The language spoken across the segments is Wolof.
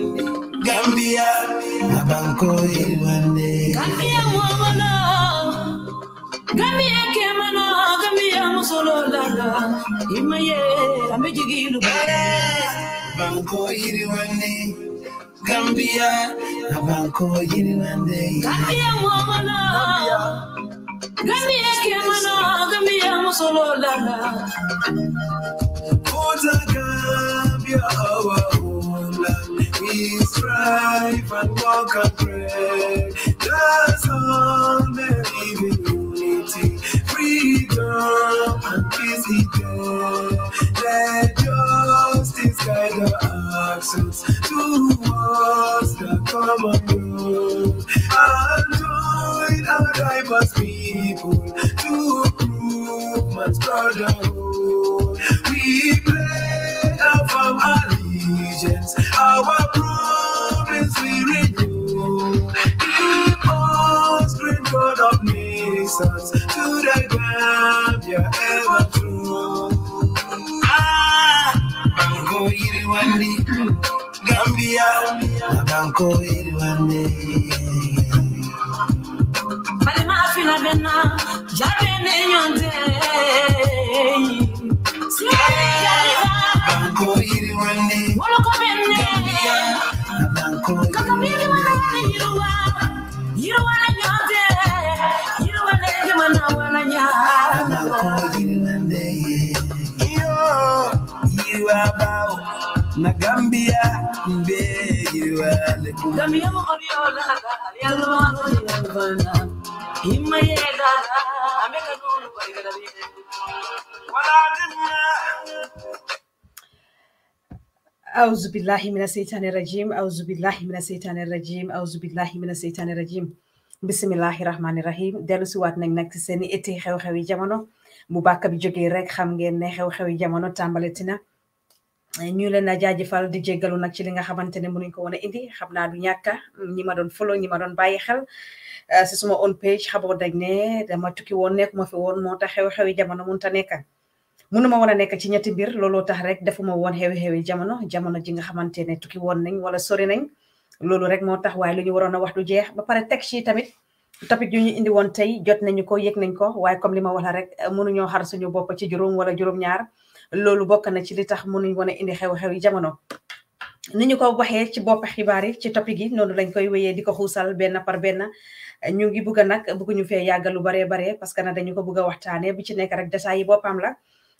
Gambia, Abanko Ilwane. Gambia Mwamana, Gambia Kemana, Gambia Musololala, Imaye, Amejigilu Abanko Ilwane, Gambia, Abanko Ilwane. Gambia Mwamana, Gambia Kemana, Gambia lala. Kota Gambia, oh, oh life and walk and pray. That's all believe in unity, freedom and peace day. Let justice guide our actions towards the common good. And join our diverse people to prove man's brotherhood. We pray and from allegiance our of nations to the ground you're ever through. Ah, Banco Iriwandi, Gambia, Banco Iriwandi. Bali mafila bena, jabene nyonde. Banco Iriwandi, Woloko bene. Banco Iriwandi, Yiruwa, Yiruwa. Gambia, أعوذ بالله من الشيطان الرجيم أعوذ بالله من الشيطان الرجيم أعوذ بالله من الشيطان الرجيم bisimilahi rahmaani rahim dellu siwaat nañ nag ci seeni éti xew-xew yi jamono bu bàkk bi jógee rek xam ngeen ne xew-xew yi jamono tàmbaleti na ñu leen a jaajëfal di jéggalu nag ci li nga xamante ne mënuñ ko woon a indi xam naa du ñàkka ñi ma doon follow ñi ma doon bàyyi xel euh, si suma on page xaboo dañ ne dama tukki woon nekk ma fi woon moo tax xew-xew yi jamono mënut a nekk mënuma woon a nekk ci ñetti mbir looloo tax rek defuma woon xew-xew yi jamono jamono ji nga xamante ne tukki woon nañ wala sori nañ loolu rek moo tax waaye lu ñu waroon a wax du jeex ba pare teg ci tamit topic yu ñu indi woon tey jot nañu ko yëg nañ ko waaye comme li ma wax rek mënuñoo xar suñu bopp ci juróom wala juróom loolu bokk na ci li tax mënuñ wan indi xew-xew yi jamono. ni ñu ko waxee ci bopp xibaar yi ci topic yi noonu lañ koy wéyee di ko xuusal benn par benn ñu ngi bugg a nag ñu fee yàggal lu baree bare parce que nag dañu ko bugg a waxtaanee bu ci nekk rek détails yi boppam la.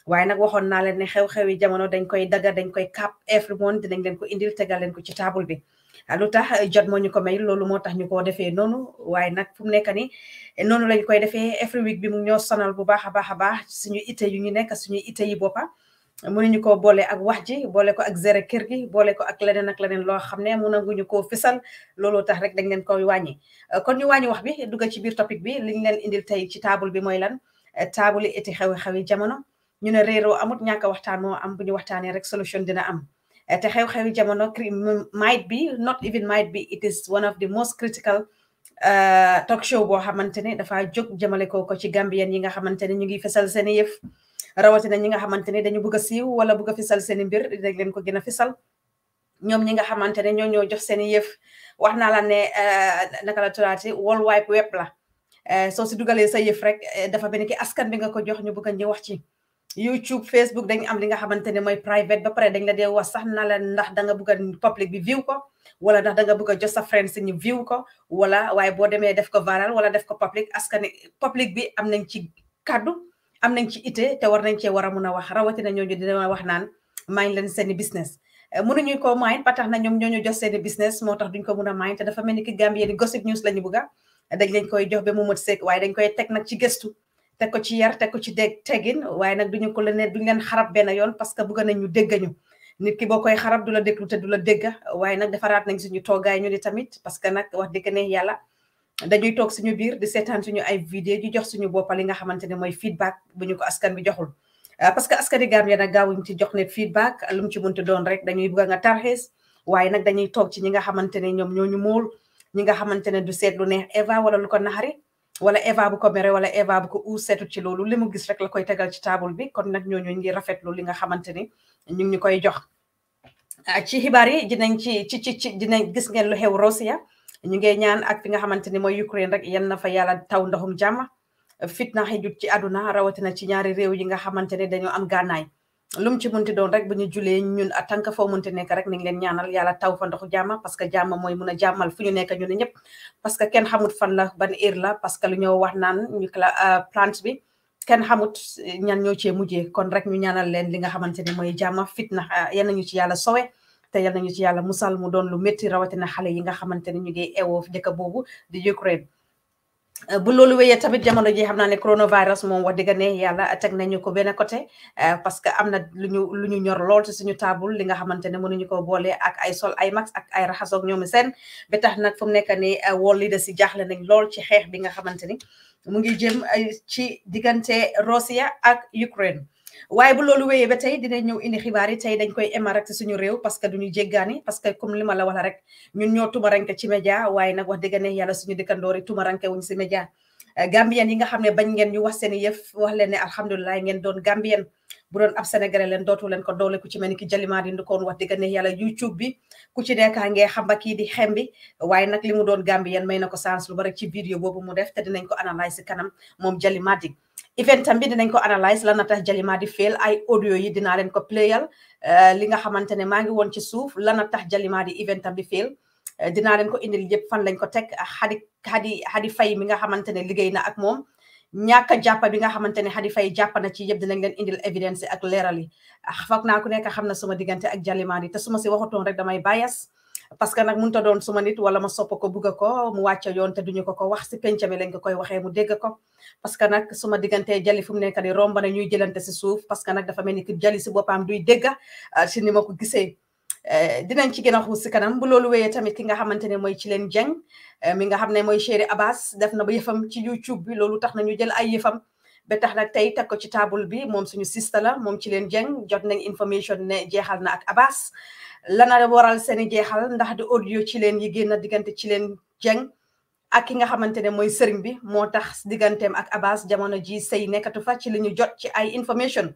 waaye nag waxoon naa leen ne xew-xew yi jamono dañ koy dagga dañ koy cap everyone dinañ leen ko indil tegal ko ci table bi. Ah, lu tax eh, jot moo ñu ko may loolu moo tax ñu ko defee noonu waaye nag fu mu nekk ni eh, noonu lañ koy defee every week bi mu ñoo sonal bu baax a baax a baax suñu ite yu ñu nekk suñu ite yi boppa mënuñu koo boole ak wax ji boole ko ak géré kër gi boole ko ak leneen ak leneen loo xam ne mun nanguñu koo fisal looloo tax rek dañ leen koy wàññi eh, kon ñu wàññi wax bi dugg ci biir topic bi liñ leen indil tey ci taabul bi mooy lan table iti xew-xewi jamono ñu ne réeroo amut ñàkk waxtaan moo am bu ñu waxtaanee rek solution dina am te xew-xewi jamono might be not even might be it is one of the most critical uh, talk show boo xamante ne dafa jóg jamale ko ko ci Gambien yi nga xamante ne ñu ngi fesal seeni yëf rawatina ñi nga xamante ne dañu bëgg a siiw wala bëgg a fesal seeni mbir dañ leen ko gën a fesal ñoom ñi nga xamante ne ñoo ñoo jox seeni yëf wax naa la ne uh, naka la turaati world wide web la uh, soo si dugalee sa yëf rek dafa benn ki askan bi nga ko jox ñu bëgg a ñëw wax ci. YouTube Facebook dañ am li nga xamante ne mooy private ba da dañ la dee wax sax na la ndax danga bëgg a bi view ko wala ndax danga bëgg a jot sa friends ñu view ko wala waaye boo demee def ko viral wala def ko public askan public bi am nañ ci kaddu am nañ ci ite te war nañ cee war a mun a wax rawatina ñooñu dina wax naan maañ leen seeni business. Eh, mënuñu ko tax na ñoom ñooñu jot seeni business moo tax duñ ko mun a maañ te dafa ni ki Gambie ni gossip news la ñu bëgg a dañ leen koy jox ba mu mot seeg waaye dañ koy teg nag ci gëstu. te ko ci yar te ko ci dégg tegin waaye nag duñu ko la ne duñ leen xarab benn yoon parce que bëgg nañ ñu déggañu nit ki boo koy xarab du la déglu te du la dégga waaye nag defaraat nañ suñu toogaay ñu di tamit parce que nag wax dëgg ne yàlla dañuy toog suñu biir di seetaan suñu ay vidéo di jox suñu bopp li nga xamante ne mooy feedback bu ñu ko askan bi joxul euh, parce que askani Gambia nag gaawuñ ci jox nit feedback lu mu ci mënti doon rek dañuy bëgg nga tarxees waaye nag dañuy toog ci ñi nga xamante ne ñoom ñooñu mool ñi nga xamante ne du seetlu ne Eva wala lu ko naxari wala Eva bu ko mere wala Eva bu ko u seetu ci loolu li mu gis rek la koy tegal ci taabul bi kon nag ñooñu ngi rafetlu li nga xamante ni ñu ngi ñu koy jox. Ah, ci xibaar yi dinañ ci ci ci ci dinañ gis ngeen lu xew Russia ñu ngi ñaan ak fi nga xamante ni mooy Ukraine rek yan na fa yàlla taw ndoxum jàmm fitna xejut ci àdduna rawatina ci ñaari réew yi nga xamante ne dañoo am gànnaay. lum ci munti doon rek bu ñu julee ñun a tànk foo munti nekk rek ni ngi leen ñaanal a taw fa ndoxu jàmm parce que jàmm mooy mun a jàmmal fu ñu nekk ñu ne ñëpp parce que kenn xamut fan la ban heure la parce que lu ñoo wax naan ñu la euh, plante bi kenn xamut ñan ñoo cee mujjee kon rek ñu ñaanal leen li nga xamante ni mooy jàmm fitna euh, yal na ñu ci yàlla sowe te yal na ñu ci yàlla musal mu doon lu métti rawatina xale yi nga xamante ni ñu ngi ewoo dëkk boobu di Ukraine bu loolu wéyee tamit jamono ji xam naa ne coronavirus moom wax dëgg ne yàlla teg nañu ko benn côté euh, parce que am na lu ñu lu ñu ñor lool ci suñu taabul li nga xamante ne mënuñu ko boole ak ay sol ay max ak ay raxasoog ñoomi seen ba tax nag fu mu nekk ni wol li de si jaaxle nañ lool ci xeex bi nga xamante ni mu ngi jëm euh, ci diggante Russia ak Ukraine waaye bu loolu wéyee ba tey dinañ ñëw indi xibaar yi tey dañ koy emma rek si suñu réew parce que duñu jéggaani parce que comme li ma la wax rek ñun ñoo tumaranke ci média waaye nag wax dëgg ne yàlla suñu dëkkandoori tumaranke wuñ si média gambien yi nga xam ne bañ ngeen ñu wax seen yëf wax leen ne alhamdulilah ngeen doon gambien bu doon ab sénégalais leen dootu leen ko doole ku ci mel ki Jalima di ndikoon wax dëgg ne yàlla YouTube bi ku ci nekk ngee xamba kii di xembi waaye nag li mu doon Gambie yéen may na ko sans lu bari ci vidéo boobu mu def te dinañ ko analyse kanam moom Jalima di event tam bi dinañ ko analyse lan na tax Jalima di fail ay audio yi dinaa leen ko playal euh, li nga xamante ne maa ngi woon ci suuf lan na tax Jalima di event tam bi fail euh, dinaa leen ko indil yëpp fan lañ ko teg xadi xadi xadi fay mi nga xamante ne liggéey na ak moom ñàkk a jàpp bi nga xamante ne Hadi Faye jàpp na ci yëpp dinañ leen indil évidence ak leeral yi ah, foog naa ku nekk xam na suma diggante ak Jalimaadi te suma si waxutoon rek damay bias parce que nag mënut a doon suma nit wala ma sopp ko bugg ko mu wàcc yoon te duñu ko ko wax si penc mi lañ ko koy waxee mu dégg ko parce que nag suma diggante Jali fu mu nekk nii romb na ñuy jëlante si suuf parce que nag dafa mel ni ki Jali si boppam duy dégg ah, si ni ma ko gisee Eh, dinañ ci gën a xuus si kanam bu loolu wéyee tamit ki nga xamante ne mooy ci leen jeng mi nga xam ne mooy Chéri Abbas def na ba yëfam ci YouTube bi loolu tax na ñu jël ay yëfam ba tax nag tey teg ko ci table bi moom suñu sista la moom ci leen jeng jot nañ information ne jeexal na ak Abbas lana waral seeni jeexal ndax di audio ci leen yi génn diggante ci leen jeng ak ki nga xamante ne mooy sëriñ bi moo tax digganteem ak Abbas jamono ji sëy nekkatu fa ci li ñu jot ci ay information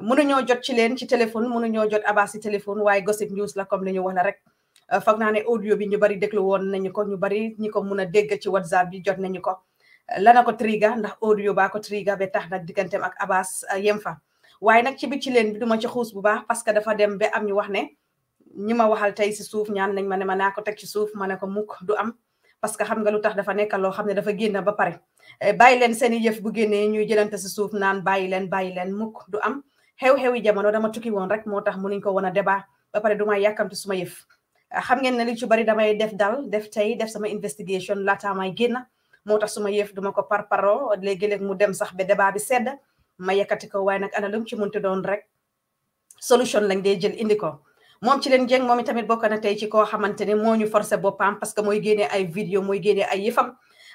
mënuñoo jot ci leen ci téléphone mënuñoo jot Abba si téléphone waaye gossip news la comme li ñu wax la rek euh, foog naa ne audio bi ñu bari déglu woon nañu ko ñu bari ñi ko mun a dégg ci whatsapp bi jot nañu ko euh, lana ko ga ndax audio baa ko ga ba tax nag digganteem ak Abba euh, yem fa waaye nag ci bi ci leen bi duma ci xuus bu baax parce que dafa dem ba am ñu wax ne ñi ma waxal tey si suuf ñaan nañ ma ne ma naa ko teg ci suuf ma ne ko mukk du am parce que xam nga lu tax dafa nekk loo xam ne dafa génn ba pare bàyyi leen seen i yëf bu génnee ñuy jëlante si suuf naan bàyyi leen bàyyi leen mukk du am xew-xewi jamono dama tukki woon rek moo tax mënuñ ko woon a débat ba pare du ma yàkkamti suma yëf xam ngeen ne li ci bari damay def daal def tey def sama investigation laataa may génn moo tax suma yëf duma ko parparoo léegi-léeg mu dem sax ba débat bi sedd ma yëkkati ko waaye nag ana lu mu mun munti doon rek solution lañ dee jël indi ko moom ci leen jeng moom itamit bokk na tey ci koo xamante ne moo ñu forcé boppam parce que mooy génnee ay vidéo mooy génnee ay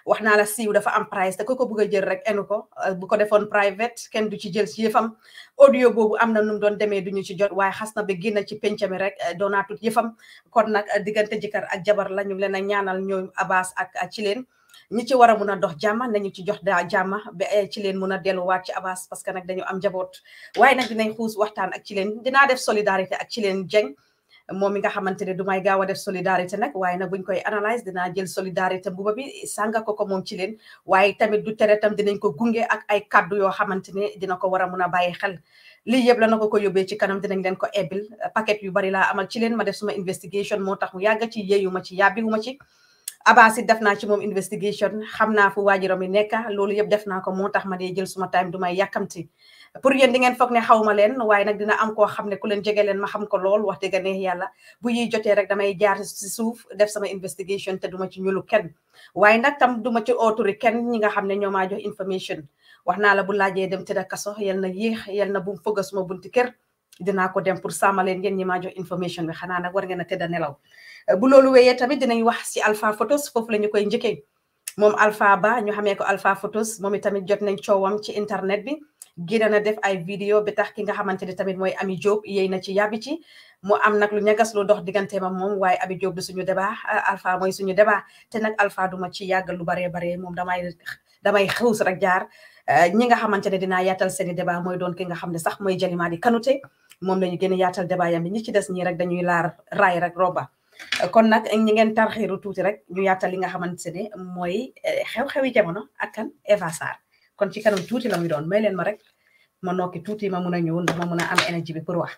wax naa la siiw dafa am price te ko bëgg a jël rek enu ko euh, bu ko defoon private kenn du ci jël si yëfam audio boobu am na nu mu doon demee du ñu ci jot waaye xas na ba génn ci penc mi rek euh, doonaatut yëfam kon nag euh, diggante jëkkër ak jabar la ñu leen a ñaanal ñoom Abass ak ci leen ñi ci war a mun a dox jàmm nañu ci jox daa jàmm ba ci leen mun a delluwaat ci Abass parce que nag dañu am jaboot waaye nag dinañ xuus waxtaan ak ci leen dinaa def solidarité ak ci leen jeng moom mi nga xamante ne du may gaaw a def solidarité nag waaye nag buñ koy analyse dinaa jël solidarité mbuba bi sànga ko ko moom ci leen waaye tamit du tere tam dinañ ko gunge ak ay kaddu yoo xamante ne dina ko war a mun a bàyyi xel lii la na ko ko yóbbee ci kanam dinañ leen ko ebbil paquet yu bari laa amal ci leen ma def suma investigation moo tax mu yàgg ci yeeyu ma ci yàbbiwu ma ci abasi def naa ci moom investigation xam naa fu waajuram mi nekk loolu yëpp def naa ko moo tax ma dee jël suma time du may yàkkamti pour yéen di ngeen foog ne xawma leen waaye nag dina am koo xam ne ku leen jege leen ma xam ko lool wax dëgg neex yàlla bu ñuy jotee rek damay jaar si suuf def sama investigation te duma ci ñulu kenn waaye nag tam duma ci ooturi kenn ñi nga xam ne ñoo maa jox information wax naa la bu laajee dem tëdd kaso yal na yéex yal na bu mu fëgg suma bunti kër dinaa ko dem pour sàmm leen yéen ñi maa jox information bi xanaa nag war ngeen a tëdd nelaw bu loolu wéyee tamit dinañ wax si Alpha Photos foofu la ñu koy njëkkee moom Alpha Ba ñu xamee ko Alpha Photos moom itamit jot nañ coowam ci internet bi génn na def ay vidéo bi tax ki nga xamante ne tamit mooy Ami Jobe yéy na ci yàbbi ci mu am nag lu ñagas lu dox diggante ma moom waaye Ami Jobe du suñu débat Alpha mooy suñu débat te nag Alpha duma ci yàgg lu baree baree moom damay damay xuus rek jaar eh, ñi nga xamante ne dinaa yaatal seen i débat mooy doon ki nga xam ne sax mooy Jalimaadi Kanute moom la ñu gën a yaatal débat yam bi ñi ci des ñii rek dañuy laar raay rek ba kon nag ñi ngeen tarxiiru tuuti rek ñu yaatal li nga xamante ne mooy eh, xew-xewi jamono ak kan Eva kon ci kanam tuuti la muy doon may leen ma rek ma nokki tuuti ma mun a ñëw ndax ma mun a am énergie bi pour wax.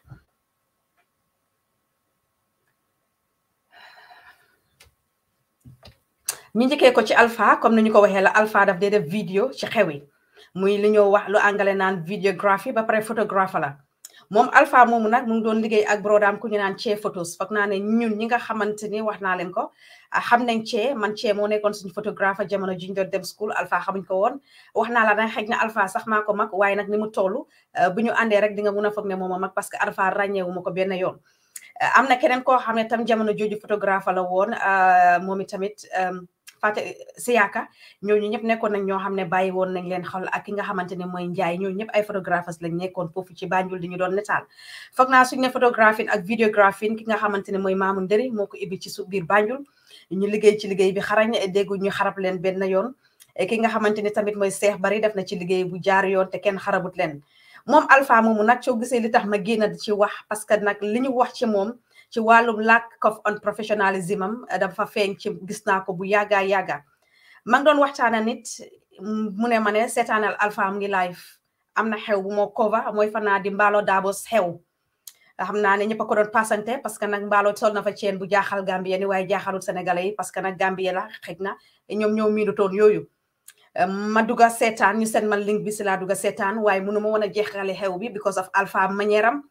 ñu njëkkee ko ci alfa comme ni ñu ko waxee la alpha daf dee def vidéo ci xew yi muy li ñoo wax lu angale naan videography ba pare photographe la. moom Alpha moomu nag mu ngi doon liggéey ak brodam ku ñu naan Che photos foog naa ne ñun ñi nga xamante ni wax naa leen ko ah, xam nañ Che man Che moo nekkoon suñu photographe jamono ji ñu doon dem school Alpha xamuñ ko woon wax naa la nag xëy na Alpha sax maa ko mag waaye nag ni mu toll ah, bu ñu àndee rek di nga mun a foog ne moom a mag parce que Alpha ràññeewu ma ko benn yoon ah, am na keneen koo xam ne tam jamono jooju photographe la woon moom tamit Fatou Siaka ñooñu ñëpp nekkoon nañ ñoo xam ne bàyyi woon nañ leen xol ak ki nga xamante ne mooy Njaay ñooñu ñëpp ay photographes lañ nekkoon foofu ci Banjul di ñu doon netaal foog naa suñ ne photographie ak vidéographie ki nga xamante ne mooy Mamoun Deri moo ko ibbi ci su biir Banjul ñu liggéey ci liggéey bi xarañ déggu ñu xarab leen benn yoon ki nga xamante ne tamit mooy Seex Bari def na ci liggéey bu jaar yoon te kenn xarabut leen moom Alpha moomu nag soo gisee li tax ma génn di ci wax parce que nag li ñu wax ci moom ci wàllum lack of unprofessionalism am eh, fa feeñ ci gis naa ko bu yàgga yàgga ma ngi doon waxtaana nit mm, mu ne ma ne seetaanal alpha am ngi am na xew bu moo cover mooy fan naa di mbaalo daabo xew xam naa ne ñëpp ko doon passante parce que nag mbaalo sol na fa ceen bu jaaxal Gambien ni waaye jaaxalul Sénégalais yi parce que nag Gambien la xëj na ñoom ñoo miinutoon yooyu eh, ma duga seetaan ñu seen man link bi si laa duga seetaan waaye mënu ma woon a jeexale xew bi because of alpha manière am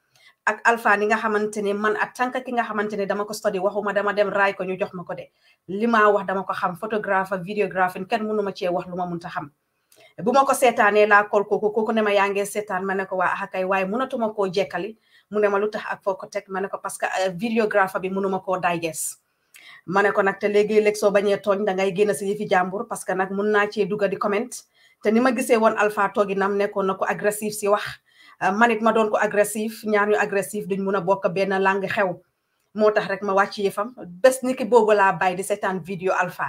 ak alpha ni nga xamante ne man a tànk ki nga xamante ne dama ko study waxuma dama dem raay ko ñu jox ma ko de li ma wax dama ko xam photographe vidéographe kenn mënu ma cee wax lu ma mënta xam bu ma ko seetaanee laa kool kooku kooku ne ma yaa seetaan ma ne ko waa axakay waaye mënatuma koo jekkali mu ne ma lu tax ak foo ko teg ma ne ko parce que euh, vidéographe bi mënuma koo digest ma ne ko nag te léegi-léeg soo bañee tooñ da ngay génn si yëfi jàmbur parce que nag mun na cee duga di comment te ni ma gisee woon alpha toogi nam nekkoon na ko agressif si wax Euh, manit ma doon ko agressif ñaar ñu agressif duñ mun a bokk benn langue xew moo tax rek ma wàcc yëfam bés ni ki boobu laa bay di seetaan vidéo alpha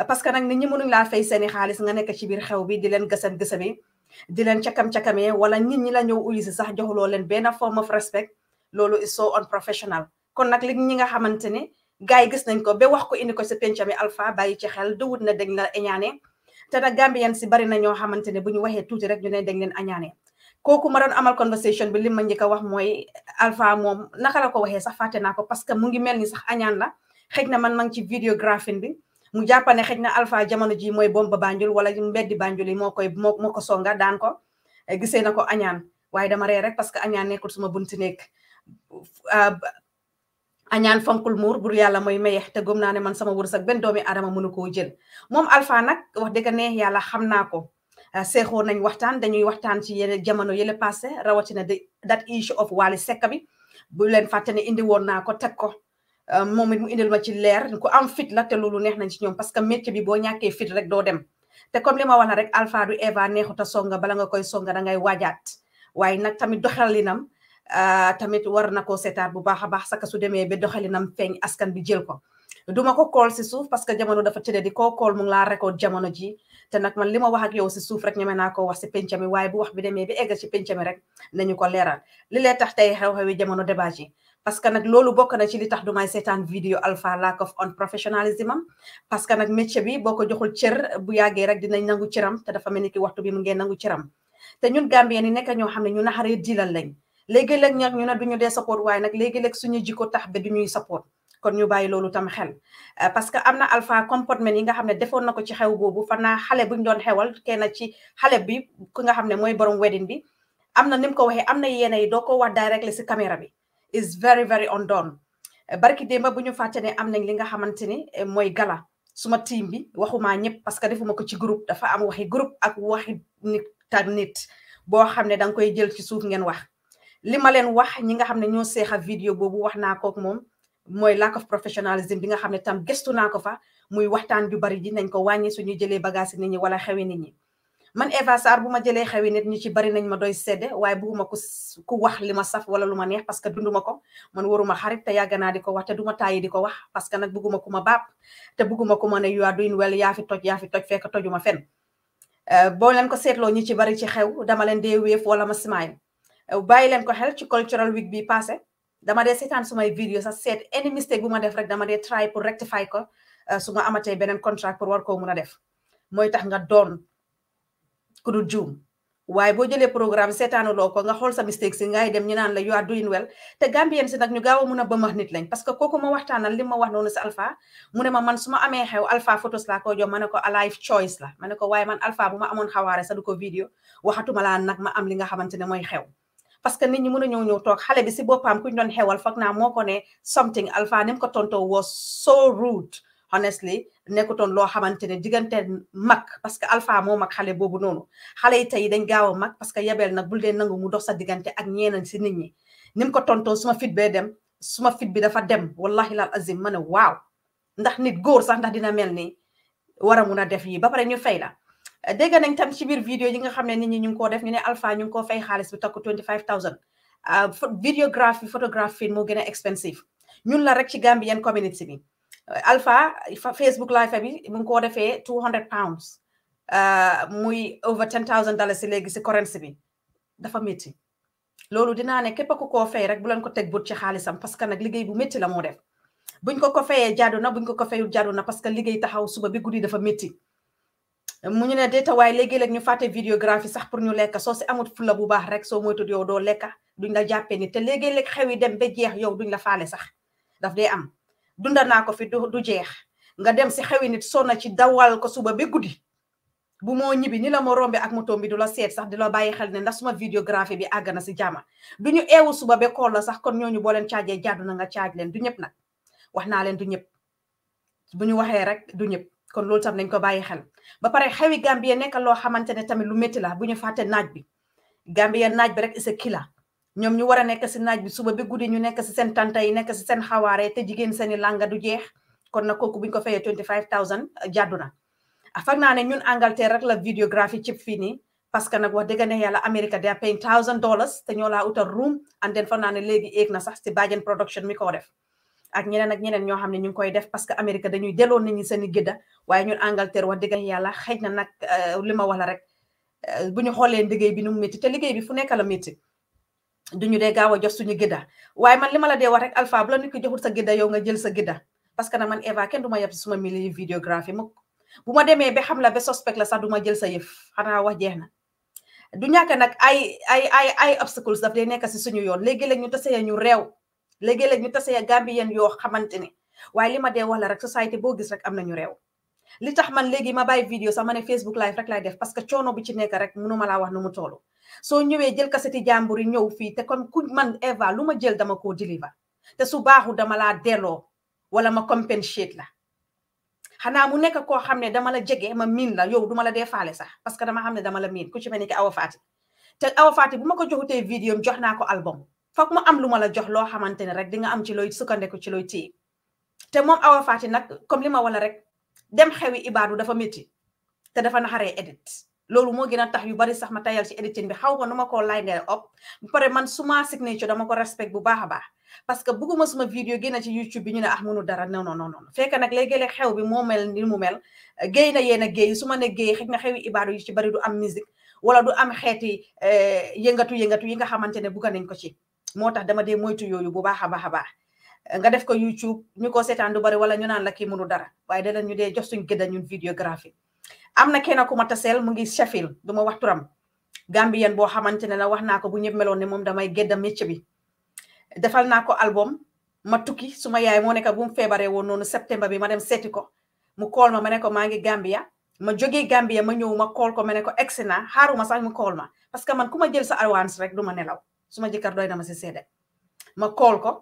euh, parce que nag nit ñi mënuñ laa fay seeni xaalis nga nekk ci biir xew bi di leen gësam gësame di leen cakam-cakamee wala nit ñi la ñëw ulisi sax joxuloo leen benn form of respect loolu is so unprofessional kon nag li ñi nga xamante ne gars yi gis nañ ko ba wax ko indi ko sa pencami alpha bàyyi ci xel duwut na dañ la añaane te nag gambien si bari na ñoo xamante ne bu ñu waxee tuuti rek ñu ne dañ leen añaane kooku ma doon amal conversation bi li ma njëkk a wax mooy Alpha moom naka la ko waxee sax fàtte naa ko parce que mu ngi mel ni sax añaan la xëj na man maa ngi ci vidéographie bi mu jàpp ne xëj na alfa jamono ji mooy bomba Banjul wala mbeddi Banjul yi moo koy moo ko songa daan ko eh, gisee na ko añaan waaye dama ree rek parce que añaan nekkul suma bunti nekk ah, añaan fonkul muur bur yàlla mooy maye te gëm naa ne man sama wërsëg benn doomi aadama mënu koo jël moom Alpha nag yàlla xam naa ko Euh, seexoo nañ waxtaan dañuy waxtaan ci yeneen jamono yële passé rawatina that issue of Wally Seck bi bu leen fàtte indi woon naa ko teg ko euh, moom it mu indil ma ci leer ku am fit la te loolu neex nañ ci ñoom parce que métier bi boo ñàkkee fit rek doo dem te comme li ma wax na rek Alpha du Eva neexuta songa bala nga koy songa da ngay waajaat waaye nag tamit doxalinam euh, tamit war na koo seetaat bu baax a baax saka su demee ba doxalinam feeñ askan bi jël ko duma ko kool si suuf parce que jamono dafa tëddee di koo kool mu ngi laa record jamono ji te nag man li ma wax ak yow si suuf rek ñeme naa ko wax si penc mi waaye bu wax bi demee bi egg si penc mi rek nañu ko leeral li lay tax tey xew-xewi jamono débat yi parce que nag loolu bokk na ci li tax du may seetaan vidéo alpha lack of on professionalism am parce que nag métier bi boo ko joxul cër bu yàggee rek dinañ nangu cëram te dafa mel ni ki waxtu bi mu ngeen nangu cëram te ñun Gambien yi nekk ñoo xam ne ñu naxaree diilal lañ léegi-léeg ñag ñu ne duñu dee support waaye nag léegi-léeg suñu jikko tax ba duñuy support kon ñu bàyyi loolu tam xel euh, parce que am na alpha comportement yi nga xam ne defoon na ko ci xew boobu fan naa xale buñ doon xewal kenn ci xale bi ku nga xam ne mooy borom wedding bi am na ni mu ko waxee am na yenn yi doo ko wax directly si caméra bi is very very undone euh, barki démba bu ñu fàtte ne am nañ li nga xamante ni euh, mooy gala suma team bi waxumaa ñëpp parce que defuma ko ci groupe dafa am waxi groupe ak waxi nit ta nit boo xam ne danga koy jël ci suuf ngeen wax li ma leen wax ñi nga xam ne ñoo seexa vidéo boobu wax naa kook moom mooy lack of professionalism bi nga xam ne tam gëstu naa ko fa muy waxtaan ju bari ji nañ ko wàññi suñu jëlee bagage nit ñi wala xewi nit ñi man Eva Sarr bu ma jëlee xewi nit ñu ci bari nañ ma doy sedde waaye bugguma ku ku wax li ma saf wala lu neex parce que ma ko man waruma xarit te yàgg naa di ko wax te duma tàyyi di ko wax parce que nag bugguma ku ma baab te bugguma ku ma ne you are doing well yaa fi toj yaa fi toj fekk tojuma fen euh, boo leen ko seetloo ñi ci bari ci xew dama leen dee wéef wala ma simaay euh, bàyyi leen ko xel ci cultural week bi dama de seetaan sumay vidéo sa seet any mistake bu ma def rek dama dee try pour rectify ko uh, su ma amatee beneen contract pour war koo mun a def mooy tax nga doon ku dul juum waaye boo jëlee programme seetaanuloo ko nga xool sa mistake si ngay dem ñu naan la you are doing well te Gambien si nag ñu gaaw a mun a bëmax nit lañ parce que kooku ma waxtaanal li ma wax noonu si alpha mu ma man suma ma xew alpha photos laa ko jox ma ne ko alive choice la ma ne ko waaye man alpha bu ma amoon xawaare sa ko vidéo waxatuma laa nag ma am li nga xamante ne mooy xew parce que nit ñi mën a ñëw ñëw toog xale bi si boppam ku ñu doon xewal foog naa ko ne something alfaa ni mu ko tontoo was so rude honestly nekkutoon loo xamante ne diggante mag parce que alfaa moo mag xale boobu noonu xale yi tey dañ gaaw a mag parce que yebeel nag bul dee nangu mu dox sa diggante ak ñeneen si nit ñi ni mu ko tontoo suma fit bee dem suma fit bi dafa dem wallahi lal azim ma ne waaw ndax nit góor sax dina mel ni war a mun a def yi ba pare ñu fay la dégg nañ tam ci biir vidéo yi nga xam ne nit ñi ñu ngi koo def ñu ne Alpha ñu ngi koo fay xaalis bi takku 25000 ah, videographie photographie moo gën a expensive ñun la rek ci Gambian community bi Alpha Facebook live bi mu ngi koo defee 200 pounds ah, muy over 10000 dollars si léegi si currency bi dafa métti loolu dinaa ne képp ku koo fay rek bu leen ko teg but ci xaalisam parce que nag liggéey bu métti la moo def buñ ko ko fayee jaadu na buñ ko ko fayul jaadu na parce que liggéey taxaw suba bi guddi dafa métti mu ñu ne déeta waaye léegi-léeg ñu fàtte vidéographie sax pour ñu lekk so si amut fula bu baax rek soo moytud yow doo lekka duñ la jàppee ni te léegi-léeg xew yi dem ba jeex yow duñ la faale sax daf dee am dunda naa ko fi du jeex nga dem si xewi nit na ci dawal ko suba ba guddi bu moo ñibbi ni la ma rombe ak motoom bi du la seet sax di la bàyyi xel ne ndax suma vidéographie bi àgg na si jàmma bi ñu eewu suba ba kool la sax kon ñooñu boo leen caajee jàddu na nga caaj leen du ñëpp nag wax naa leen du ñëpp bu ñu waxee rek du ñëpp kon loolu tam nañ ko bàyyi xel ba pare xewi Gambia nekk loo xamante ne tamit lu métti la bu ñu naaj bi Gambia naaj bi rek isa kiila ñoom ñu war a nekk si naaj bi suba bi guddi ñu nekk si seen tanta yi nekk si seen xawaare te jigéen seeni langa du jeex kon na kooku buñ ko fayee 25000 eh, jàddu na ah, fag naa ne ñun Angleterre rek la vidéographie cib fii nii parce que nag wax dëgg ne yàlla America they are paying thousand dollars laa utal room and then fag naa ne léegi éeg na sax si Bajen production mi ko def ak ñeneen ak ñeneen ñoo xam ne ñu ngi koy def parce que Amérique dañuy delloo nit ñi seen i gëdda waaye ñun Angleterre wax dëgg yàlla xëy na nag euh, li ma wax la rek euh, bu ñu xoolee liggéey bi nu mu métti te liggéey bi fu nekk la métti duñu dee gaaw a jox suñu gëdda waaye man li ma la dee wax rek Alpha bu la nit ki joxul sa gëdda yow nga jël sa gëdda parce que na man Eva kenn du ma yab suma milieu vidéographie mukk bu ma demee ba xam la ba suspect la sax du ma jël sa yëf xanaa wax jeex na du ñàkk nag ay ay ay ay obstacles daf dee nekk si suñu yoon léegi-léeg ñu tasee ñu réew léegi-léeg ñu tase ya Gambien yoo xamante ne waaye li ma dee wax la rek société boo gis rek am nañu réew li tax man léegi ma bàyyi vidéo sax ma ne Facebook live rek laay def parce que coono bu ci nekk rek mënuma laa wax nu mu toolu soo ñëwee jël kaseti jàmbur yi ñëw fii te comme ku man Eva lu ma jël dama koo deliver te su baaxu dama laa delloo wala ma compensate la xanaa mu nekk koo xam ne dama la jege ma miin la yow duma la dee faale sax parce que dama xam ne dama la miin ku ci mel ni ki Awa te Awa bu ma ko joxutee vidéo jox naa ko album foog mu am lu ma la jox loo xamante ne rek di nga am ci looy sukkandeku ci looy téye te moom Awa Faty nag comme li ma wala rek dem xewi ibaadu dafa métti te dafa naxaree edit loolu moo gën a tax yu bari sax ma tayal ci editing bi xaw ma nu ma koo lay ndeel op ba pare man suma signature dama ko respect bu baax a baax parce que bugguma suma vidéo génn ci YouTube bi ñu ne ah munu dara non non non fekk nag léegi xew bi moo mel ni mu géey na yéen a géey su ma ne géey xëy na xewi ibaadu yu ci bari du am musique wala du am xeeti eh, yëngatu yëngatu yi nga xamante ne bugga nañ ko ci moo tax dama dee moytu yooyu bu baax a baax a baax nga def ko YouTube ñu ko seetaan du bari wala ñu naan la kii mënu dara waaye danañ ñu dee jox suñ gëdda ñun vidéographie am na kenn ku ma taseel mu ngi Sheffield du ma wax turam Gambien boo xamante ne la wax naa ko bu ñëpp meloon ni moom damay gédda métier bi defal naa ko album ma tukki suma yaay moo nekk bu mu feebaree woon noonu septembre bi ma dem seeti ko mu kool ma ne ko maa ngi Gambia ma jógee Gambia ma ñëw ma kool ko ma ne ko egsi naa xaaruma sax mu kool ma parce que man ku ma jël sa avance rek du ma nelaw suma jëkkër doy na ma si ma kool ko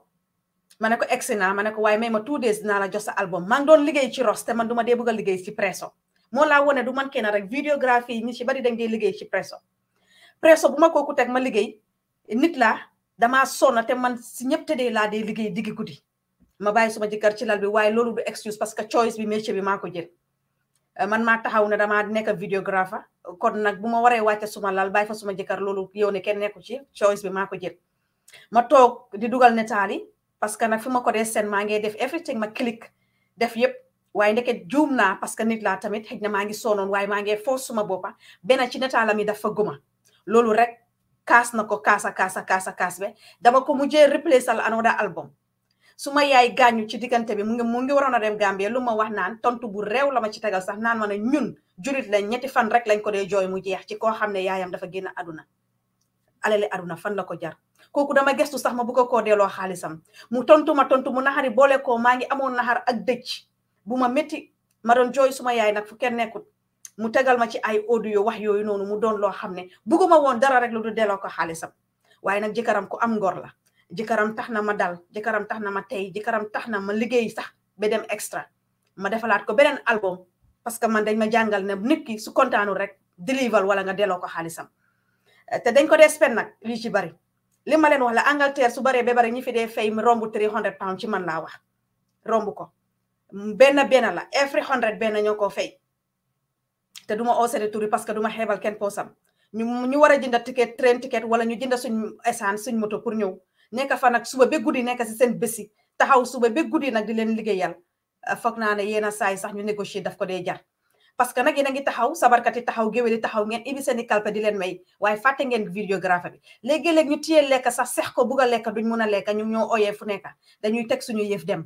ma ne ko egsi naa ma ne ko waaye may ma two days naa la jox sa album maa ngi doon liggéey ci ros te man du ma dee bëgg a liggéey ci presso moo laa wone du man kenn rek vidéographie ñi ci bari dañ dee liggéey ci presso presso bu ma kooku teg ma liggéey nit la damaa sonna te man si ñëpp tëddee laa dee liggéey diggi guddi ma bàyyi suma jëkkër ci lal bi waaye loolu du excuse parce que choice bi métier bi maa ko jël Eh, man maa taxaw ne damaa nekk vidéographe kon nag bu ma waree wàcce suma lal bàyyi fa suma jëkkër loolu yow ne kenn nekku ci choice bi maa ko jël ma toog di dugal netaal yi parce que nag fi ma ko dee seen maa ngi def everything ma click def yëpp waaye ndeket juum naa parce que nit laa tamit xëj na maa ngi soonoon waaye maa ngi force suma boppa benn ci netaalam yi fa guma loolu rek kaas na ko kaasa kaasa kaasa kaas be dama ko mujjee replace al another album suma yaay gañu ci diggante bi mu ngi mu ngi warona dem Gambia luma wax naan tontu bu rew la ci tagal sax naan mané ñun jurit lañ ñetti fan rek lañ ko dee joy mu jeex ci ko xamné yaayam dafa génn aduna alele aduna fan la ko jar koku dama gestu sax ma ko ko delloo xaalisam mu tontu ma tontu mu nahari bolé ko ma ngi amon nahar ak dëcc bu ma ma don joy suma yaay nak fu kenn nekkut mu tegal ma ci ay audio wax yoyu nonu mu don loo xam ne ma won dara rek lu du ko xaalisam waaye nak jikaram ko am ngor la jëkkëram tax na ma daal jëkkëram tax na ma tey jëkkëram tax na ma liggéey sax ba dem extra ma defalaat ko beneen album parce que man dañ ma jàngal ne nit ki su kontaanul rek deliver wala nga delloo ko xaalisam te dañ ko dee spend nag li ci bari li ma leen wax la Angleterre su baree ba bari ñi fi dee fay romb 300 pounds ci man laa wax romb ko benn benn la every hundred benn ñoo koo fay te du ma oosede turi parce que du ma xeebal kenn poosam ñu ñu war a jënda ticket train ticket wala ñu jënda suñ essence suñ moto pour ñëw nekk fa nag suba ba guddi nekk si seen bési taxaw suba ba guddi nag di leen liggéeyal ah, foog naa ne yéen a saay sax ñu négocier daf ko dee jar parce que nag yéen a ngi taxaw sabarkat yi taxaw géwél yi taxaw ngeen ibi seen i kalpe di leen may waaye fàtte ngeen vidéographe bi léegi-léeg ñu téye lekk sax sex ko bugg a lekk duñ mun a lekk ñu ñoo oyee fu nekk dañuy teg suñu yëf dem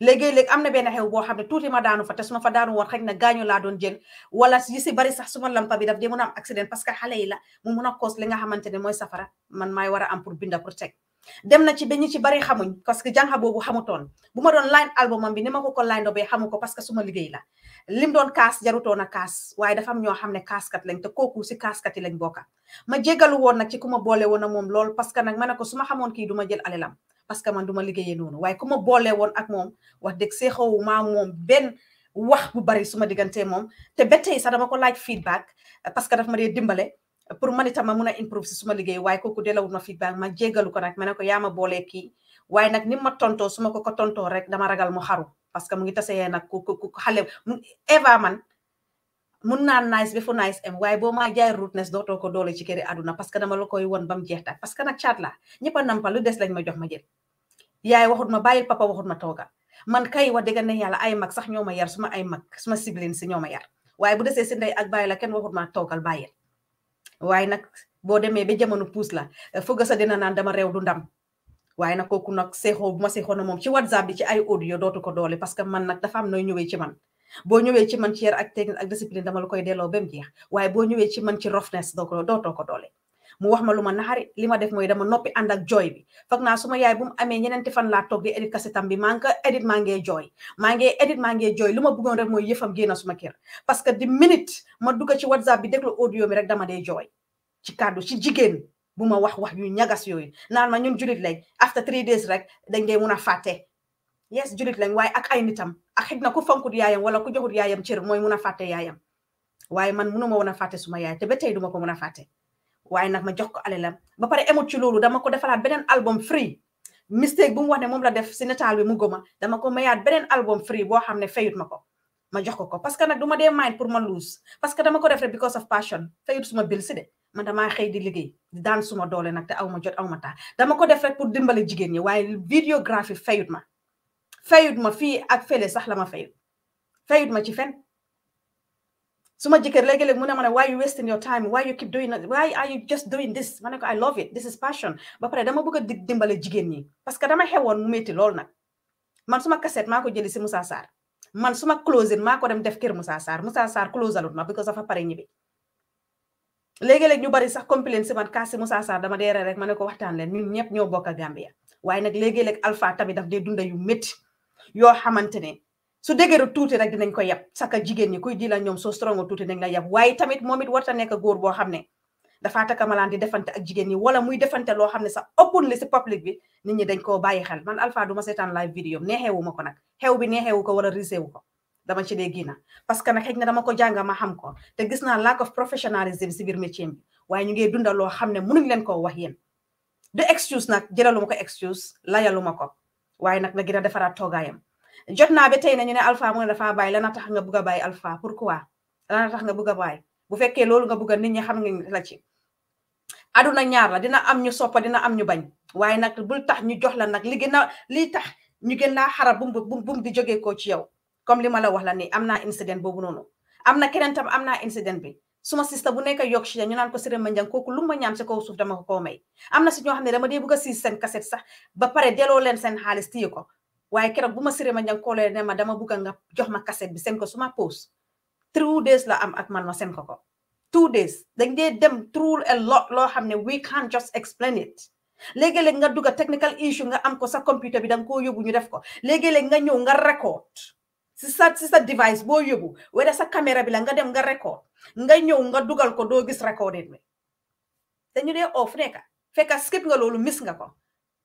léegi-léeg am na benn xew boo xam ne tuuti ma daanu fa te su ma fa daanu woon xëy na gaañu laa doon jël wala yi si bari sax suma lampa a am accident parce que yi la mu li nga xamante ne mooy safara man maay war a am pour binda pour teg dem na ci ba ñu ci bari xamuñ parce que jànxa boobu xamutoon bu ma doon line albumam bi ni ma ko ko line dobee xamu ko parce que suma liggéey la lim doon kaas jarutoon a kaas waaye dafa am ñoo xam ne kaaskat lañ te kooku si kaaskat yi lañ bokka ma jégalu woon na ci ku ma boole woon ak moom lool parce que nag ma ne ko su ma xamoon kii du ma jël alelam parce que man du ma liggéeyee noonu waaye ku ma boole woon ak moom wax dëgg seexawu maa moom benn wax bu bari suma diggante moom te ba sax dama ko laaj feedback parce que daf ma dee dimbale pour man tama ma improve ci suma liggéey waaye kooku ma feedback ma jégalu ko nag ya ma ne ko yaa ma boole kii waaye nag ni ma tontoo ko ko tontoo rek dama ragal mu xaru parce que mu ngi tasee ya nag ku ku xale mu Eva man mun naa nice before fu nice am waaye boo maa jaay rudeness dootoo ko doole ci këri aduna parce que dama la koy won bam jeex tak parce que nag chat la ñëpp a nampal lu des lañ ma jox ma jël yaay waxut ma bàyyil papa waxut ma toga man kay wa degan ne yàlla ay mag sax ñoo yar suma ay mag suma siblin si ñoo yar waaye bu desee si ndey ak bàyyi la kenn waxut ma toogal bàyyil waaye nag boo demee ba jamono puus la eh, foog sa dina naan dama réew du ndam waaye nag kooku nag seexoo bu ma na moom ci whatsapp bi ci ay audio dootu ko doole parce que man nag dafa am nooy ñëwee ci man. boo ñëwee ci man ci yar ak technique discipline dama la koy delloo ba mu jeex waaye boo ñëwee ci man ci roughness doo ko dootoo ko doole. mu wax ma lu ma naxari li ma def mooy dama noppi ànd ak jooy bi foog naa suma yaay bu mu amee ñeneenti fan laa toog di edit kasetam bi maa ngi ko edit maa ngee jooy maa ngee edit maa ngee jooy lu ma bëggoon rek mooy yëfam génn suma kër parce que di minute ma dugg ci whatsapp bi déglu audio mi rek dama dee jooy ci kàddu ci jigéen bu ma wax wax yu ñagas yooyu naan ma ñun julit lañ after three days rek dañ dee mun a fàtte yes julit lañ waaye ak ay nitam ak xëj na ku fonkut yaayam wala ku joxut yaayam cër mooy mun a fàtte yaayam waaye man munuma woon a fàtte suma yaay te ba tey ko mun a fàtte waaye nag ma jox ko alalam ba pare emut ci loolu dama ko defalaat beneen album free mistake bu mu wax moom la def si nataal bi mu goma dama ko mayaat beneen album free boo xam ne fayut ma ko ma jox ko ko parce que nag du ma dee mind pour ma lose parce que dama ko def rek because of passion fayut suma bil si de man damaa xëy di liggéey di daan suma doole nag te aw ma jot aw ma taa dama ko def rek pour dimbale jigéen ñi waaye vidéographie fayut ma fayut ma fii ak fële sax la ma fayut fayut ma ci fen suma jëkkër léegi-léeg mu ne ma ne why you wasting your time why you keep doing why are you just doing this ma ne ko I love it this is passion ba pare dama bëgg a dimbale jigéen ñi parce que dama xewoon mu métti lool nag man suma kaset maa ko jëli si Moussa Sarr man suma closing maa ko dem def kër Moussa Sarr Moussa Sarr close alut ma because dafa pare bi léegi-léeg ñu bari sax complain si man kaasi Moussa Sarr dama deere rek ma ne ko waxtaan leen ñun ñëpp ñoo bokk a Gambia waaye nag léegi-léeg daf dee dunda yu métti yoo xamante ne su dëgëru tuuti rek dinañ ko yab saka jigéen ñi kuy di la ñoom soo strongo tuuti nañ la yab waaye tamit moom it warta nekk góor boo xam ne dafaa takamalaan di defante ak jigéen ñi wala muy defante loo xam ne sax openly si public bi nit ñi dañ koo bàyyi xel man Alpha du ma seetaan live vidéo neexeewu ma ko nag xew bi neexeewu ko wala riseewu ko dama ci dee gina parce que nag xëy na dama ko jànga ma xam ko te gis naa lack of professionalism si biir métier bi waaye ñu ngi dundal loo xam ne mënuñ leen koo wax yéen du excuse nag jëlalu ma ko excuse layalu ma ko waaye nag na gën a defaraat toogaayam jot naa ba tey nañu ne alpha mu ne dafaa bàyyi lana tax nga bugg a bàyyi alpha pourquoi lana tax nga bugg a bàyyi bu fekkee loolu nga bugg nit ñi xam nga la ci aduna ñaar la dina am ñu soppa dina am ñu bañ waaye nag bul tax ñu jox la nag li gën a li tax ñu gën laa xarab bum bum di jógee ko ci yow comme li ma la wax la nii am naa incident boobu noonu am na keneen tam am naa incident bi suma sista bu nekk Yorkshire ñu naan ko Siré Manjang kooku lu ma ñaam si kaw suuf ko koo may am na si ñoo xam ne dama dee bugg a siis sax ba pare delloo leen xaalis téye ko waaye keroog bu ma sirima ñang koolee ne ma dama bugg nga jox ma kaset bi sen ko suma post two days la am ak man ma seen ko ko two days dañ dee dem through a lot loo xam ne we can't just explain it léegi-léeg nga dugg technical issue nga am ko sa computer bi danga koo yóbbu ñu def ko léegi-léeg nga ñëw nga record si sa si sa device boo yóbbu wala sa caméra bi la nga dem nga record nga ñëw nga dugal ko doo gis recording bi dañu dee off nekka fekka skip nga loolu miss nga ko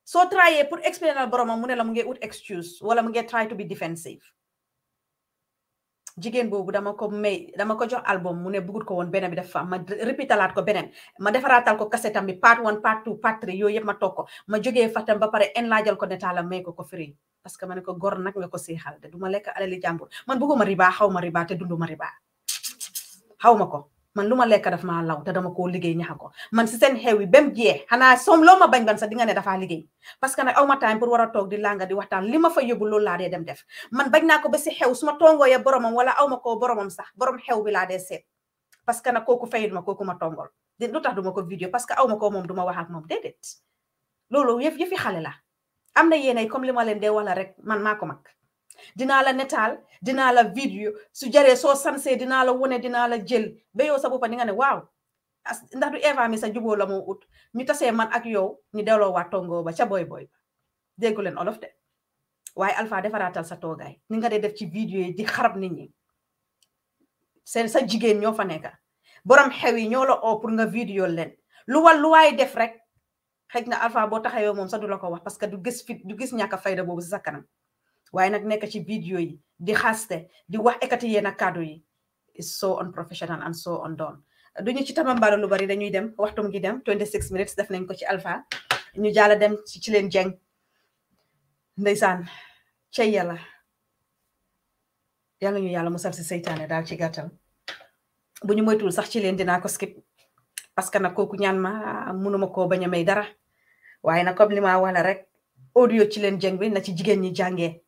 soo tryee pour explainal boromam mu ne la mu ngi ut excuse wala mu ngi try to be defensive jigéen boobu dama ko may dama ko jox album mu ne bugut ko woon beneen bi dafa ma répétalaat ko beneen ma defaraatal ko kasetam tambi part one part two part three yooyu yëpp ma toog ko ma jógee fatam ba pare en laajal ko netaala may ko ko firi parce que ma ne ko goor nag nga ko seexal de du ma lekk alali jàmbur man bëgguma riba xaw ma riba te dunduma riba xaw ma ko man lu ma lekk daf ma law te dama koo liggéey ñaxa ko man si seen xew yi ba mu jeex xanaa soom loo ma bañ ban sax di nga ne dafaa liggéey parce que nag aw ma time pour a toog di langa di waxtaan li ma fa yóbbu loolu laa dee dem def man bañ naa ko ba si xew su ma tongooyee boromam wala aw ma koo boromam sax borom xew bi laa dee seet parce que nag kooku fayul ma kooku ma tongol lu tax duma ko vidéo parce que aw ma koo moom duma wax ak moom déedéet loolu yëf yëfi xale la am na yéenay comme li ma leen dee wala rek man maa ko mag dinaa la netaal dinaa la vidéo su jaree soo sansee dinaa la wone dinaa la jël ba yow sa boppa ni nga ne waaw ndax du Eva mi sa juboo la moo ut ñu tasee man ak yow ñu delloo waat tongoo ba ca boy boy ba déggu olof de waaye Alpha defaraatal sa toogaay ni nga dee def ci vidéo yi di xarab nit ñi seen sa jigéen ñoo fa nekka borom xew yi ñoo la oo pour nga vidéo leen lu wal lu waay def rek xëj na Alpha boo taxawee moom sa du la ko wax parce que du gis fit du gis ñàkk fayda boobu si sa kanam waaye nag nekk ci vidéo yi di xaste di wax ekati yéen a kàddu yi is so unprofessional and so undone duñu ci tama tamambaalo lu bari dañuy dem waxtum gi dem 26 minutes def nañ ko ci alpha ñu jaala dem ci leen jeng ndeysaan cey yàlla yàlla ñu yàlla musal si seytaane daal ci gàttal bu ñu moytuwul sax ci leen dinaa ko skip parce que nag kooku ñaan ma mënuma koo bañ a may dara waaye nag comme li ma wala rek audio ci leen jeng bi na ci jigéen ñi jàngee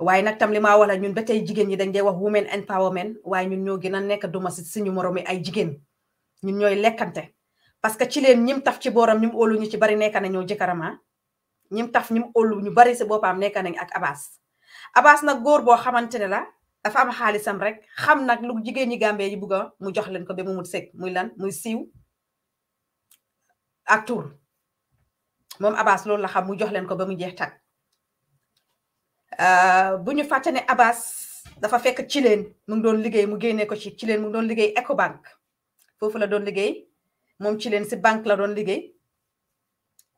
waaye nag tam li wala ñun ba tey jigéen ñi dañ dee wax women empowerment waaye ñun ñoo gën a nekk duma si suñu moromi ay jigéen ñun ñooy lekkante parce que ci leen ñim taf ci booram ñim óolu ñu ci bari nekk nañoo jëkkëramaa ñim taf ñim óolu ñu bari si boppam nekk nañ ak Abass Abass nag góor boo xamante ne la dafa am xaalisam rek xam nag lu jigéen ñi Gambie yi bugg a mu jox leen ko ba mu mut sëg muy lan muy siiw ak tur moom Abass loolu la xam mu jox leen ko ba mu jeex Euh, bu ñu fàtte ne Abbas dafa fekk Chileen mu ngi doon liggéey mu génnee ko ci Chileen mu ngi doon liggéey Ecobank foofu la doon liggéey moom Chileen si banque la doon liggéey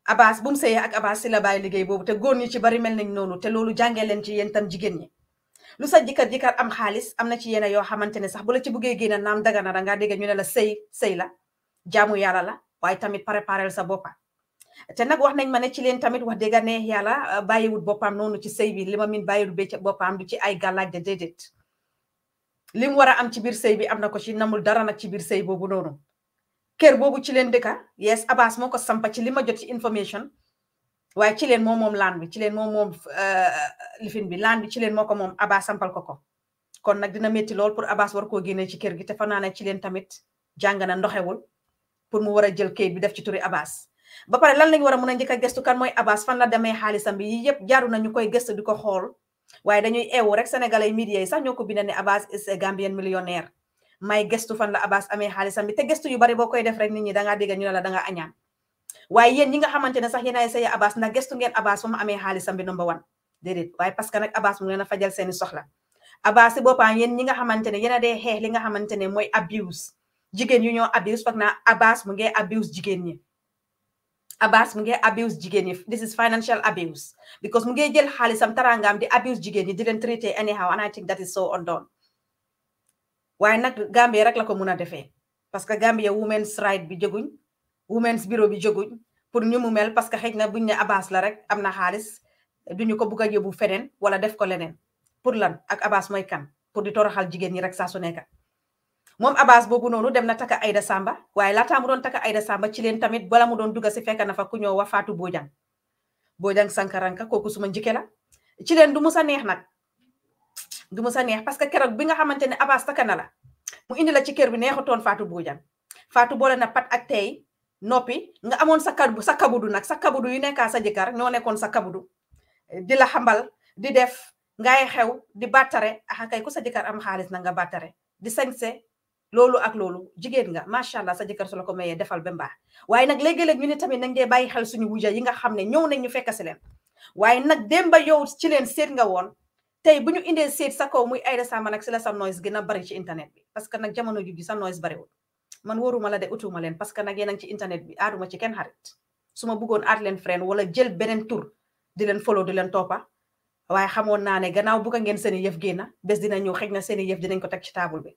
Abbas bu mu ak Abbas si la bàyyi liggéey boobu te góor ñi ci bari mel nañ noonu te loolu jàngee leen ci yéen tam jigéen ñi lu sa jëkkër jëkkër am xaalis am na ci yenn yoo xamante ne sax bu la ci buggee génn naam dagana na ngaa dégg ñu ne la sëy sëy la jaamu yàlla la waaye tamit préparel sa boppa te nag wax nañ ma ne ci leen tamit wax dëgg ne yàlla euh, bàyyiwut boppam noonu ci sëy bi li ma min bàyyiwut ba boppam du ci ay gàllaaj de déedéet li mu war a am ci biir sëy bi am na ko ci namul dara nag ci biir sëy boobu noonu kër boobu ci leen dëkka yes Abass moo ko sampa ci li ma jot ci information waaye ci leen moom moom laan bi ci leen moom moom euh, lifin bi laan bi ci leen moo ko moom Abass sampal ko ko kon nag dina métti lool pour Abass war koo génnee ci kër gi te naa ne ci leen tamit jàng ndoxewul pour mu war a jël kayit bi def ci turi Abass ba pare lan lañ war a mën a njëkk a kan mooy Abbas fan la demee xaalisam bi yii yëpp jaaru nañu koy gëstu di ko xool waaye dañuy eewu rek sénégalais yi médias yi sax ñoo ko bindee ne Abbas is a Gambian millionaire fan la Abbas amee xaalisam bi te gëstu yu bari boo koy def rek nit ñi dangaa dégg ñu ne la dangaa añaan waaye yéen ñi nga xamante ne sax yéen a saye Abbas ndax gëstu ngeen Abbas fa mu amee xaalisam bi number one déedéet waaye parce que nag Abbas mu leen a fajal seeni soxla Abbas nga xamante ne yéen a dee xeex li nga ne mooy abuse jigéen yu ñoo abuse foog mu ngee abuse jigéen ñi Abas mungkin abuse jigeni. this is financial abuse because mungkin jel hal xaalisam taraangaam di abuse jigeni, didn't treat leen anyhow and I think that is so undone Why nak Gambia rek la ko mun parce que Gambia women's right bi women's bureau bi jóguñ pour ñu mu mel parce que xejna buñ ne Abbas la rek am na duñu ko bugg yobu fenen wala def ko lenen pour lan ak abas moy kan pour di toroxal jigéen ñi rek sa su nekk moom Abass boobu noonu dem na taka Aida Samba waaye laataa mu doon taka Aida Samba ci leen tamit bala mu doon dugg si fekk na fa ku ñëw wa Fatou Bojang Bojang Sankaranka kooku suma njëkke la ci leen du musa neex nag du musa neex parce que keroog bi nga xamante ne Abass taka na mu indi la ci kër bi neexutoon Fatou Bojang faatu boole na pat ak tey noppi nga amoon sa kabu sa kabudu nag sa kabudu yu nekkaa sa jëkkër ñoo nekkoon sa kabudu di la xambal di def ngay xew di battare axa ah kay ku sa jëkkër am xaalis na nga battare di sañse loolu ak loolu jigéen nga macha allah sa jëkkër su la ko mayee defal ba mbaax waaye nag léegi-léeg ñu ne tamit nañ dee bàyyi xel suñu wuja yi nga xam ne ñëw nañ ñu fekk si leen waaye nag démba yow ci leen seet nga woon tey bu ñu indee seet sa kaw muy Aida Samba nag si la sa noise gën bari ci internet bi parce que nag jamono ju gi sa noise bariwul man waruma la de utuma leen parce que nag yéen a ngi ci internet bi aaduma ci kenn xarit su ma bëggoon aat leen friend wala jël beneen tur di leen follow di leen toppa waaye xamoon naa ne gannaaw bugg ngeen seen i génna bés dina ñëw xëj na seen i yëf dinañ ko teg ci table bi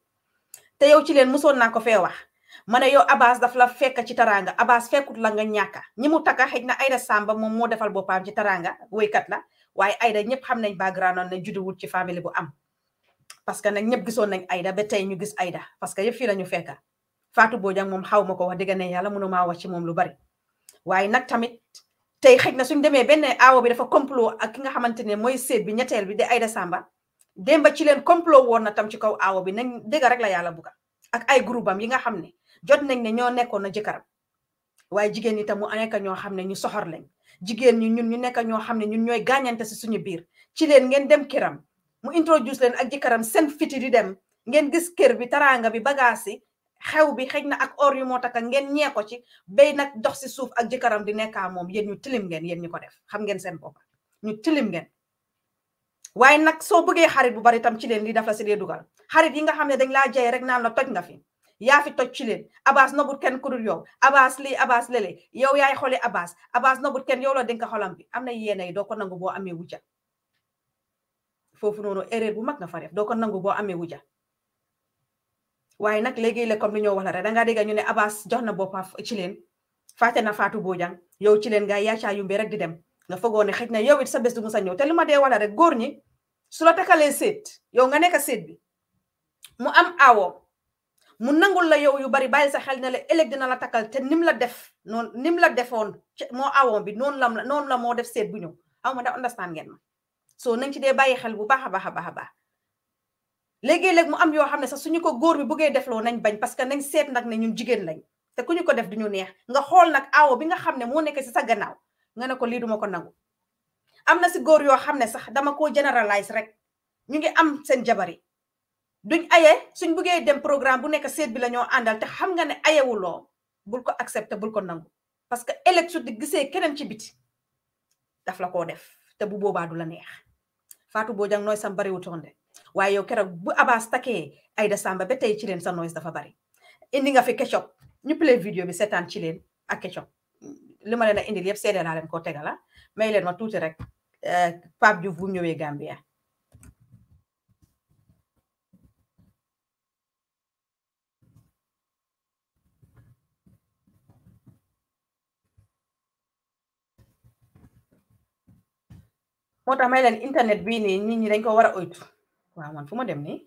te yow ci leen mosoon naa ko fee wax ma ne yow Abbas daf la fekk ci taranga Abbas fekkut la nga ñàkka ñi mu takka xëj na Aida Samba moom moo defal boppam ci taranga woykat la waaye Aida ñëpp xam nañ background na judduwut ci famille bu am parce que nag ñëpp gisoon nañ Aida ba tey ñu gis ayda parce que yëpp fi la ñu fekka Fatou Bojang moom xaw ma ko wax dëgg ne yàlla mënu maa wax ci moom lu bari waaye nag tamit tey xëj na suñ demee benn aawo bi dafa complot ak ki nga xamante ne mooy seet bi ñetteel bi de Aida Samba démba ci leen complot woon na tam ci kaw awo bi nañ dégg rek la yàlla buga ak ay groupe am yi nga xam ne jot nañ ne ñoo nekkoon na jëkkëram waaye jigéen ñi tam mu nekk ñoo xam ne ñu soxor lañ jigéen ñi ñun ñu nekk ñoo xam ne ñun ñooy gaañante si suñu biir ci leen ngeen dem këram mu introduce leen ak jëkkëram seen fiti di dem ngeen gis kër bi taraanga bi bagaasi xew bi xëj na ak or yu moo taka ngeen ñee ci bay nag dox si suuf ak jëkkëram di nekkaa moom yéen ñu tilim ngeen yéen ñu ko def xam ngeen seen bopp ngeen waaye nag soo bëggee xarit bu bari tam ci leen li daf la si dee dugal xarit yi nga xam ne dañ laa jay rek naan la toj nga fi yaa fi toj ci leen Abass nobut kenn ku dul yow Abass lii Abass lele yow yaay xoole Abass Abass nobut kenn yow la ka xolam bi am na yéenay doo ko nangu boo amee wujja foofu noonu erreur bu mag nga fa def doo ko nangu boo amee wujja waaye nag léegi la comme li wax la rek dangaa dégg ñu ne Abass jox na boppam ci leen fàtte na Fatou Bojang yow ci leen nga yaacaa yumbe rek di dem nga fogoon ne xëj yow it sa bés du musa ñëw te luma de wala rek góor ñi su la takale set yow nga nekk set bi mu am awo mu nangul la yow yu bari bayil sa xel na la elek dina la takal te nim la def non nim la defon mo awo bi non la non la mo def set bu ñu aw ma da understand ngeen ma so nañ ci de bàyyi xel bu baax a baax ba legge leg mu am yo xamne ne sax suñu ko góor bi bu def lo nañ bañ parce que nañ set nak ne ñun jigen lañ te kuñu ko def du ñu neex nga xol nak awo bi nga xamne mo nekk ci sa gannaaw nga ne ko lii duma ko nangu am na si góor yoo xam ne sax dama ko généralise rek ñu ngi am seen jabar yi duñ aye suñ buggee dem programme bu nekk seet bi la ñoo àndal te xam nga ne ayewuloo bul ko accepté bul ko nangu parce que ëllëg su di gisee keneen ci biti daf la koo def te bu boobaa du la neex Fatou Bojang nooy sam bariwutoon de waaye yow keroog bu Abass ay da Samba ba tey ci leen sa noise dafa bari indi nga fi ketchup ñu play vidéo bi seetaan ci leen ak li ma leen a indil yëpp seede naa leen koo tegala ah. may leen ma tuuti rek eh, Pape Diouf bu ñëwee Gambia moo tax may leen internet bii nii nit ñi dañ ko war a oytu waaw man fu ma dem nii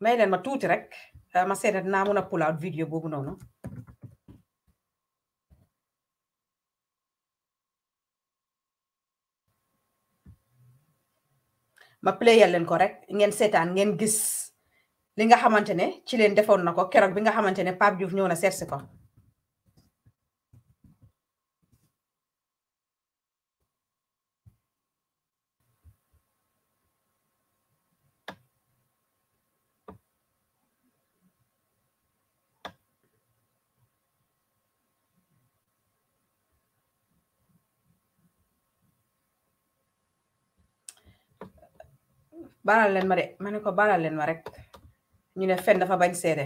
may leen ma tuuti rek eh, ma seede naa mun a pull out vidéo boobu noonu ma pléyal leen ko rek ngeen seetaan ngeen gis li nga xamante ne ci leen defoon na ko keroog bi nga xamante ne Pape Diouf ñëw na seet si ko baral leen ma de ma ne ko baral leen ma rek ñu ne fen dafa bañ seede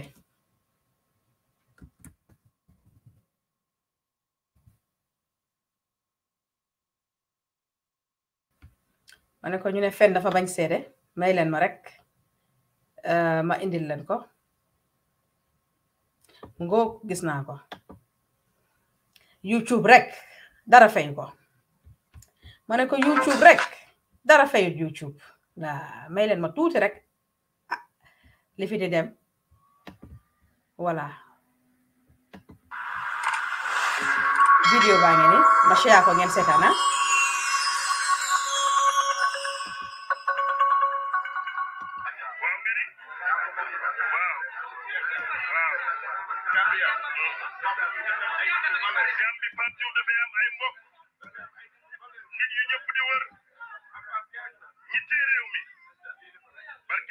ma ko ñu ne fen dafa bañ seede may leen ma rek euh, ma indil leen ko ngoog gis naa ko youtube rek dara fay ko ma ne ko youtube rek dara fayut youtube waaw may ma tuuti rek ah li dem voilà vidéo baa ngi ni ma share ko ngeen seetaan ah.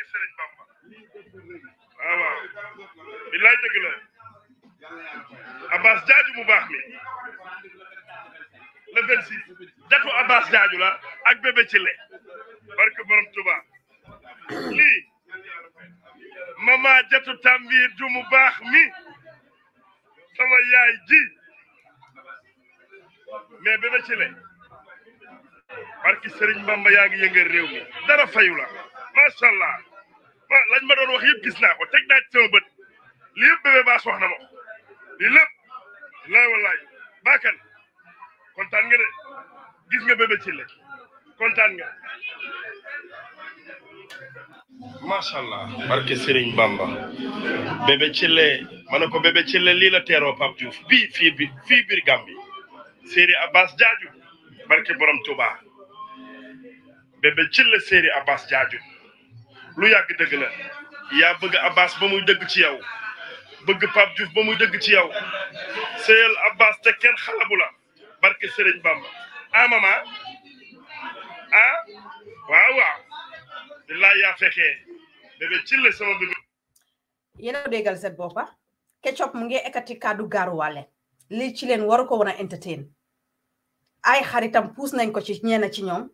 Sëriñ Bamba waaw waaw billaay dëgg la Abbas Jaaju mu baax mi le 26 datu Abbas Jaaju la ak bébé ci le barke borom Tuba lii mama jatu tambiir ju mu baax mi sama yaay ji mais bébé ci le barke Sëriñ Bamba yaa ngi yëngal réew mi dara fayu la macha allah lañ ma doon wax yëpp gis naa ko teg naa ci bët li bébé baas wax na ma ko li baakan kontaan nga de gis nga bébé ci le kontaan nga macha allah barke Serigne Bamba bébé ci le ma ko bébé ci le lii la teeroo Pape Diouf bii fii bi fii biir Gàmbi Séeri Abbas Jaaju barke borom Touba bébé ci le Séeri Abbas Jaaju lu yàgg dëgg la yaa bëgg Abbas ba muy dëgg ci yow bëgg Pape Diouf ba muy dëgg ci yow sëyal Abbas te kenn xalabu la barke Sëriñ Bamba ah mama ah waaw laa yaa fekkee bébé ci la sama bébé yéen a déggal seen boppa ah? Ketchup mu ngi ekkati gaar gaaruwaale lii ci leen waru ko woon a entertain ay xaritam puus nañ ko ci ñeena ci ñoom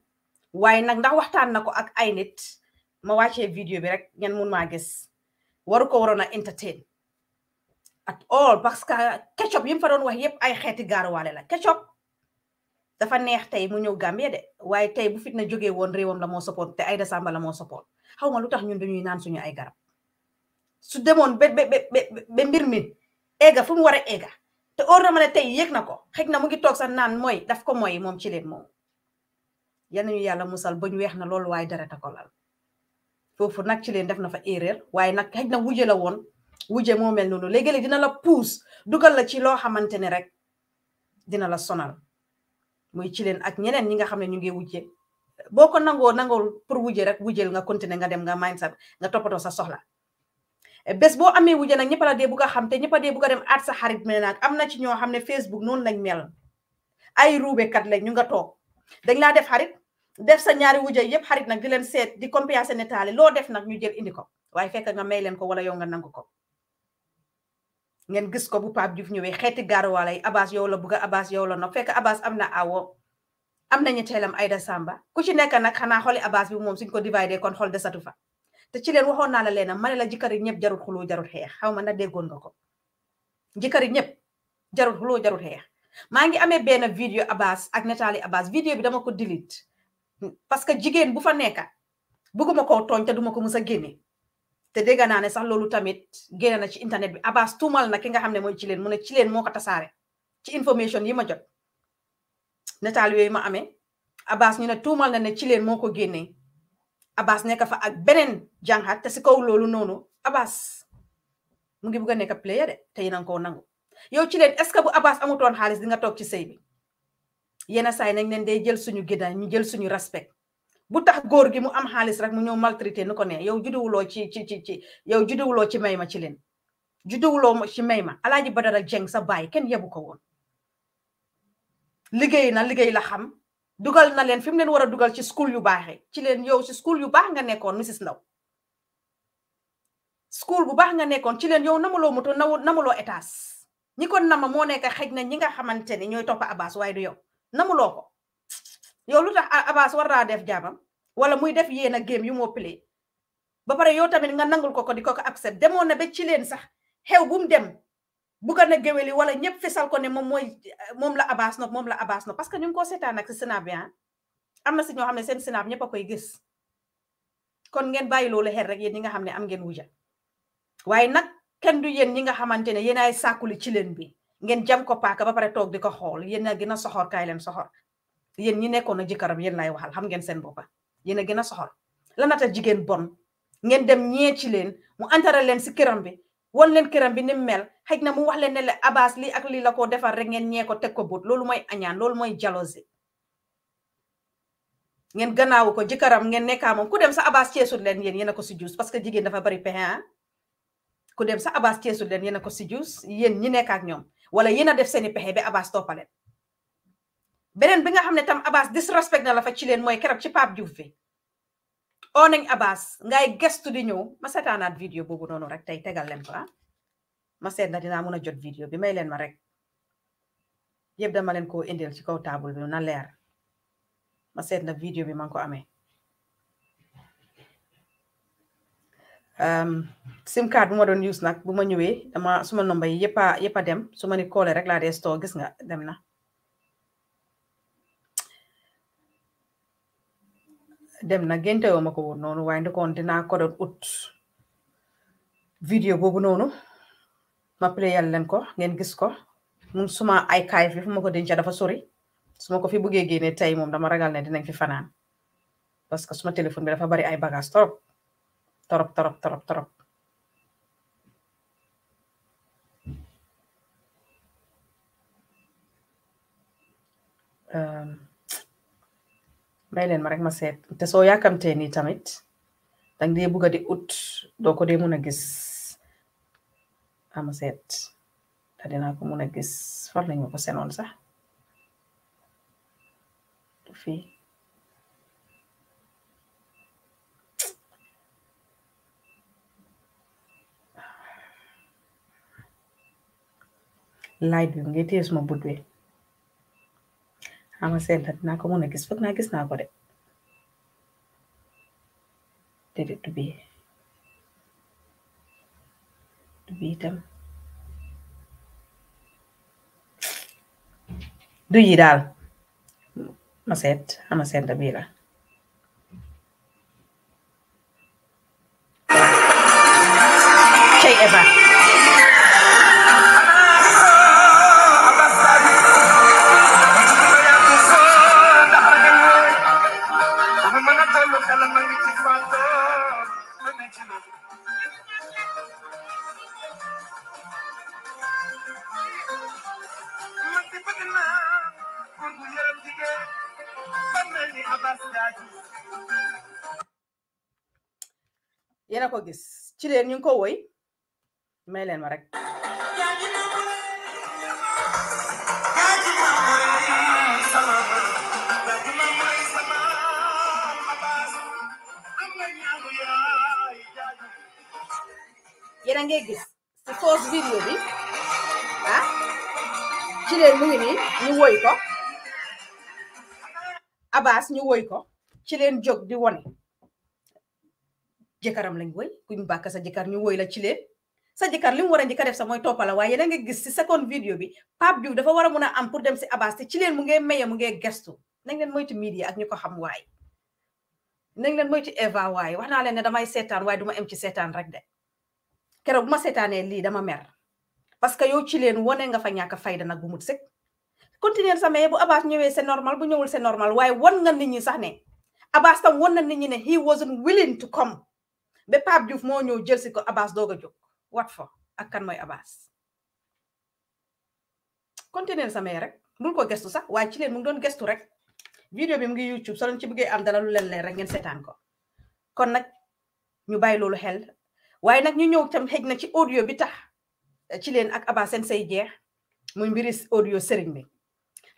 waaye nag ndax waxtaan na ko ak ay nit ma wàccee vidéo bi rek ngeen mun maa gis waru ko waroon na entertain at all parce que ketchup yi mu fa doon wax yëpp ay xeeti gaaruwaale la ketchup dafa neex tey mu ñëw Gambie de waaye tey bu fitna jógee woon réewam la moo soppoon te Aida Samba la moo soppoon xaw ma lu tax ñun dañuy naan suñu ay garab su demoon ba ba ba mbir mi eega fu mu war a eega te or na ma ne tey yëg na ko xëj na mu ngi toog sax naan mooy daf ko mooy moom ci leen moom yal nañu yàlla musal ba ñu weex na loolu waaye dara ta ko lal foofu nag ci leen def na fa erreur waaye nag xëj na wuje la woon wuje moo mel noonu léegi-léeg dina la puus dugal la ci loo xamante ne rek dina la sonal muy ci leen ak ñeneen ñi nga xam ne ñu ngi wuje boo ko nangoo nangool pour wuje rek wujel nga continuer nga dem nga mañ sa nga toppatoo sa soxla bés boo amee wuje nag ñëppa la dee bugg a xam te ñëppa dee bugg a dem aat sa xarit mel nag am na ci ñoo xam ne Facebook noonu lañ mel ay ruubekat lañ ñu nga toog dañ laa def xarit def sa ñaari wujja yëpp xarit nag di leen seet di compenser ne taale loo def nag ñu jël indi ko waaye fekk nga may leen ko wala yow nga nangu ko ngeen gis ko bu Pape Diouf ñëwee xeeti gaaruwaala yi Abbas yow la bugg a Abbas yow la nopp fekk Abbas am na awo am na ñetteelam Aida Samba ku ci nekk nag xanaa xooli Abbas bi moom suñ ko dividé kon xool desatu fa te ci leen waxoon naa la leena ma ne la jëkkër yi ñëpp jarul xuloo jarul xeex xaw ma na déggoon nga ko jëkkër yi ñëpp jarul xuloo jarul xeex maa ngi amee benn vidéo Abbas ak nataali Abbas vidéo bi dama ko delete parce que jigéen bu fa nekka bëgguma koo tooñ te duma ko mus a génne te dégg naa ne sax loolu tamit génne na ci internet bi Abass tuumal na ki nga xam ne mooy ci leen mu ne ci leen moo ko tasaare ci information yi ma jot nataal yooyu ma amee Abass ñu ne tuumal na ne ci leen moo ko génnee Abass nekk fa ak beneen jàngat te si kaw loolu noonu Abass mu ngi bugg a nekk player de te yéen a ngi koo yow ci leen est ce que bu Abass amutoon xaalis di nga toog ci sëy bi yenn saa yi nañ leen day jël suñu gidda ñu jël suñu respect bu tax góor gi mu am xaalis rek mu ñoo maltraité nu ko ne yow juddewuloo ci ci ci ci yow juddewuloo ci may ma ci leen juddewuloo ci may ma alaaji Badara Jeng sa baay kenn yebu ko woon liggéey na liggéey la xam dugal na leen fi mu leen war a dugal ci school yu baaxee ci leen yow ci school yu baax nga nekkoon Mrs Ndaw school bu baax nga nekkoon ci leen yow namuloo moto namuloo étage ñi ko nama moo nekk xëj na ñi nga xamante ni ñooy topp Abbas waaye du yow namuloo ko yow lu tax Abass war naa def jaamam wala muy def yéen a game yu moo play ba pare yow tamit nga nangul ko ko di ko ko accept demoon na ba ci leen sax xew bu mu dem bugga na géwél yi wala ñëpp fesal ko ne moom mooy moom la Abass Ndong moom la Abass Ndong parce que ñu ngi ko seetaan ak si Sénat bi ah. am na si ñoo xam ne seen Sénat ñëpp a koy gis kon ngeen bàyyi loolu xel rek yéen ñi nga xam ne am ngeen wuja waaye nag kenn du yéen ñi nga xamante ne yéen ay sàkkuli ci leen bi ngeen jam ko paaka ba pare tok diko xol xool yéen a soxor kay len soxor yeen ñi nekkona jikaram yeen lay waxal xam ngeen seen bopa yéen na soxor la nata jigen bon ngeen dem ñe ci len mu antara len si këram bi won len kiram bi nim mel xëj mu wax len ne la li ak li lako defal rek ngeen ñe ko tek ko bóot lolu moy añaan lolu moy jalousie ngeen gannaaw ko jikaram ngeen nekkam ku dem sa abaas ceesut leen yéen yéen a ko si juus parce que jigen dafa bari pexe ah. ku dem sa abaas ceesut leen yéen a ko si juus yeen ñi nekk ak ñom wala yéen a def seeni pexe ba Abass toppaleen beneen bi nga xam ne tam Abass disrespect na la fa ci leen mooy keroog ci Pape Diouf bi oo nañ Abass ngay gestu di ñëw ma seetaanaat vidéo boobu noonu rek tey tegal leen ko ah ma seet na dinaa mën a jot vidéo bi may leen ma rek yëpp dama leen koo indil ci kaw taabul bi na leer ma seet na video bi ma ngi ko amee Ehm, sim card bu ma doon use nag bu ma ñëwee dama suma nomba yi yëpp a yëpp a dem su ma ni koole rek laa dee store gis nga dem na dem na génte woo ma ko woon noonu waaye ndikoon dinaa ko doon ut vidéo noonu ma playal leen ko ngeen gis ko mun suma ay kaay fi fu ma ko denca dafa sori su ko fi buggee génne tey moom dama ragal ne dinañ fi fanaan parce que suma téléphone bi dafa bari ay bagage trop Torok, torok, torok, torok. Mailen, ma rek ma seet te soo yaakamtee nii tamit dang dee bugga di ut doo ko dee mun a gis ama seet da dinaa ko gis far ko senoon sax fii light bi mu ngi téye suma bët bi xama seet la dinaa ko mën a gis foog naa gis naa ko de déedéet du bii du bii yi daal ma seet xama seet la bii la jigéen ñu ngi ko woy may gis ci source vidéo bi ah Chilel mu ngi nii ñu woy ko Abass ñu woy ko Chilel di wone jëkkëram lañ woy kuñ bàkk sa sa jëkkër li mu war a njëkk a def sa mooy toppala waaye yéen a ngi gis si second vidéo bi Pape Diouf dafa war a mun a am pour dem si Abass te ci leen mu ngee maye mu ngee gestu nañ leen moytu media ak ñu ko xam waay nañ leen moytu Eva waay wax naa leen ne damay seetaan waaye du ma em ci seetaan rek de keroog bu ma seetaanee lii dama mer parce que yow ci leen wane nga fa ñàkk fayda nag bu mut sëg continuer sa maye bu Abass ñëwee c'est normal bu ñëwul c'est normal waaye wan nga nit ñi sax ne Abass tam wan ne he wasn't willing ba Pape Diouf moo ñëw jël si ko Abbas doog a jóg wat fa ak kan mooy Abbas continuer samay rek bul ko gestu sax waaye ci leen mu ngi doon gestu rek vidéo bi mu ngi YouTube soo leen ci bëggee am dara lu leen leer rek ngeen seetaan ko kon nag ñu bàyyi loolu xel waaye nag ñu ñëw tam xëj na ci audio bi tax eh, ci leen ak Abbas seen say jeex muy mbiri audio sëriñ bi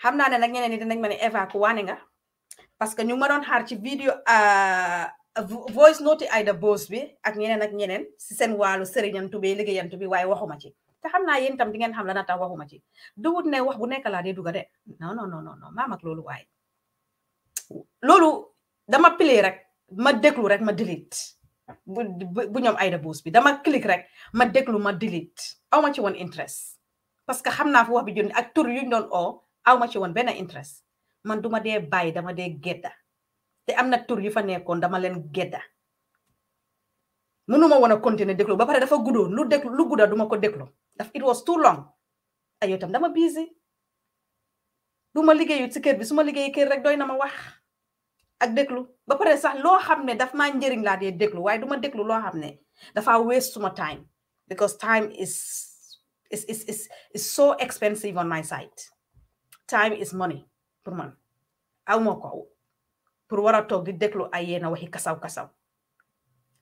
xam naa ne nag ñeneen ñi dinañ ma waane nga parce que ñu ma doon xaar ci vidéo ah, voice note ay da boos bi ak ñeneen ak ñeneen si seen wàllu sëriñantu bi liggéeyantu bi waaye waxuma ci te xam naa yéen itam di ngeen xam la na tax ma ci duwut ne wax bu nekk laa dee duga de non non non non maam ak loolu waaye loolu dama pile rek ma déglu rek ma delete bu bu ñoom ay boos bi dama click rek ma déglu ma delete aw ma ci woon interest parce que xam naa fu wax bi junni ak tur yuñ doon o aw ma ci woon benn interest man duma dee bàyyi dama dee gedda te am na tur yu fa nekkoon dama leen gedda mënuma woon a continuer déglu ba pare dafa guddoon lu déglu lu gudda duma ko déglu daf it was too long ay tam dama busy du ma liggéeyu ci kër bi su ma liggéeyu kër rek doy na ma wax ak déglu ba pare sax loo xam daf maa njëriñ laa dee déglu waaye du ma déglu loo dafa waste suma time because time is is is is is so expensive on my side time is money pour man aw moo pour war a toog di déglu ay yeena waxi kasaw-kasaw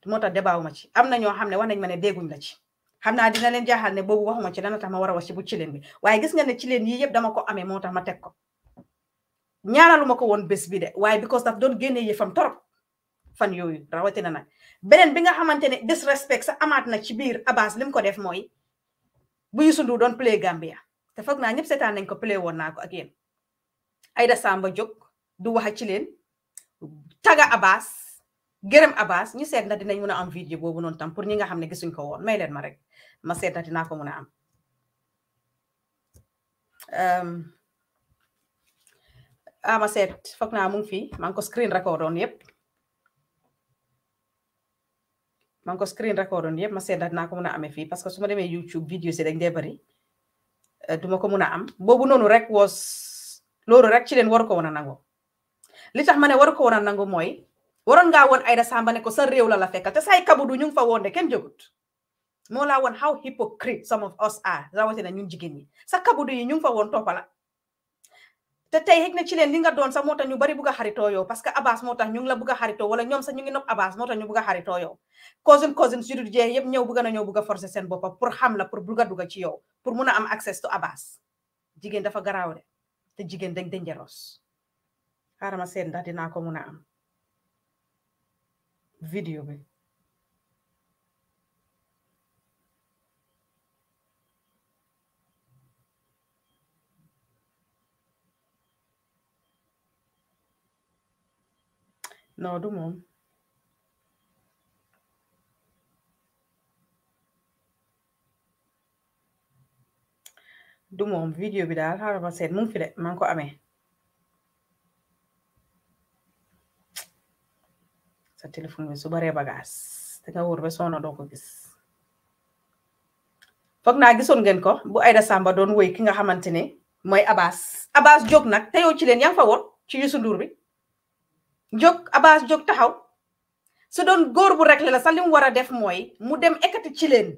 moo tax débaawuma ci am na ñoo xam ne wax nañ ma ne dégguñ la ci xam naa dina leen jaaxal ne boobu waxuma ci dana tax ma war a wax ci bu ci leen bi waaye gis nga ne ci leen yii yëpp dama ko amee moo tax ma teg ko ñaanalu ma ko woon bés bi de waaye because daf doon génne yëfam torop fan yooyu rawatina nag beneen bi nga xamante ne disrespect sa amaat na ci biir Abass lim ko def mooy bu Youssou Ndour doon play Gambia te foog naa ñëpp seetaan nañ ko play woon naa ko ak yéen Aida Samba jóg du wax ci leen taga Abbas gërëm Abbas ñu sét na dinañ mëna am vidéo bobu non tam pour ñi nga xamné gisuñ ko woon may leen ma rek ma na ko mëna am euh ehm, ah, ama sét fokk na mu ngi fi ma ngi ko screen recordoon yépp ma ngi ko screen recordoon yépp ma seet na dinaa ko pas amé fi parce que suma démé YouTube video ci dañ dé bari eh, duma ko mëna am bobu nonu rek was loolu rek ci leen war ko woon nangoo li tax ma ne war ko war a nangu mooy waroon ngaa woon Aida Samba ne ko sa réew la la fekkal te say kabudu ñu ngi fa woon de kenn jógut moo laa woon how hypocrite some of us are rawatina ñun jigéen ñi sa kabudu yi ñu fa woon toppala te tey xëy na ci leen li nga doon sax moo tax ñu bari bugg a xaritoo yow parce que Abbas moo tax ñu ngi la bugg a xaritoo wala ñoom sax ñu ngi nopp Abbas moo tax ñu bugg a xaritoo yow cousin cousin su dul jeex yëpp ñëw a forcer a dugg ci a am access to jigéen dafa garaaw de te jigéen dañ dangerous xaaral ma seet ndax dinaa ko mun a am vidéo bi non du moom du moom vidéo bi daal xaaral ma seet mu ngi fi de maa ko amee sa téléphone bi su baree bagaas da nga wóor ba soona doo ko gis foog naa gisoon ngeen ko bu Aida Samba doon woy ki nga xamante ne mooy Abass Abass jóg nag te yow ci leen yaa ngi fa woon ci Youssou Ndour bi jóg Abass jóg taxaw su doon góor bu rek la sax li mu war a def mooy mu dem ekkati ci leen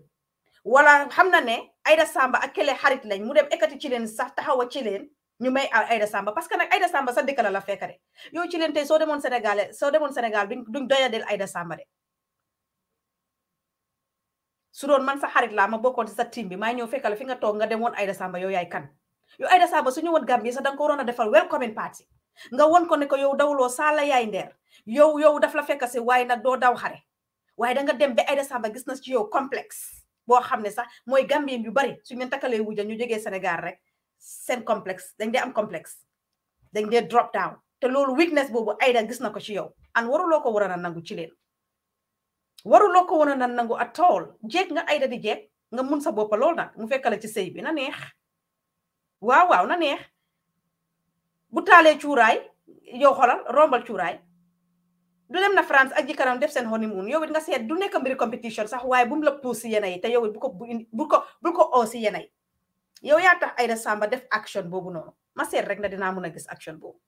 wala xam na ne Aida Samba ak kële xarit lañ mu dem ekkati ci leen sax taxaw a ci leen ñu may Aïda Samba parce que nag Aïda Samba sa dëkk la la fekk de yow ci leen tey soo demoon Sénégal soo demoon Sénégal duñ duñ doyadeel Aïda Samba de man sa xarit laa ma bokkoon sa team bi maa ñëw fekkal fi nga toog nga demoon Aïda Samba yow yaay kan yow Aïda Samba su ñëwoon Gambie sax da nga ko waroon a defal party nga won ko ne ko yow dawuloo sala yaay ndeer yow yow daf la fekk si waaye nag doo daw xare waaye da nga dem ba Aïda Samba gis na ci yow complexe boo xam ne sax mooy Gambien yu bari suñu leen takkalee wuja ñu jógee Sénégal rek seen complexe dañ dee am complexe dañ dee drop down te loolu weakness boobu Aida gis na ko ci yow an waruloo ko waroon a nangu ci leen waruloo ko waroon a nangu at all jeeg nga Aida di jeeg nga mun sa bopp lool nag mu fekkale ci sëy bi na neex waaw waaw na neex bu taalee cuuraay yow xolal rombal cuuraay du dem na France ak def seen honeymoon yow it nga seet du nekk mbiri compétition sax waaye bu mu la si yéen yi te yow it bu ko bu ko bul ko si yéen yow yaa tax Aida Samba def action boobu noonu ma seet rek na dinaa mun a gis action boobu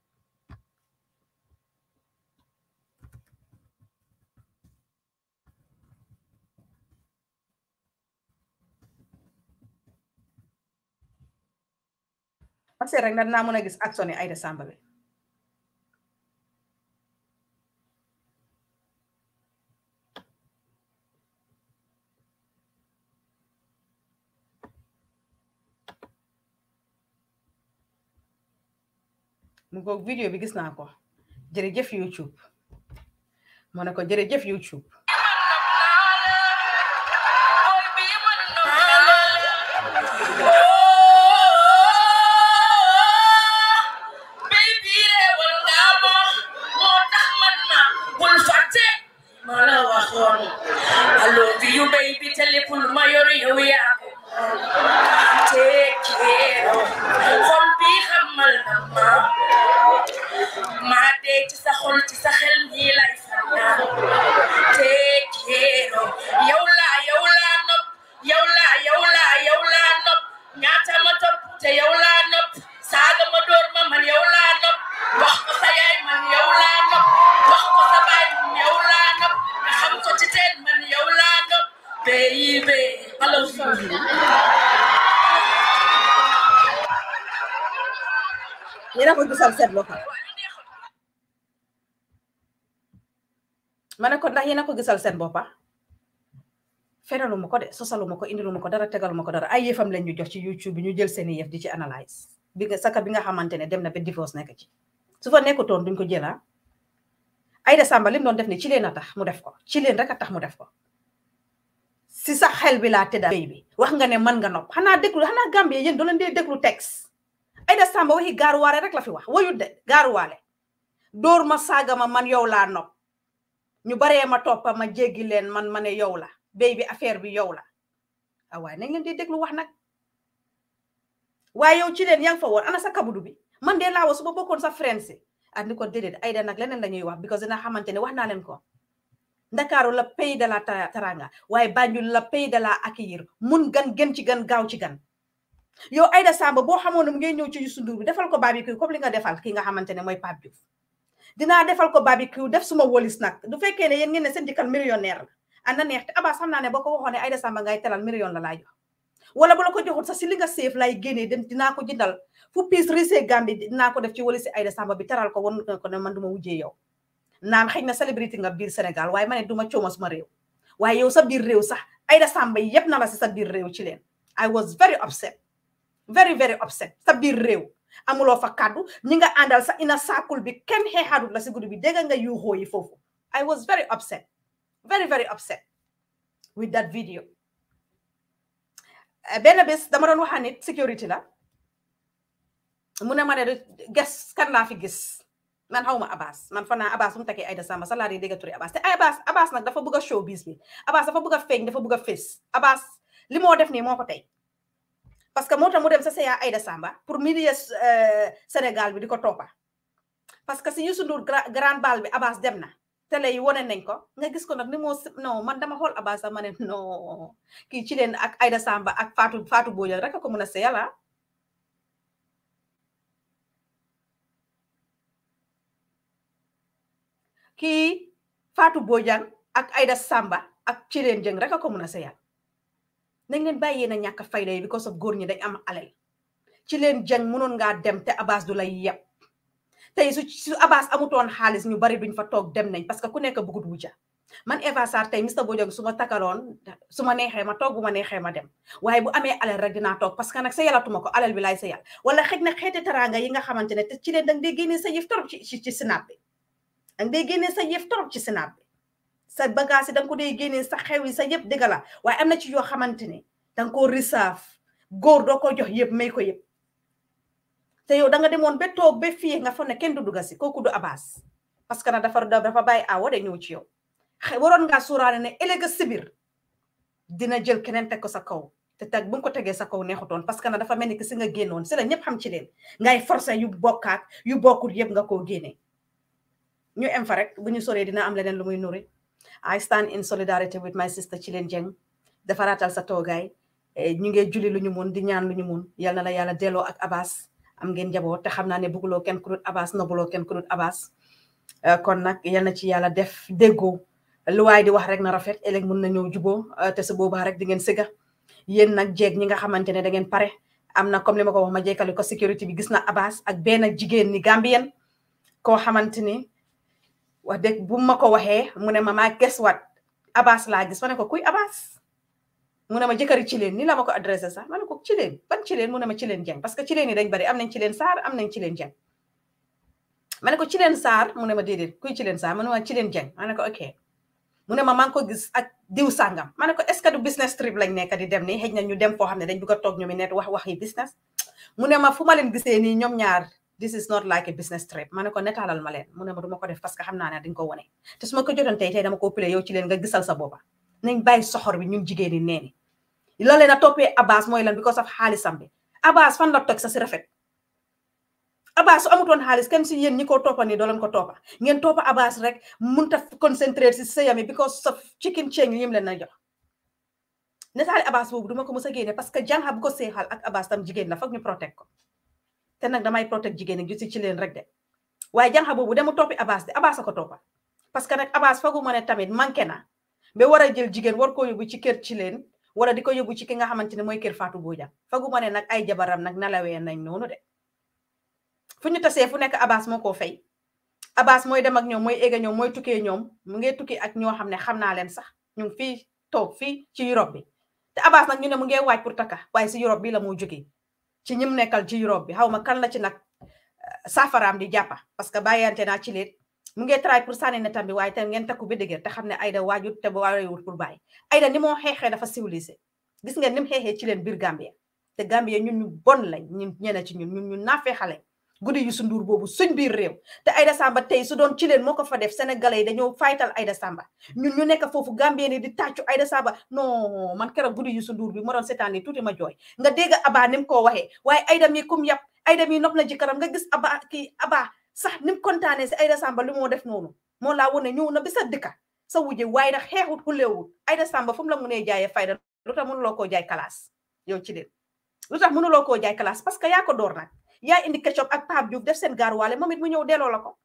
ma seet rek na dinaa mun a gis action yi Aida Samba bi mu ko vidéo bi gis naa ko jërëjëf YouTube mu ne ko jërëjëf YouTube yéen ko gissal sen bopa fenalu ko de sosalu ma ko indilu ko dara tegalu ma ko dara ay yefam lañu jox ci youtube ñu jël sen yef di ci analyse bi nga saka bi nga xamantene dem na be divorce nek ci su fa nekkutoon duñ ko ay Aida ah. Samba lim doon def ni ci leena tax mu def ko ci leen rek tax mu def ko si sa xel bi la baby wax nga ne man nga nop xana deklu xana Gambie yéen doo leen dee déglu texte Aida Samba waxi waré rek la fi wax wayu de gaaruwaale dor ma saga ma man yow la nop ñu baree ma toppa ma jéggi leen man ma ne yow la béy bi affaire bi yow la ah waaye nañ leen di déglu wax nag waaye yow ci leen yaa ngi fa woon ana sa kabudu bi man de laawa su ma bokkoon sa friend si ah ni ko déedéet ayda nag leneen la ñuy wax because dina xamante ne wax naa leen ko ndakaaru la pays de la taranga waaye Banjul la pays de la accueillir mun gan gën ci gan gaaw ci gan yow ayda samba boo xamoon ne mu ngay ñëw ci bi defal ko baabi kii comme li nga defal ki nga xamante ne mooy Pape dinaa defal ko barbecue def suma wolis nag du fekkee ne yéen ngeen ne seen jëkkër millionnaire la ana neex te Abba xam naa ne boo ko waxoon ne Aida Samba ngay telal million la laa jox wala bu la ko joxul sax si li nga seef lay génnee dem dinaa ko jëndal fu piis risee gambi dinaa ko def ci wali si Aida Samba bi teral ko wan ko ne man duma wujjee yow naan xëy na célébrité nga biir Sénégal waaye ma ne duma cooma suma réew waaye yow sa biir réew sax Aida Samba yëpp na la sa biir réew ci leen I was very upset very very upset sa biir réew amuloo fa kàddu ñi nga àndal sa ina saakul bi kenn xeexaadut la si guddi bi dégg nga yuuxoo yi foofu I was very upset very very upset with that video eh, benn bés dama doon waxaa nit sécurité la mu ne ma ne ges kan laa fi gis man xaw ma Abass man fan naa Abass bu mu takkee Aida Samba sax laa turi Abass te Abass Abass nag dafa bëgg a showbiz bi Abass dafa bëgg a feeñ dafa bëgg a fés Abass li moo def ni moo ko tey parce que moo tax mu dem sa seyaa Aida Samba pour milieu Sénégal bi di ko topa parce que si Youssou Ndour grand bal bi Abbas dem na télé yi wane nañ ko nga gis ko nag ni man dama xool Abbas ma ne non kii ci leen ak Aida Samba ak Fatou Fatou Bojang rek a ko mën a seeyala ah. kii Fatou Bojang ak Aida Samba ak ci leen jëng a ko mën a seeyal nañ leen bàyyee na ñàkk fayda yi because of góor ñi dañ am alal ci leen jàng mënoon ngaa dem te Abass du lay yeb tey su su Abass amutoon xaalis ñu bari duñ fa toog dem nañ parce que ku nekk bëggut wujja man Eva sar tey Mr Bojang jog suma takaloon suma neexee ma toog bu ma neexee ma dem waaye bu amee alal rek dinaa toog parce que nag sa yalatuma ko alal bi lay sa yal wala xëj na xeeti teraanga yi nga xamante ne te ci leen sa yëf torop ci ci bi sa yëf torop ci bi sa bagage dang ko day génné sa xewi sa yépp dëgg la waaye am ci yo xamante dang ko risaf gor do ko jox yépp may ko yépp te yow da nga demoon ba toog ba nga fa ne du dugasi koku du abaas parce que na dafa dafa bay awo de ñëw ci yow waron nga suuraale ne ëllëg sibir dina jël kenen teg ko sa kaw te tag bu ko tegee sa kaw neexutoon parce que na dafa melni ke si nga génnoon la ñëpp xam ci leen ngay forcer yu bokkat yu bokul nga ko génne ñu em fa rek bu ñu dina am leneen lu muy I stand in solidarity with my sister Chilin Dieng defaraatal sa toogaay eh, ñu ngee julli lu ñu mun di ñaan lu ñu mun yal na la yàlla delloo ak Abbas am ngeen njaboot te xam naa ne bugguloo kenn ku dul Abbas nobuloo kenn ku dul Abbas eh, kon nag yal na ci yàlla def déggoo lu luwaay di wax rek na rafet ëllëg mun na ñëw juboo eh, te su boobaa rek di ngeen sëga yéen nag jeeg ñi nga xamante ne da ngeen pare am na comme li ma ko wax ma jekkali ko sécurité bi gis na Abbas ak benn jigéen ni Gambien koo wax dëgg bu mako waxe mune mama guess what Abass la gis mané ko kuy Abass mune ma jëkëri ci leen ni la mako ko adressé sax ko ci ban ci leen mune ma ci jeng parce que ci leen ni dañ bari am nañ ci leen sar am nañ ci jeng mané ko ci leen sar mune ma déedéet kuy ci leen saar mané wa ci jeng mané ko ok mune ma mang ko gis ak diw sangam mané ko est-ce que du business trip lañ nekk di dem ni xëj na ñu dem fo xam dañ bëgg tok ñu mi net wax yi business mune ma fuma ma gisee ni ñaar this is not like a business trip ma ne ko netaalal ma leen mu ne ma duma ko def parce que xam naa ne dañ ko wone te su ma ko jotoon tey tey dama ko pile yow ci nga gisal sa boppa nañ bàyyi soxor bi ñun jigéen ñi nee ni loolu leen a toppee Abbas mooy lan because of xaalisam bi Abbas fan la toj sa si rafet Abbas su amutoon xaalis kenn si yéen ñi ko toppa nii doo leen ko toppa ngeen toppa Abbas rek mun ta concentré si sëyami because of chicken chain yi yim leen na jox netaali Abbas boobu duma ko mës a génne parce que jànxa bu ko seexal ak Abbas tam jigéen la foog ñu protect ko te nag damay protect jigéen ak ci leen rek de waaye janxa boobu demu toppi Abass de Abass a ko toppa parce que nag Abass fagu ma ne tamit manqué na ba war a jël jigéen war koo yóbbu ci kër ci leen wala di ko yóbbu ci ki nga xamante ne mooy kër Fatou Bojang fagu ma ne nag ay jabaram nag nalawee nañ noonu de fu ñu tasee fu nekk Abass mo koo fay Abass mooy dem ak ñoom mooy egg ñoom mooy tukkee ñoom mu ngi tukki ak ñoo xam ne xam naa leen sax ñu ngi fii toog fii ci Europe bi te Abass nag ñu ne mu ngi waaj pour takka waaye si Europe bi la moo jógee ci ñim nekkal ci Europe bi xaw ma kan la ci nag eh, saafaraam di jàppa parce que bàyyante naa ci leen mu ngi try pour sànni netam bi waaye tam ngeen takku bi dëgër te xam ne Aida waajut te waayewul pour bay Aida ni moo xeexee dafa civilisé gis ngeen ni mu xeexee ci leen biir Gambia te Gambia ñun ñu bon lañ ñun ñene ci ñun ñun ñu naafee xale guddi Youssou Ndour boobu suñ biir réew te Aïda Samba tey su doon ci leen moo ko fa def sénégalais yi dañoo faytal Aïda Samba ñun ñu nekk foofu Gambien ni di tàccu Aïda Samba non man keroog guddi Youssou Ndour bi ma doon seetaan ni tuuti ma jooy nga dégg Aba ni mu koo waxee waaye Aïda mi kum yàpp Aïda mi nopp na jëkkëram nga gis Aba kii Aba sax ni mu kontaanee si Aïda Samba li moo def noonu moo laa wone ñëw na bi sa dëkka sa wujje waaye nag xeexut xuleewut Aïda Samba fu mu la mënee jaayee fayda lu tax mënuloo koo jaay kalaas yow ci leen lu tax mënuloo koo jaay parce que yaa ko door nag yaa indi ketchup ak Pape Diouf def seen gaaruwaale wale it mu ñëw delloo la ko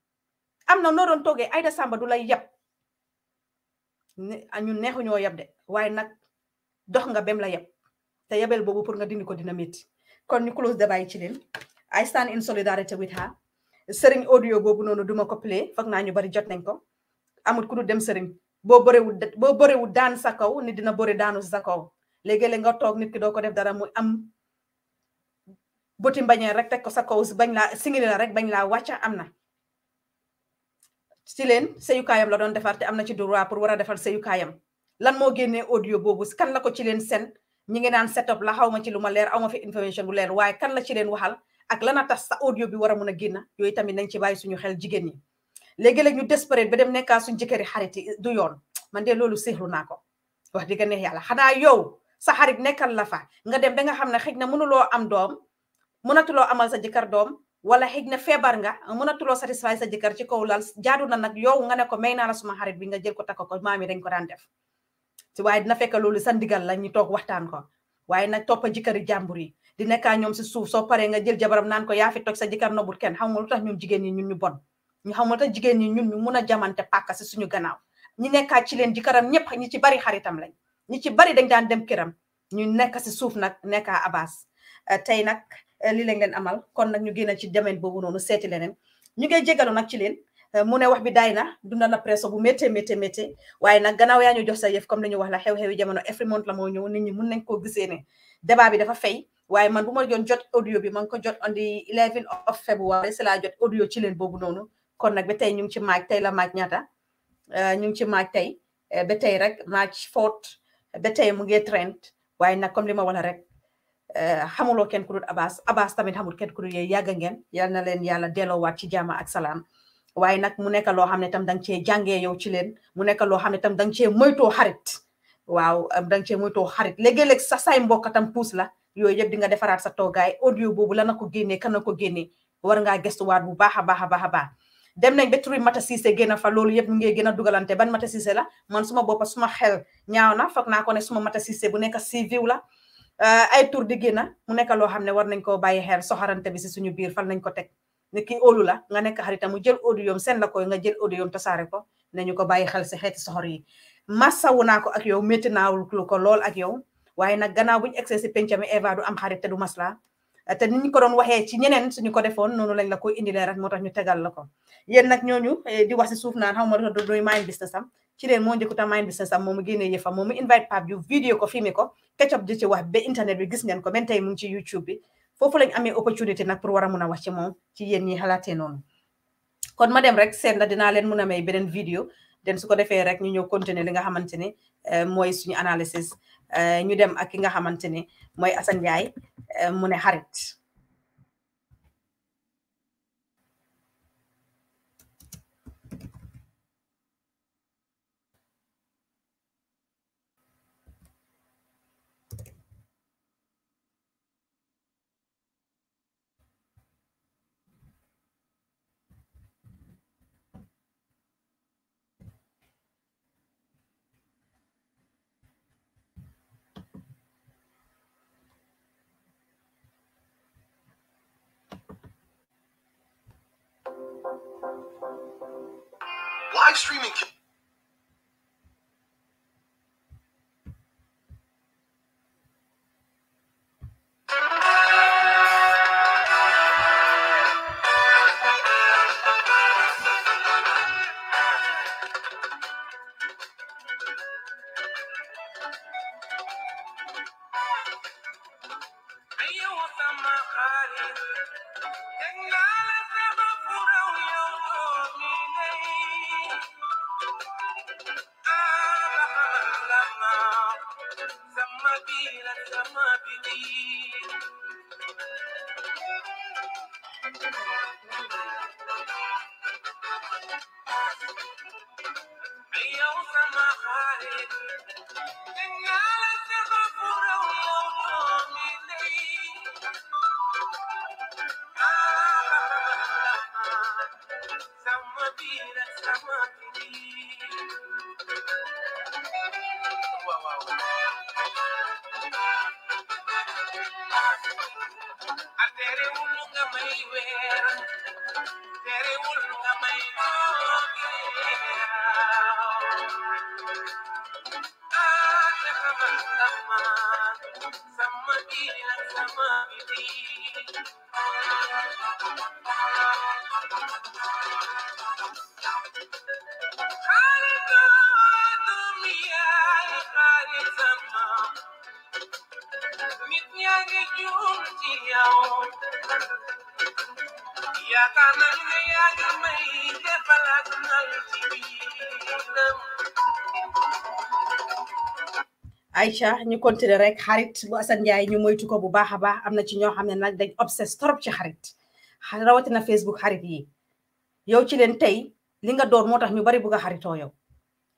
am na noo doon toogee Aïda Samba du lay yab ah, ñu neexuñoo yab de waaye nag dox nga bem la yab te yabel boobu pour nga dindi ko dina métti kon ñu close débat yi ci leen I stand in solidarité with her sëriñ audio boobu noonu duma ko play foog naa ñu bari jot nañ ko amul ku du dem sëriñ boo borewul boo borewul daan sa kaw nit dina bore daanu sa kaw léegi-léeg nga toog nit ki doo ko def dara mu am bëti mbañeel rek teg ko sa kaw bañ laa singili rek bañ laa wàcca am na si leen sëyukaayam la doon defar te am na ci droit pour war a defar sëyukaayam lan moo génnee audio boobu kan la ko ci leen seen ñi ngi naan set up la xaw ma ci lu ma leer aw ma fi information bu leer waaye kan la ci leen waxal ak lan a tax sa audio bi war a mun a génn yooyu tamit nañ ci bàyyi suñu xel jigéen ñi léegi-léeg ñu desperate ba dem nekkaa suñu jëkkëri xarit yi du yoon man de loolu seexlu naa ko wax dëgg yàlla xanaa yow sa xarit nekkal la fa nga dem ba nga xam ne xëj na mënuloo am doom munatulo amal sa jëkkër doom wala xëj febar nga munatulo satisfaire sa jëkkër ci kaw lal jaadu na nag yow nga ne ko mayna la suma xarit bi nga jël ko takko ko dañ ko daan def si waye dina fekk lolu sa ndigal la ñu tok waxtaan ko waye nak toppa jëkkëri jamburi di neka ñom si suuf so paree nga jël jabaram naan ko ya fi tok sa jëkkër nobul ken xamul tax ñun jigen ni ñun ñu bon ñu xamul tax jigen ni ñun ñu mëna jamanté jamante ci suñu gannaaw ñi nekkaa ci leen jëkkëram ñëpp ñi ci bari xaritam lañ ñi ci bari dañ daan dem këram ñu nekk si suuf nak nekkaa abaas tay nak Eh, li lañ leen amal kon nag ñu génn ci domaine boobu noonu seeti leneen ñu ngay jégalu na ci leen eh, mu ne wax bi daay na dunda na presso bu mété mété mété waaye nag gannaaw yaa ñu jox sa yëf comme li ñu wax la xew-xewi jamono every month la moo ñëw nit ñi mun nañ koo gisee ne débat bi dafa fay waaye man bu ma doon jot audio bi ma ngi ko jot on the 11 of February si jot audio ci leen boobu noonu kon nag ba tey ñu ngi ci maaj tey la maaj ñaata eh, ñu ngi ci maaj tey ba tey rek maaj foot ba mu ngi trend waaye nag comme li ma wala rek Eh, xamuloo kenn ku dul Abbas Abbas tamit xamul kenn ku dul yéen yàgg ngeen yal na leen yàlla delowaat ci jaama ak salaam waaye nag mu nekk loo xam ne tam da nga cee jàngee yow ci leen mu nekk loo xam ne tam da nga cee moytoo xarit waaw da nga cee moytoo xarit léegi-léeg sa saay mbokk tam la yooyu yëpp di nga defaraat sa toogaay audio boobu la na ko génnee kan na ko génnee war ngaa gestuwaat bu baax a bax a baax a baax dem nañ ba turi Mata Cissé génn fa loolu yëpp mu ngi gën a ban Mata la man suma boppa suma xel ñaaw na foog naa ko ne suma Mata bu nekk siiviw la Euh, ay tur di génn mu nekk loo xam ne war nañ koo bàyyi xel soxarante bi si suñu biir fan lañ ko teg ne kii óolu la nga nekk xaritam mu jël audio seen la koy nga jël audio tasaare ko nañu ko bàyyi xel si xeeti soxor yi massawu naa ko ak yow métti naawul ko lool ak yow waaye nag gannaaw buñu egsee si penc mi Eva du am xarit te du masla te ni ñu ko doon waxee ci ñeneen suñu ko defoon noonu lañ la koy indilee rek moo tax ñu tegal la ko yéen nag ñooñu eh, di wax si suuf naan xaw ma do doy mind business am ci leen moo njëkkuta mind business am moomu génnee yëfam moomu invite Pape Diouf ko filmé ko di ci wax ba internet bi gis ngeen ko benn tey mu ngi ci YouTube bi foofu lañ amee opportunité nag pour war a mun a wax ci moom ci yéen ñi xalaatee noonu kon ma dem rek seen na dinaa leen mun a may beneen vidéo den su ko defee rek ñu ñëw continuer li nga xamante ne eh, mooy suñu analysis ñu dem ak ki nga xamante ni mooy Assane Ndiaye mu ne xarit Live streaming. Aïcha ñu continuer rek xarit bu Assane Ndiaye ñu moytu ko bu baax a baax am na ci ñoo xam ne nag dañ obsesse trop ci xarit rawatina Facebook xarit yi yow ci leen tey li nga doon moo tax ñu bari bugg a xaritoo yow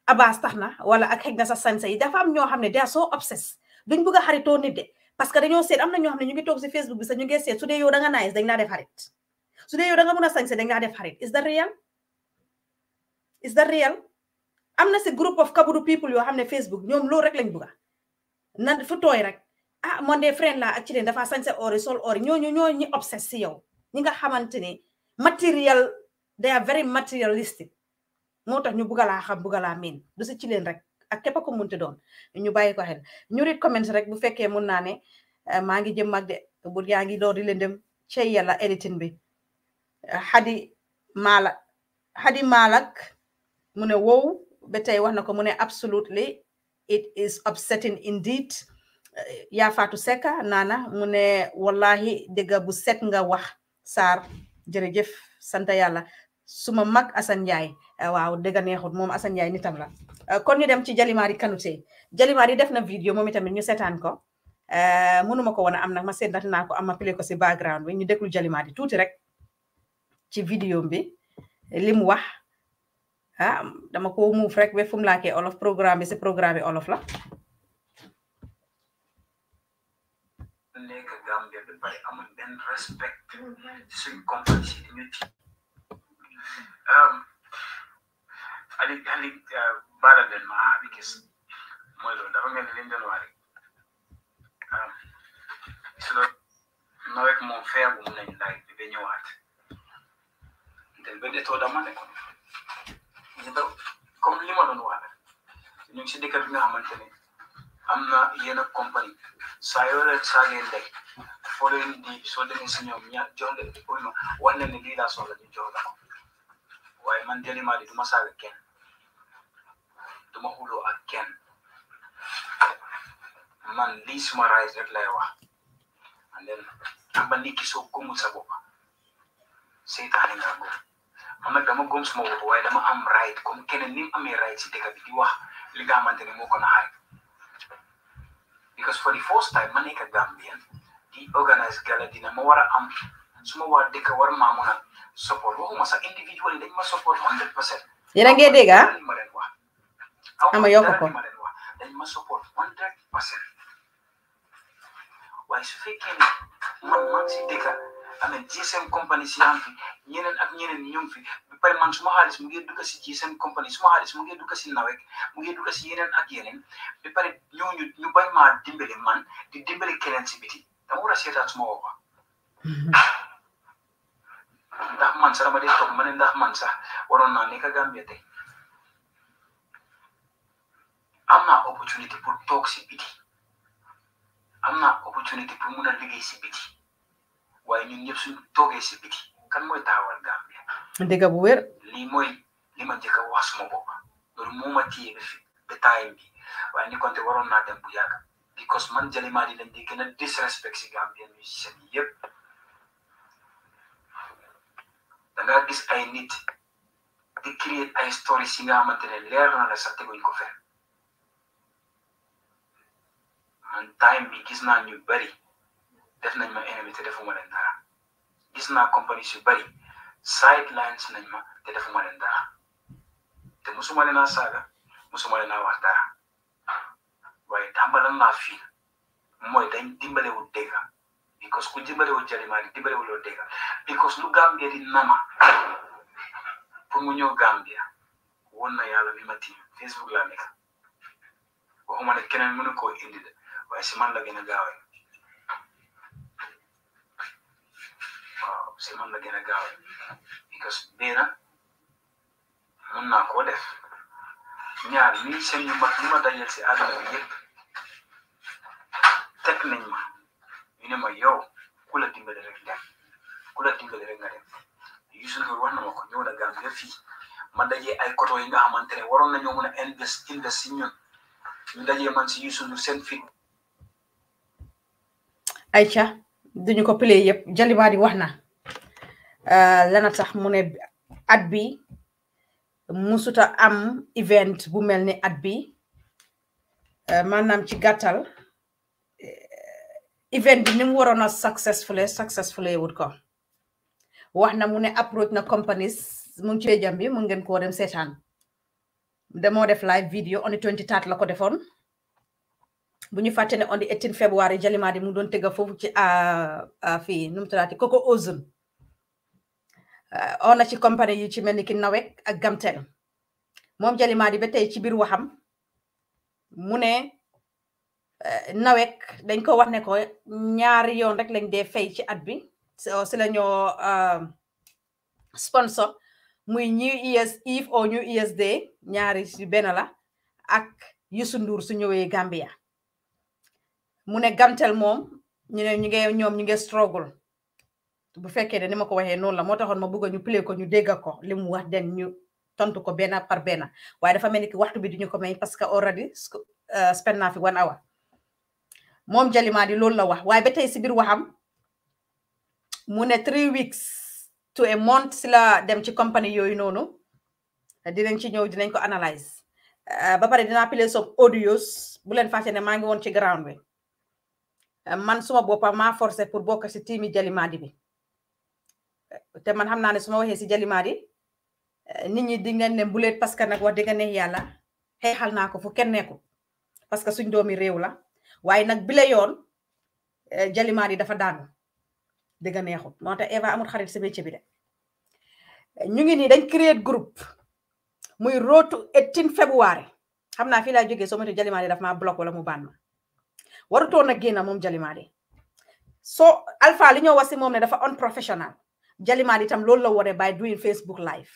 Abass tax na wala ak xëy na sa sansa yi dafa am ñoo xam ne daa soo obsesse duñ bugg a xaritoo nit de parce que dañoo seet am na ñoo xam ne ñu ngi toog si Facebook bi sax ñu ngi su dee yow da nga nice dañ laa def su dee da nga mën a sanse dañ laa def xarit is that real is that real am na si group of kaburu people yoo xam ne Facebook ñoom loolu rek lañ bugga nan fu tooy rek ah man de friend la ak ci dafa dafa sañse ori sol ori ñooñu ñooñu ñu obsess si yow ñi nga xamante ne matériel they are very materialistic moo tax ñu buggalaa xam buggalaa miin du si ci leen rek ak képp ko munti doon ñu bàyyi ko xel ñu read rek bu fekkee mun naa ne eh, maa ngi jëm mag de bu yaa ngi door di leen dem cey yàlla editing bi xadi maala xadi malak mu ne wow ba tey wax na ko mu ne absolutely it is upsetting indeed yaa faatu seka naana mu ne wallahi dëgga bu set nga wax Sarr jërëjëf sant yàlla suma mag Assane Ndiaye eh, waaw dëgga neexut moom Assane Ndiaye nitam la eh, kon ñu dem ci Jalimaari Kanouté Jalimaari def na vidéo moom itamit ñu setaan ko eh, mënuma ko woon a am na ma seetat naa ko am ma ko si background bi ñu déglu Jalimaari tuuti rek ci vidéo bi li mu ah dama ko muuf rek be fum mu olof programme bi programme olof la. nekk Gambia ba pare amul benn respect suñ compagnie si ñu ci ali ali baala den maa bi bi dama comme li ma doon wax rek si dëkk bi nga xamante ne am na yenn compagnie saa yoo leen saa ngeen day foo leen di soo demee si ñoom ñaar jox leen pour ma wan leen ne lii laa soxla di jox la ko waaye man jëlimaa di du ma saaga kenn du ma xuloo ak kenn man lii suma raay rek lay wax and then am ba ndikki soo gëmul sa bopp seytaane nga góob man nag dama gëm suma bopp waaye dama am right comme keneen ni mu amee right si dëkk bi di wax li nga xamante ne moo a naxaay because for the first time ma nekk Gambien di organise gala dina ma war a am suma waa dëkk war maa mun support waxuma sax individual dañ ma support hundred percent yéen a ngi dégg ah ama am GSM company si am fi ñeneen ak ñeneen ñu fi ba pare man suma xaalis mu ngi dugg si GSM company suma xaalis mu ngi dugg si nawek mu ngi dugg si yeneen ak yeneen ba pare ñoo ñu bañ ma dimbale man di dimbale keneen ci biti da mu a suma wo woo ndax man sa dama dee tok ma ndax man sa. waron na nekk Gambia tey am naa pour tok ci biti amna opportunity pour liggéey ci biti waaye ñun ñëpp suñu toogee si biti kan mooy taxawal Gambia. dëgg bu wér. lii mooy li ma njëkk a wax suma bopp loolu moo ma fi ba bi waaye ni konte waroon naa dem bu yàgg because man Jalima di leen di gën a disrespect si Gambia musicien yi yëpp da ngaa gis ay nit di créer ay stories yi nga xamante ne leer na la sax teguñ ko fenn man time bi gis naa ñu bari. def nañ ma invité defuma leen dara gis naa compagnie yu bari sidelines nañ ma te defuma leen dara te musuma leen na saaga musuma leen a wax dara waaye tàmbalan laa fii mooy e dañ wu dégga because ku dimbalewul wu dimbalewuloo dégga because lu Gambia di nama pour mu ñëw Gambia won na yàlla ma Facebook laa nekk waxuma ne keneen mënu koo indi de waaye si man la gën a si man la gën a gaaw because benn mun naa koo def ñaar seen yu mag si àdduna bi yëpp teg ma ñu ma yow ku la dimbali rek dem nga dem Youssou Ndour wax na ma ko ñëw na Gambia fii ma dajee ay koto yi nga xamante ne waroon nañoo mën a invest invest si ñun ñu dajee man si Youssou sen seen ay Aïcha duñu ko play yëpp Jaliba di wax na Euh, lana tax mu ne at bi musuta am event bu mel ni at bi euh, maanaam ci gàttal euh, event bi ni mu waroon a successfulé successfulé wut ko wax na mu ne approach na companies mu ngi cee jam bi mu ngeen ko dem seetaan damoo def live video on the 23 la ko defoon bu ñu fàtte ne on the 18 février Jalimadi mu doon tëgga foofu ci a nu mu tuddaati Coco Ocean Eh, on na ci compagnie yi ci mel ni ki nawek ak gamtel moom Jalimaadi ba tey ci biir waxam mu ne eh, nawek dañ ko wax ne ñaari yoon rek lañ dee fay ci at bi si la ñoo eh, sponsor muy New Year's Eve o New Year's Day ñaari si benn la ak Youssou Ndour su ñëwee Gambia mu ne gamtel moom ñu ne ñu ngi ñoom bu fekke ne ni ma ko waxee noonu la mo taxoon ma bëgg ñu play ko ñu dégg ko limu wax den ñu tontu ko bena par bena waye dafa melni ki waxtu bi duñu ko may parce que already uh, spend na fi one hour Mom Jalima di lool la wax waye ba tey si waxam mu ne three weeks to a month sila la dem ci compagnie yooyu di dinañ ci ñëw dinañ ko analyze. Uh, ba pare dina play some audios bu len ne ma ngi won ci ground bi uh, man suma boppam ma forcer pour bokk si bi te man xam naa ne su ma waxee si jalimaat yi eh, nit ñi di ngeen ne mbuleet parce que nag wax dëgg neex yàlla xeexal naa ko fu kenn nekkul parce que suñ doomi réew la waaye nag bi yoon eh, jalimaat yi dafa daanu dëgg neexul moo tax Eva amul xarit ñu ngi nii dañ créer groupe muy road to 18 février xam naa fii laa jógee soo moytuwul jalimaat yi dafa ma block wala mu baan ma warutoon na génn moom jalimaat yi soo alpha li ñoo wax si moom ne dafa unprofessional Jalimaan tam loolu la wone by doing Facebook live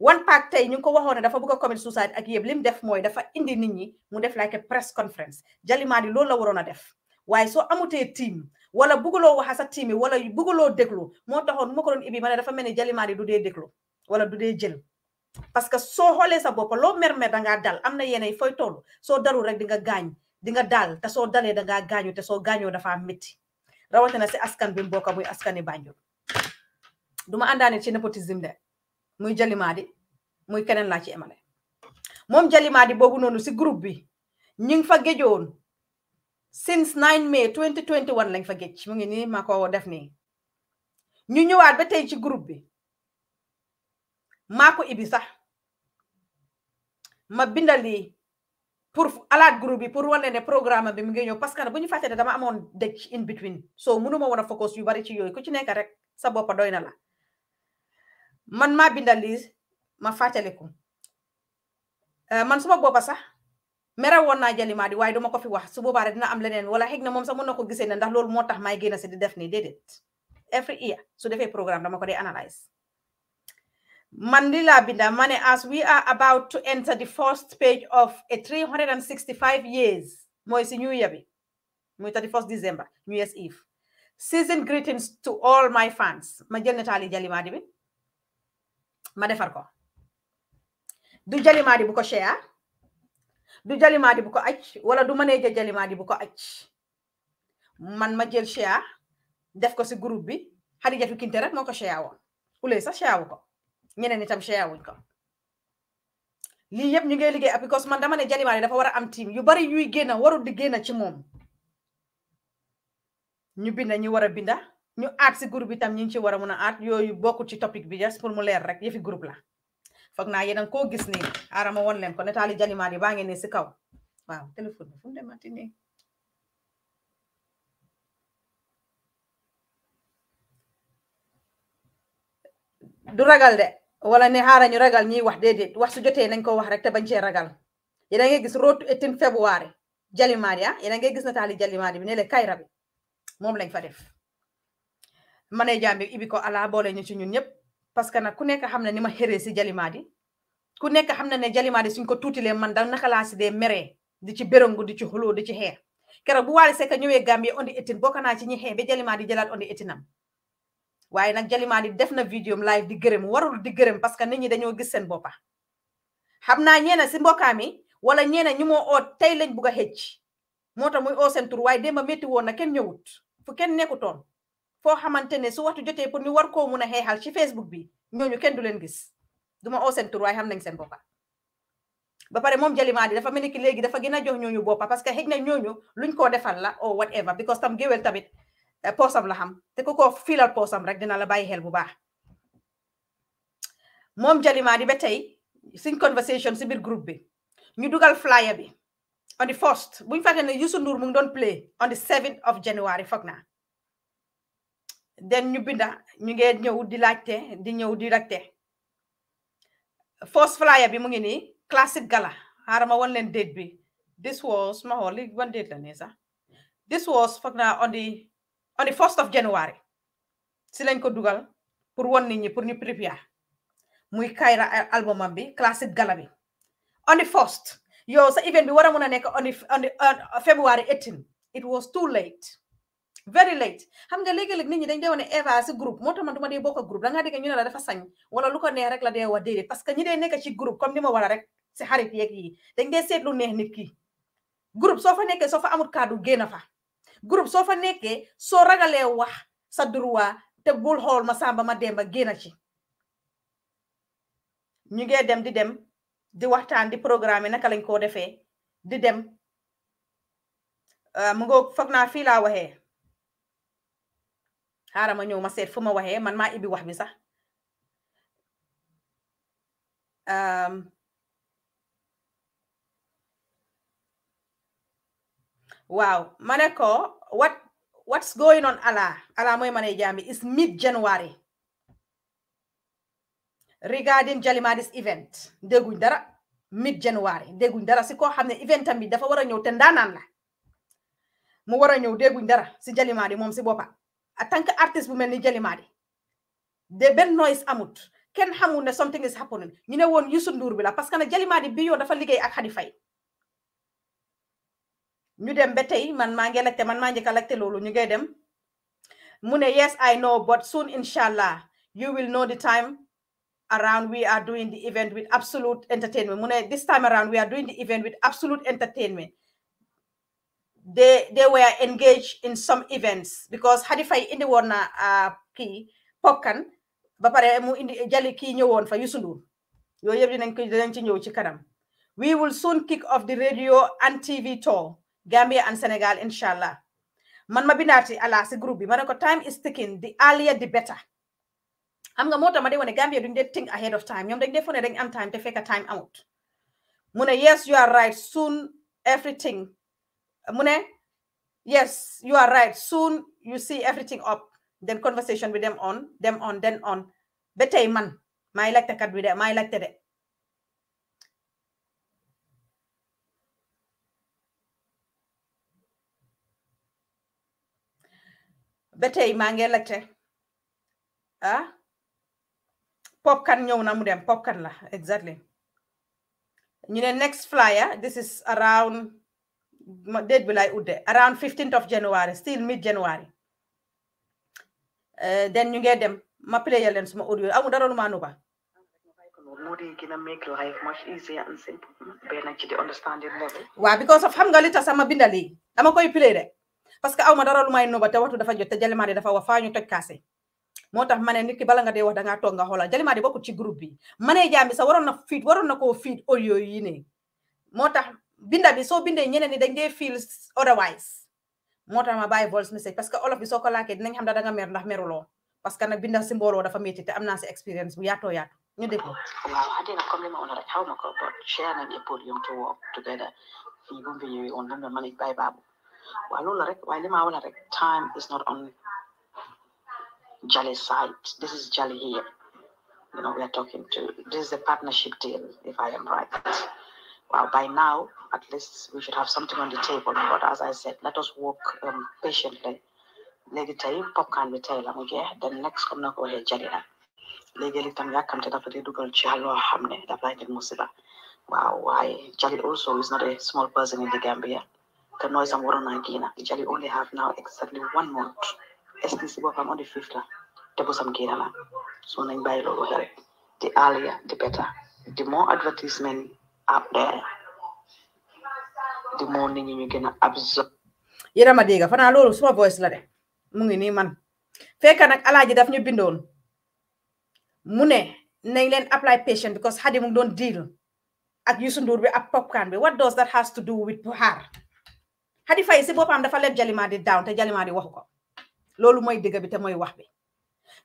wan pack tey ñu ngi ko waxoon ne dafa bëgg a commit suicide ak yëpp lim def mooy dafa indi nit ñi mu def like a press conference Jalimaan yi loolu la waroon a def waaye so amutee team wala bëgguloo waxa sa team yi wala loo déglu moo taxoon mu ko doon ibi ma ne dafa mel ni Jalimaan yi du dee déglu wala du dee jël parce que soo xoolee sa bopp loo mer mermer dangaa dal am na yeneen fooy toll soo darul rek dinga nga gaañ di nga daal te soo dalee dangaa gaañu te soo gaañoo dafaa métti rawatina si askan bi mbokk muy askani Banjul du ma àndaane ci népotisme de muy Jalimaadi muy keneen laa ci emale moom Jalimaadi boobu noonu si groupe bi ñu ngi fa géjoon since 9 mai 2021 lañ fa géej mu ngi ni maako def nii ñu ñëwaat ba tey ci groupe bi maa ibi sax ma bindali pour alaat groupe bi pour wane ne programme bi mu ngi ñëw parce que bu ñu fàtte ne dama amoon dëj in between so mënuma woon a focus yu bari ci yooyu ku ci nekk rek sa boppa doy na la man maa binda lii ma fàttaliku eh, man suma boppa sax mere woon naa jalimaa di waaye duma ko fi wax su boobaa rek dina am leneen wala xëy na moom sax mën na ko gisee ne ndax loolu moo tax maay génn si di def nii déedéet every year su defee programme dama ko de analyse man li binda ma ne as we are about to enter the first page of a three hundred and sixty five years mooy si new year bi muy thirty first December new year's eve season greetings to all my fans ma jël nataali bi ma defar ko du jalimaadi bu ko share du jalimaadi bu ko acc wala du manager jalimaadi bu ko acc man ma jël share def ko si groupe bi hadijatu Kinte rek moko ko share woon uley sax share wu ko ñeneen itam share wuñ ko li yeb ñu ngi liggé apicos because man dama ne jalimaadi dafa wara am team yu bari yuy génn waru di génn ci mom ñu binda ñu wara binda ñu aat si groupe bi tam ñu ngi ci war a mun a aat yooyu bokkul ci topic bi just pour mu leer rek yëfi groupe la fog naa yéen a koo gis nii arama won leen ko netaali jalimaat yi baa ngeen ne si kaw waaw téléphone bi fu mu demati nii ragal de wala ne xaaral ñu ragal ñuy wax déedéet wax su jotee nañ ko wax rek te bañ cee ragal yéen a ngi gis road to 18 février jalimaat ya yéen a ngi gis netaali jalimaat bi ne le kayra bi moom lañ fa def manee jaam bi ibi ko ala boole ñu ci ñun ñëpp parce que nag ku nekk xam na ni ma xëree si jalimaadi ku nekk xam na ne jalimaadi suñ ko tuutilee man dan naka laa si dee meree di ci bérongu di ci xuloo di ci xeex keroog bu Wally Seck ñëwee Gambie ondi étin bokk naa ci ñi xee ba jalimaadi jëlaat ondi étinam waaye nag jalimaadi def na vidéo live di gërëm warul di gërëm parce que nit ñi dañoo gis seen boppa xam naa ñeena si mbokkaam yi wala ñeena ñu moo tey lañ bugg a xëcc moo tax muy oo seen tur waaye démb métti na kenn ñëwut fu kenn nekkutoon foo xamante ne su waxtu jotee pour ñu war koo mun a xeexal ci Facebook bi ñooñu kenn du leen gis du ma oo seen tur waaye xam nañ seen boppa ba pare moom Jalimaa di dafa mel ni ki léegi dafa gën a jox ñooñu boppa parce que xëj na ñooñu luñ koo defal la or whatever because tam géwél tamit eh, poosam la xam te ku ko filal poosam rek dina la bàyyi xel bu baax moom Jalimaa di ba tey suñ conversation si biir groupe bi ñu dugal flyer bi on the first buñ fàtte ne Youssou Ndour mu ngi doon play on the 7th of naa Then ñu binda ñu ngee ñëw di laajte di ñëw di laajte first flyer bi mu ngi nii classic gala xaaral ma wan leen date bi this was ma xool li wan date la nii sax this was foog naa on the on the first of January si lañ ko dugal pour wan nit ñi pour ñu prépare muy Kayra album bi classic gala bi on the first Yo, sa event bi war a mun a on the on the February 18 it was too late very late xam nga léegi-léeg nit ñi dañ dee wane Eva si groupe moo tax man duma dee bokk ak groupe da ngaa dégg ñu ne la dafa wala lu ko neex rek la dee wax déedéet parce que ñi dee nekk ci groupe comme ni ma war a rek si xarit yeeg yi dañ dee seetlu neex nit ki groupe soo fa nekkee amul kaddu génn fa groupe soo fa nekkee soo ragalee wax sa droit te bul xool ma samba ma demba génn ci ñu ngee dem di dem di waxtaan di programme naka lañ koo defee di dem ah, mu nga foog naa fii laa waxee xaaral ma ñëw ma seet fu ma waxee man maa ibbi wax bi sax waaw ma ne ko what what's going on ala ala mooy ma ne jaami is mid January regarding Jalima this event dégguñ dara mid January dégguñ dara si koo xam ne event am bi dafa war a ñëw te ndaanaan la mu war a ñëw dégguñ dara si Jalima di moom si boppam en tant que artiste bu mel They Jalimaadi de noise amut Ken xamul ne something is happening ñu ne woon Youssou Ndour bi la parce que nag Jalimaadi bi yoon dafa liggéey ak Khady Faye ñu dem ba man maa ngi man maa njëkk a lajte ñu ngay dem mu yes I know but soon inshallah you will know the time around we are doing the event with Absolute Entertainment mu this time around we are doing the event with Absolute Entertainment they they were engaged in some events because had if I in the one uh ah, key pokan bapare mu indi jali ki ñewon fa yusu ndur yo yeb dinañ ko dinañ ci ñew ci kanam we will soon kick off the radio and tv tour gambia and senegal inshallah man ma binati ala si group bi time is ticking the earlier the better am nga motam de wone gambia duñ de think ahead of time ñom dañ de fone dañ am time te fekk time out muna yes you are right soon everything Mune, yes, you are right. Soon you see everything up. Then conversation with them on, them on, then on. Betay man, My like kat bi de My like de. Betay maa ngi ah pop can you na mu dem pop can la exactly You know next flyer this is around date bi lay udde around 15th of January still mid January eh, then ñu ngee dem ma playal leen suma audio amul dara lu ma nuba waaw because of xam nga li tax sama binda lii dama koy play de parce que aw ma dara lu may nuba te waxtu dafa jot te Jalimadé dafa wax faa ñu toj kaase moo tax ma ne nit ki bala nga dee wax dangaa toog nga xoolal Jalimadé bokkut ci groupe bi ma ne jaam bi na fiit waroon na koo fiit audio yi ne moo binda bi soo bindee ñeneen ñi dañ dee feel otherwise moo tax ma bàyyi voice message parce que olof bi soo ko laakee dinañ xam da nga mer ndax meruloo parce que nag binda si mbooloo dafa métti te am naa si expérience bu yaatoo yaatu ñu déglu. waaw àddina comme li ma woon rek xaw ma ko but share nañ a podium to walk together fii bu mu ñëwee on London man ak Baye Babu waaw loolu la rek waaye li ma woon rek time is not on Jolly side this is Jolly here you know we are talking to this is a partnership deal if I am right well, by now, at least we should have something on the table. But as I said, let us work um, patiently. léegi tey pop can bi tey la the next come now go waxee jarina léegi come back, come to the dugal ci loo xam ne daf lay musiba waaw Jali also is not a small person in the Gambia noise nooy sam waroon naa génna Jali only have now exactly one month STC boppam on the fifth la There was some génna so nañ bàyyi loolu the earlier the better the more advertisement après di moo nit ñu gën ma dégg fanaa loolu suma voice la de mu ngi nii man fekk nag alaaji daf ñu bindoon mu ne nañ leen apply patient because Hadi mu ngi doon deal ak Youssou Ndour bi ak popcorn bi what does that has to do with Buhari Hadi Faye si boppam dafa leb Jalima di down te Jalima di waxu ko loolu mooy dëgg bi te mooy wax bi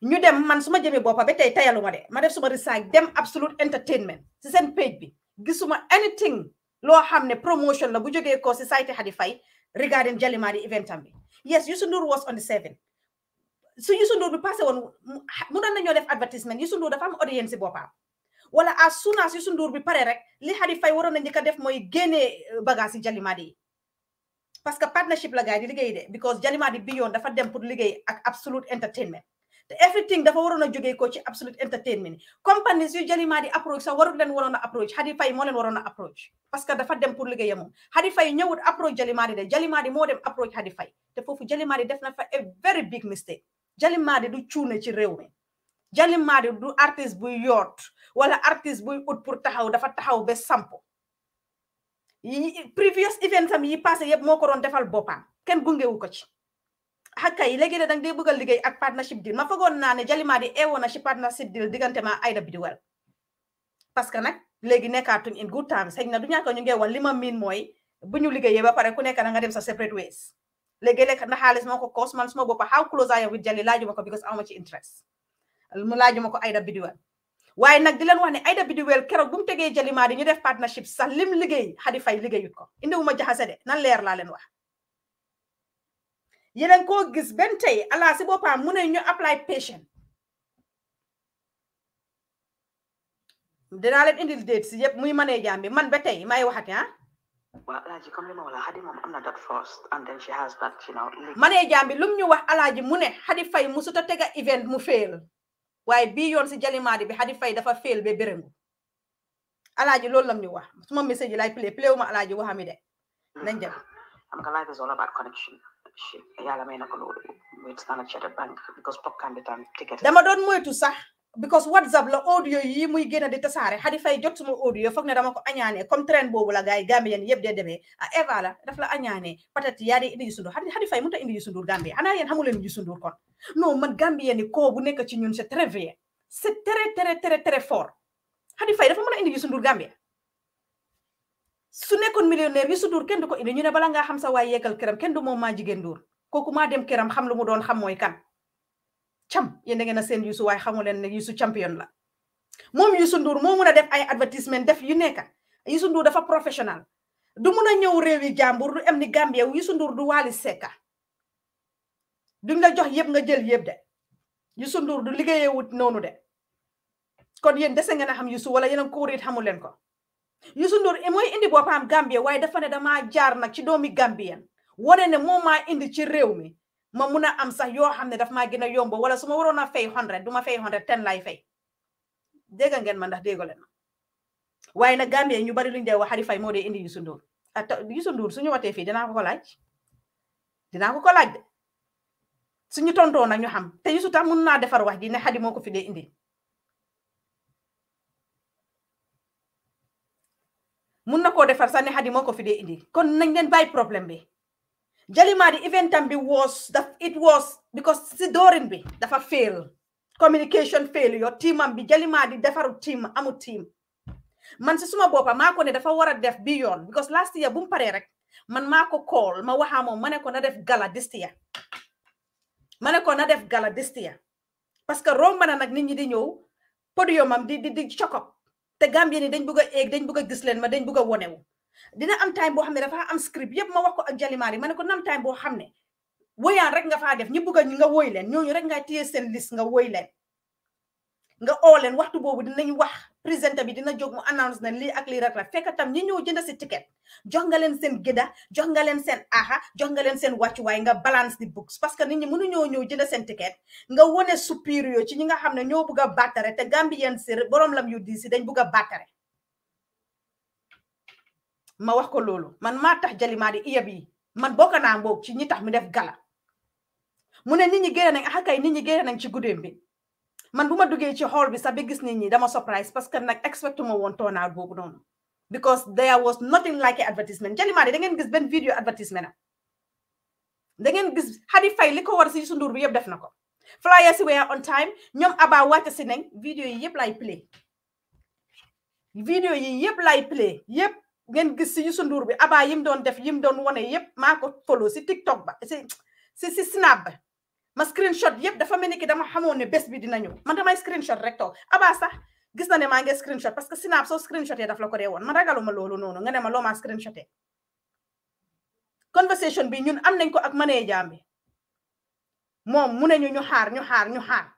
ñu dem man su ma jëmee boppa ba tey tayalu ma de ma def suma research dem Absolute Entertainment si seen page bi gisuma anything loo xam promotion la bu jógee ko si Saiteh regarding Jalimadi event am bi yes Youssou Ndour was on the seven su Youssou Ndour bi passé woon mu doon nañoo def advertisement Youssou Ndour dafa am audience boppam wala as soon as Youssou Ndour bi pare rek li Hadi Faye waroon nañu ko def mooy gene euh, bagage yi Jalimadi yi parce que partnership la gars yi di liggéey de because Jalimadi bi yoon dafa dem pour liggéey ak Absolute Entertainment te everything dafa waroon a jógee ko ci Absolute Entertainment companies yu Jalima di approach sax warut leen waroon a approach Hadi Faye moo leen waroon a approach parce que dafa dem pour liggéeyam moom Hadi Faye ñëwut approach Jalima di de moo dem approach Hadi Faye te foofu Jalima di def na fa a very big mistake Jalima di du cuune ci réew mi Jalima di du artiste buy yoot wala artiste buy ut pour taxaw dafa taxaw ba sampo yi previous event am yi passé yëpp moo ko doon defal boppam kenn gungewu ko ci xakka yi léegi ne danga dee bëgg a liggéey ak partnership deal ma fagoon naa ne Jalima di eewoo na ci partnership deal diggante ma Aida Bidiwel parce que nag léegi nekkaatuñ in good times li ma mooy bu ñu liggéeyee ba pare ku nekk nga dem sa separate ways léegi lekk na xaalis moo ko koos man suma bopp how close I am with Jali laaju ma ko because awma ci interest mu Bidiwel waaye nag di leen wax ne Aida Bidiwel keroog bu mu tegee Jalima di ñu def partnership sax lim liggéey Hadi Faye liggéeyut ko indiwuma jaxase de nan leer laa leen wax yeneen koo gis benn tey ala si boppam mu ne ñu apply patient dinaa leen indil date si yëpp muy manee jaam bi man ba tey may waxati ah. waaw alaaji comme li ma am na that first and then she has that you know. manee jaam lum ñu wax alaaji mu ne Hadi Faye musut a tega event mu fail waaye bii yoon si jalimaadi bi Hadi fay dafa fail ba béréngu alaaji loolu lam ñu wax suma message yi lay play play wu ma alaaji waxami de. nañ jël. Mm-hmm. am nga life is yàlla may na ko loolu it's not a chartered bank because pop can be done ticket dama doon moytu sax because whatsapp la audio yi muy génn di tasaare xadi fay jot suma audio foog ne dama ko añaane comme train boobu la gars yi gambien yëpp dee demee a ah, eva la daf la añaane peut-être yaa di indi Youssou xadi fay mënut indi Youssou Ndour gambien xanaa xamu leen Youssou kon non man gambien ni koo bu nekk ci très vrai c'est très très très très fort xadi fay dafa mën indi Youssou Ndour su nekkoon millionnaire Youssou Ndour kenn du ko indi ñu ne bala nga xam sa waay yekkal këram kenn du moom maa jigéen Ndour kooku maa dem këram xam lu mu doon xam mooy kan cam yéen da ngeen seen Youssou waaye xamu leen ne Youssou champion la moom Youssou Ndour moo mun a dem ay advertisement def yu nekka Youssou Ndour dafa professionnel du mun a ñëw réew yi jàmbur du am ni Gambia Youssou Ndour du Wally Seck duñ la jox yëpp nga jël yëpp de Youssou nduur du liggéeyewut noonu de kon yéen dese ngeen a xam Youssou wala yéen ko xamu leen ko Youssou Ndour eh, moy indi boppam Gambia waaye dafa ne damaa jaar nag ci doomi Gambien wane ne moo maa indi ci réew mi ma mun a am sax yoo xam ne daf maa gën a yomb wala su ma waroon a fay 100 du ma fay 100 ten lay fay dégg ngeen man ndax déggu leen ma waaye nag Gambia ñu bari luñ dee wax Hadi fay moo indi Youssou Ndour ah Youssou Ndour suñu watee fii dinaa ko ko laaj dinaa ko ko laaj de suñu tontoo nag ñu xam te Youssou tax mun naa defar wax ji ne Hadi moo ko fi dee indi. mun nako defar Hadi moko fi de indi kon nagn len problem problème bi Jalima di event bi was that it was because si dorin bi dafa fail communication fail yo timam am bi Jalima di defaru tim amu tim man ci suma bopa mako ne dafa wara def bi yon because last year bum paré rek man mako call ma waxa mom mané ko na def gala this year ko na def gala this year parce que romb na nag nit ñi di ñew podium am di di di chokop te Gambien ni dañ bëgg ég dañ bëgg gis leen ma dañ bëgg woné wu dina am time bo xamné dafa am script yépp ma wax ko ak jalimaar yi ko nam time bo xamné ne woyaan rek nga fa def ñu bëgg a nga woy leen ñooñu rek nga tiyé sen liste nga woy leen nga olen leen waxtu bobu dinañ wax présenté bi dina jog mu announce na li ak li rek la fekk tam ñi ñëw jënd ci ticket jox nga len sen gëda jox nga len sen aha jox nga sen waccu way nga balance di books parce que nit ñi mënuñoo ñew jënd sen ticket nga wone supérieur ci ñi nga xamné ne ñoo bugg a gambien sir borom lam yu di dañ bëgga battre ma wax ko lolu man ma tax jalimaa di iyeb yi man boka na mbok, ci ñi tax mu def gala mune nit ñi gëna nañ axakay nit ñi gëna nañ ci gudem bi man bu ma duggee ci hall bi The biggest gis nit ñi dama surprise parce que expect to woon turnout boobu noonu because there was nothing like advertisement Jali de da ngeen gis been video advertisement am da ngeen gis Hadi Faye li war si sunduur bi yëpp def na flyers we were on time ñoom Aba wàcce si nañ video yi yëpp lay play video yi yëpp lay play yëpp ngeen gis si Youssou Ndour bi Aba yim def yim don wone yëpp maa follow si TikTok ba si si snap ma screenshot yëpp dafa mel ni ki dama xamoon ne bés bi dina ñëw man damay screenshot rek toog abaa sax gis na ne maa ngi screenshot parce que Snap soo screenshotee daf la ko dee woon man ragaluma loolu noonu nga ne ma loo maa screenshotee conversation bi ñun am nañ ko ak manager bi moom mu ne ñu ñu xaar ñu xaar ñu xaar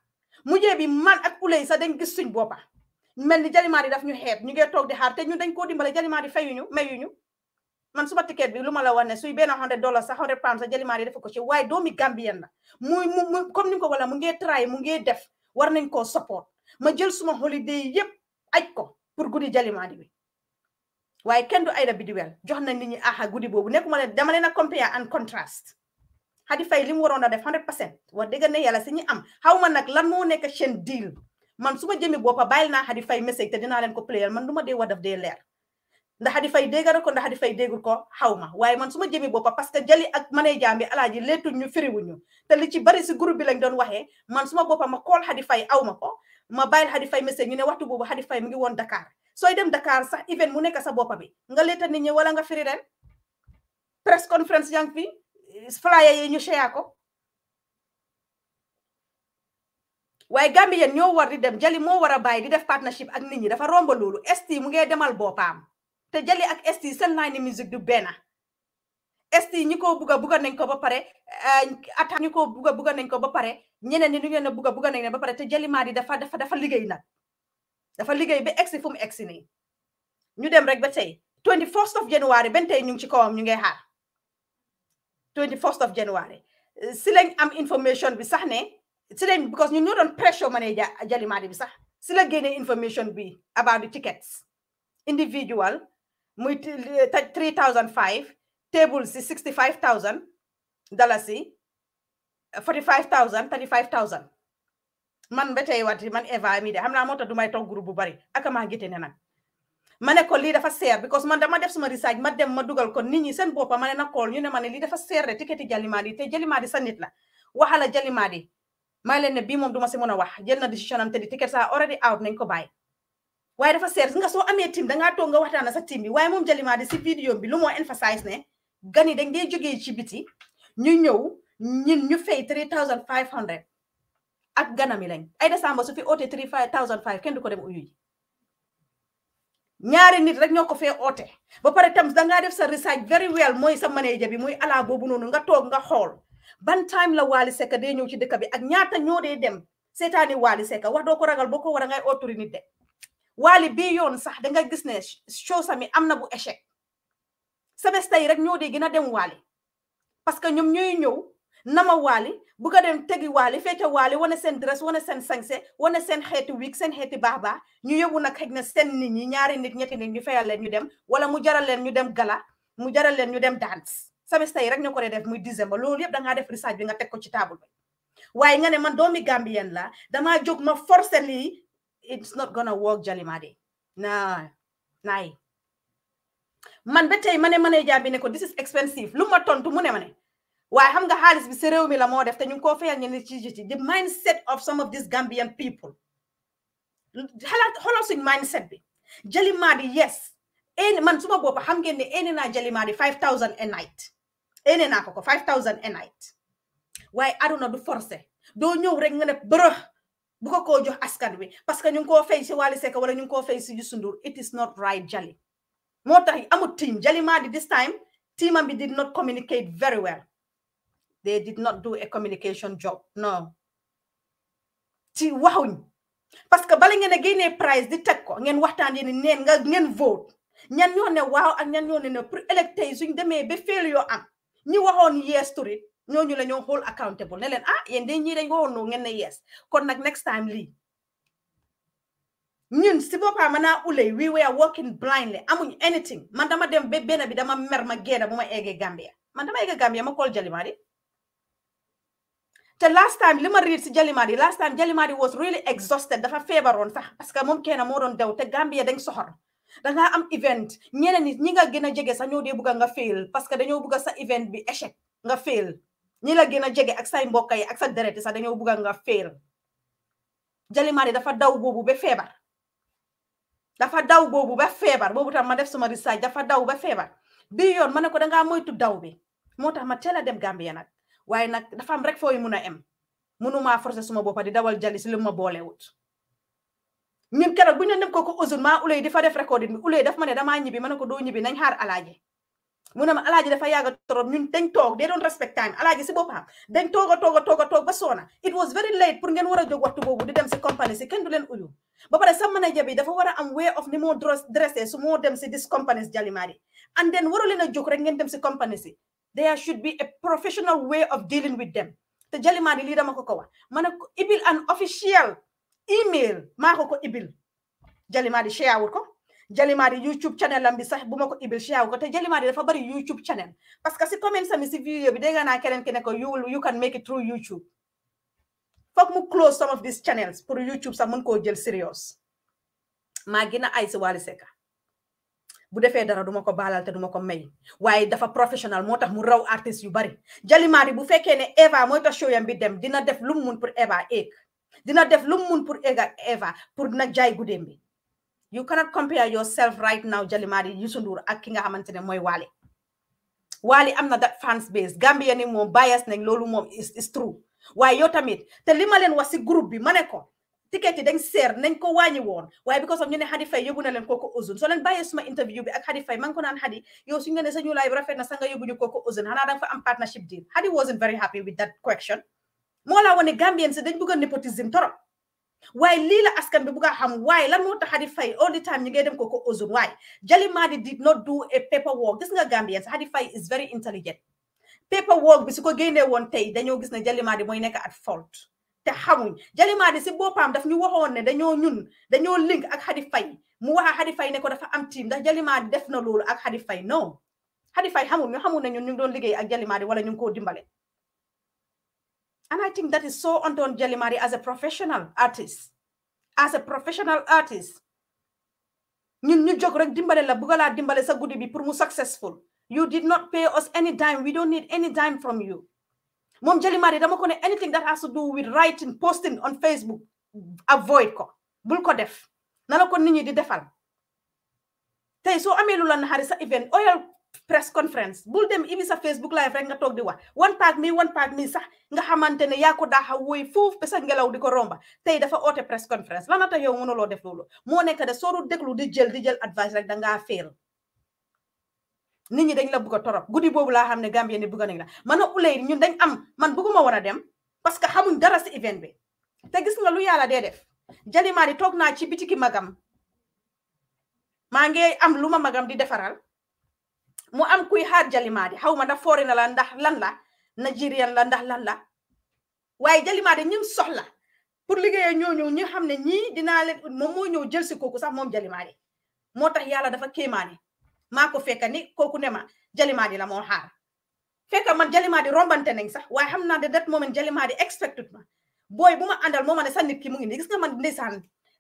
mujjee bi man ak ulay sax dañ gis suñ boppa mel ni jalimaar yi daf ñu xeet ñu ngee toog di xaar te ñun dañ koo dimbale jalimaar yi fayuñu mayuñu man suma ticket bi lu ma la wax ne suy benn hundred dollars sa hundred pounds sa jëlimaar yi def ko ci waaye doomi Gambien la muy comme ni ko wala mu ngee try mu ngee def war nañ koo support ma jël suma holiday yëpp aj ko pour guddi jalimaari bi waaye kenn du ayda bi di wel jox nañ nit ñi aha guddi boobu nekkuma ne dama leen a compare and contrast Hadi Faye li mu waroon a def 100 percent wax dëgg ne yàlla si ñu am xaw ma nag lan moo nekk seen deal man su ma jëmi boppa bàyyil naa Hadi Faye message te dinaa man du ma dee wa daf leer ndax di fay dégg ko ndax di fay déggul ko xaw ma waaye man suma ma jëmee boppam parce que jali ak manay jaambi alaaji leetuñ ñu firiwuñu te li ci bari si groupe bi lañ doon waxee man suma ma boppam ma kool xadi fay awma ko ma bàyyil xadi fay message ñu ne waxtu boobu xadi fay mu ngi woon Dakar sooy dem Dakar sax event mu nekk sa boppa bi nga leeta nit ñi wala nga firi ren press conference yang fi flyer yi ñu share ko waaye Gambien ñoo war di dem jali moo war bàyyi di def partnership ak nit ñi dafa romba loolu ST mu ngee demal boppam te jali ak ST seen line musique du benn ST ñi ko buga a bugg nañ ko ba pare eh, attaque ñi ko bugg a bugg nañ ko ba pare ñeneen ñi ñu ngeen a bugg nañ ba pare te jali maa di dafa dafa dafa liggéey nag dafa liggéey ba Exi fu mu egsi nii ñu dem rek ba tey 21st of January benn tey ñu ngi ci kawam ñu ngay xaar 21st of January si lañ am information bi sax ne si lañ because ñun ñoo doon pressure manager Jali Madi bi sax si la information bi about the tickets individual Eh, three thousand five tables is sixty five thousand dalasi forty five thousand thirty five thousand man ba tey wati man Eva mi de xam naa moo tax du may toog groupe bu bari ak maa gite ne nag ma ne ko lii dafa seer because man dama def suma research ma dem ma dugal ko nit ñi seen boppa ma ne na kool ñu ne ma ne lii dafa seer de ticket yi Jalimadeh te Jalimadeh sa nit la waxala Jalimadeh maa leen ne bii moom du ma si mën wax jël na décision am te di ticket sa already out nañ ko bàyyi. waaye dafa seer nga soo amee team dangaa toog nga waxtaan sa team bi waaye moom Jalima di si vidéo bi lu moo emphasize ne gan yi dañ dee jógee ci biti ñu ñëw ñun ñu fay three thousand five hundred ak ganami lañ ay décembre su fi oote three thousand five kenn du ko dem uyu yi ñaari nit rek ñoo ko fee oote ba pare tam dangaa def sa research very well mooy sa manager bi muy ala boobu noonu nga toog nga xool ban time la Wally Seck dee ñëw ci dëkk bi ak ñaata ñoo dee dem seetaani Wally Seck wax doo ko ragal boo ko war a ngay ooturi de waali bii yoon sax danga nga gis ne show sami am na bu échec semestre yi rek ñoo dee gën a dem waali parce que ñoom ñooy ñëw nama waali bu ko dem tegi waali yi waali wane seen dress wane seen sañse wane seen xeeti wiig seen xeeti baax baax ñu yóbbu nag xëj na seen nit ñi ñaari nit ñetti nit ñu fayal leen ñu dem wala mu jaral leen ñu dem gala mu jaral leen ñu dem dance semestre yi rek ñoo ko dee def muy décembre loolu yëpp da ngaa def research bi nga teg ko ci table bi waaye nga ne man doomi Gambien la damaa jóg ma forcer lii it's not gonna work Jalimadi nah nah. man better money man, ne manager bi ne this is expensive lu ma tontu mu ne ma ne waaye xam nga xaalis bi si réew mi la moo def ñu ngi koo fayal ñeneen ci the mindset of some of these Gambian people xalaat xoolal suñ mindset bi Jalimadi yes een man suma bopp xam ngeen ne na Jali Jalimadi five thousand a night Any na ko five thousand a night Why? I don't know du forcé Do ñëw rek nga ne bruh bu ko koo jox askan wi parce que ñu ngi koo fay si Wally Seck wala ñu ngi fay si Youssou it is not right Jali moo tax amul team Jali maa di this time team am bi did not communicate very well they did not do a communication job no ci waxuñ parce que bala ngeen a prize, price di teg ko ngeen waxtaan yéen neen nga ngeen vote ñan ñoo ne waaw ak ñan ñoo ne ne pour électeurs yi suñ be ba failure am ñi waxoon yees turit ñooñu la ñoo hold accountable ne leen ah yéen de ñii dañ ko woon noo ngeen ne yes kon nag next time lii ñun si boppam man naa uley we were walking blindly amuñu anything man dama dem ba benn bi dama mer ma génn bu ma eggee Gambia man dama eggee Gambia ma call Jalimaadi te last time li ma riir si Jalimaadi last time Jalimaadi was really exhausted dafa feebaroon sax parce que moom kenn moo doon dew te Gambia dañ soxor dangaa am event ñeneen nit ñi nga gën a jege sax ñoo dee bugg nga fail parce que dañoo bugg sa event bi échec nga fail. ñi la gëna a ak say mbokk yi ak sa dérété sax dañoo bëgg nga jali mari dafa daw bobu ba fébar dafa daw bobu ba fébar bobu tam ma def suma risaj dafa daw ba fébar bi yoon ma ne nga dangaa moytu daw bi motax ma téla dem gambie nak waaye nak dafa am rek fooy mun em mënuma forcer suma bopa di dawal jali ci luma bolé wut ñun keroog bu ñu dem ko ko usul ma ulay dafa def recording bi ulay daf mané dama ñibi mané ko do ñibi nañ xaar alaaje mu ne ma alaaji dafa yàgg torop ñun dañ toog they don't respect time alaaji si boppam dañ toog a toog a toog ba soona it was very late pour ngeen war a jóg waxtu boobu di dem si company si kenn du leen uyu ba pare sa manager bi dafa war am way of ni moo dressé su moo dem si dis companies jalimaari and then waru leen a jóg rek ngeen dem si company si there should be a professional way of dealing with them te jalimaari lii dama ko ko wax ma ibil an official email maa ko ko ibil jalimaari share wul ko Jalimari YouTube channel am bi sax buma ko ibil chiaw ko te Jalimadi dafa bari YouTube channel parce que si comment sami si vidéo bi dégg keneen ki neko ko you you can make it through YouTube fok mu close some of these channels pour YouTube sax mën ko jël serious ma gina ay ci Wally seka bu defee dara duma ko balal te duma ko may waye dafa professional motax mu raw artiste yu bari Jalimadi bu ne Eva moy ta show yam bi dem dina def lu mu mun pour Eva ek. dina def lu mu mun pour Eva pour nak jay you cannot compare yourself right now Jalimadi Youssou Ndour ak ki nga xamante ne wali Wally i am not that fans base Gambia ni more bias nañ loolu moom is true waaye yow tamit te li ma leen wax si groupe bi ma ne ko ticket yi dañ seer nañ ko wàññi woon waaye because of ñu ne Hadi Faye yóbbu na leen kooku Ouzone soo leen bàyyee suma interview bi ak Hadi Faye maa ngi ko naan Hadi yow suñu ne sañu laay rafet na sa nga yóbbu ñu kooku Ouzone xanaa danga fa am partnership deal Hadi wasn't very happy with that question moo laa wane Gambians dañ bëgg a nepotism torop why Lila la askan bi bugg a xam waaye Hadi all the time you get them cocoa. ko Ozone waaye Jalimadi did not do a paperwork. This gis nga Gambians Hadi is very intelligent paperwork work bi su ko génnee woon tey dañoo gis Jelly Jalimadi mooy nekk at fault te xamuñ Jalimadi si boppam daf ñu waxoon ne dañoo ñun dañoo link ak Hadi Faye mu wax a Hadi Faye ne ko dafa am team ndax Jalimadi def na loolu ak Hadi Faye non Hadi Faye xamul ñu xamul ne ñun ñu doon liggéey ak Jalimadi wala ñu dimbale and I think that is so unto Jelimari as a professional artist. As a professional artist. ñun ñu dimbale dimbale successful you did not pay us any dime we don't need any dime from you Mom Jelimari. dama ko anything that has to do with writing posting on Facebook avoid ko bulko def na la ko nit di defal tey so amee lu event oyal press conference bul dem ibi sa facebook live rek nga tok di wax one paag mi one paag mi sax nga xamantene ya ko daxa woy fouf pesa ngelaw di romba tay dafa ote press conference lan ata yow mënuloo def lolu mo nek de soru dul di jël di jël advice rek nga fail nit ñi dañ la bëgg torop gudi bobu la xamne Gambien ni bëgg nañ la man ulay ñun dañ am man bëgguma war dem parce que xamuñ dara si event bi te gis nga lu yalla dee def jalimaa di toog ci bitiki magam maa am luma magam di defaral mu am kuy xaar jalimaade xawma ma ndax na la ndax lan la nigerian la ndax lan la waaye jalimaade ñim soxla pour liggéeyee ñoo ñëw ñi xam ne ñii dinaa leen moom moo ñëw jël si kooku sax moom jalimaade moo tax yàlla dafa kéemaane maa ko fekka ni kooku ne ma jalimaade la moo xaar fekka man jalimaade rombante nañ sax waaye xam naa de moment jalimaade expected ma booy bu ma àndal moo ma ne sa nit ki mu ngi ni gis nga man ndeysaan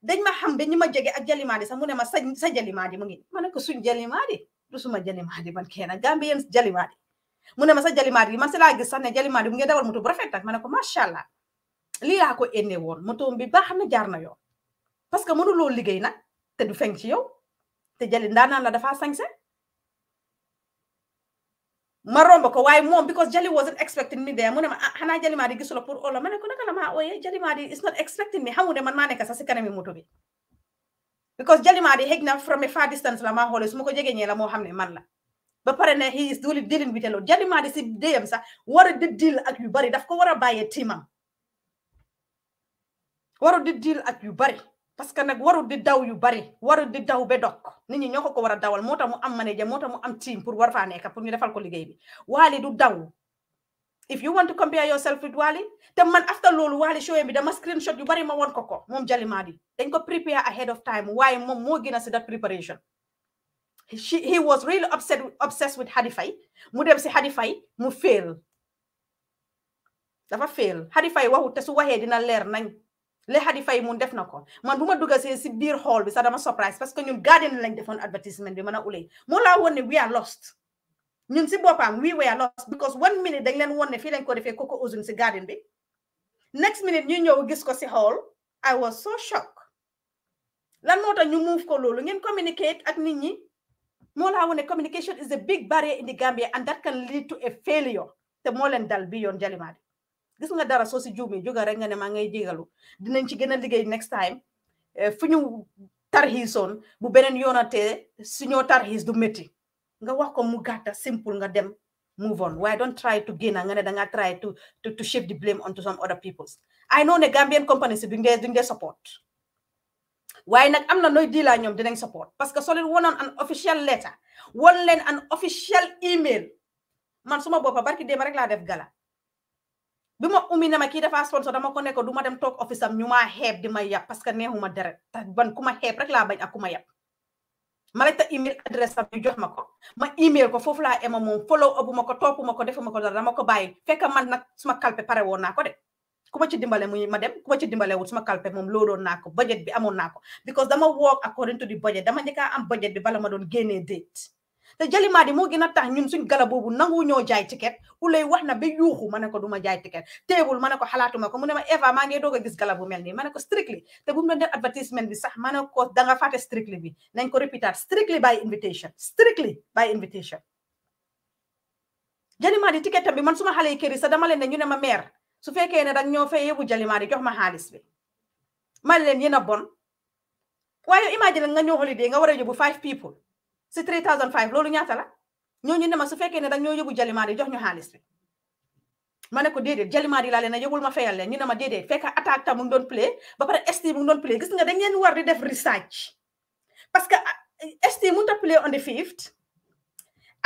dañ ma xam ba ñi ma jege ak jalimaade sax mu ne sa jalimaade mu ngi ma ko suñ jalimaade lusuma jalimaadi man kenan gambien jali mu jali ma sa masa jali si masa lagi sana jali maadi mu ngi dawal mutu bu mana nag ko macha li la ko ennee won mutu bi baax na jaar na yoon parce que lo liggéey nak te du feng ci yow te jali ndana la dafa sañse ma ko waaye mom because Jali wasn't expecting me there mu ma ah Jali maadi gisula pour ola ma ko nakala ma oye Jali maadi is not expecting me xamu ne man maa ka sa si kanami mutu bi because Jalimadeh xëy na from a far distance la maa xoolee su ma ko jege ñee la moo xam ne man la ba pare ne he is doing dealing with a lot Jalimadeh si déyam sax war a di ak yu bari daf ko war a bàyyee tiimam waru di deal ak yu bari parce que nag waru di daw yu bari waru di daw ba dok nit ñi ñoo ko ko war dawal moo tax mu am manager moo tax mu am team pour war faa nekk pour ñu defal ko liggéey bi waali du daw if you want to compare yourself with Wali, the man after loolu Wali show bi dama screenshot you bury my one coco, mom jelly madi. Then go prepare ahead of time Why moom More gonna see that preparation she he was really upset obsessed with Hadi Mudem mu Hadify, si Hadi mu fail dafa fail Hadify Faye waxu te su waxee dina leer nañ le Hadi Faye mun na man buma duga dugga see si biir hall bi sax surprise parce que ñun garden like different advertisement bi mën a uley we are lost ñun we were lost because one minute dañ leen won ne fii lañ ko defee Coco Ozoum si garden bi next minute ñu ñëw gis ko si hall I was so shocked lan moo tax ñu move ko loolu ngeen communicate ak nit ñi moo laa wone communication is a big barrier in the Gambia and that can lead to a failure te moo leen dal bi yoon Jalimadeh gis nga dara So, si juumee jóga rek nga ne maa ngay jégalu dinañ ci gën a liggéey next time eh, fu you, tarxiisoon bu beneen yoonatee su ñoo tarxiis du métti nga wax ko mu gàtta simple nga dem move on Why don't try to gain nga ne da nga try to to to shift the blame onto some other peoples I know ne Gambian company duñ dee duñ support waye nak amna noy di la ñom dinañ support parce que soo leen an official letter won len an official email man suma boppa barki dem rek la def gala bima umi ne ma kii dafa sponsor dama ko neko duma dem tok office am ñuma heb di may yab parce que neexuma deret ban kuma heb rek la bañ akuma yap ma email address am yu jox ma ma email ko foofu laa ema moom follow up ma ko topp ma ko dara fekk man suma pare ci dimbale muy ma dem ci dimbale suma budget bi because dama work according to the budget dama am budget bi bala ma doon génnee date te mari di mo gina tax ñun suñ gala bobu nangu ñoo jaay ticket lay wax na be yuuxu ma ko duma jaay ticket teewul ma ko xalaatuma mu ne ma Eva ma ngi doga gis gala bu mel nii ko strictly te bu mu doon advertisement bi sax ma ne ko danga strictly bi nañ ko répétaat strictly by invitation strictly by invitation jalimaa di ticket bi man suma xalé keri sa dama leen ne ñu ne ma meer su fekke ne dag ñoo fay yóbbu jalimaa di jox ma xaalis bi mal leen yena bon waye imagine nga ñoo holiday nga wara a five people si 3005 loolu ñaata la ñooñu ne ma su fekkee ne dag ñoo yóbbu Jalimaadi jox ñu xaalis bi ma ne ko déedéet Jalimaadi laa leen a yóbbul ma fayal leen ñu ne ma déedéet fekk attaque ta mu ngi doon play ba pare ST mu ngi doon play gis nga dañ war di def research parce que ah, ST mënut a play on the 5th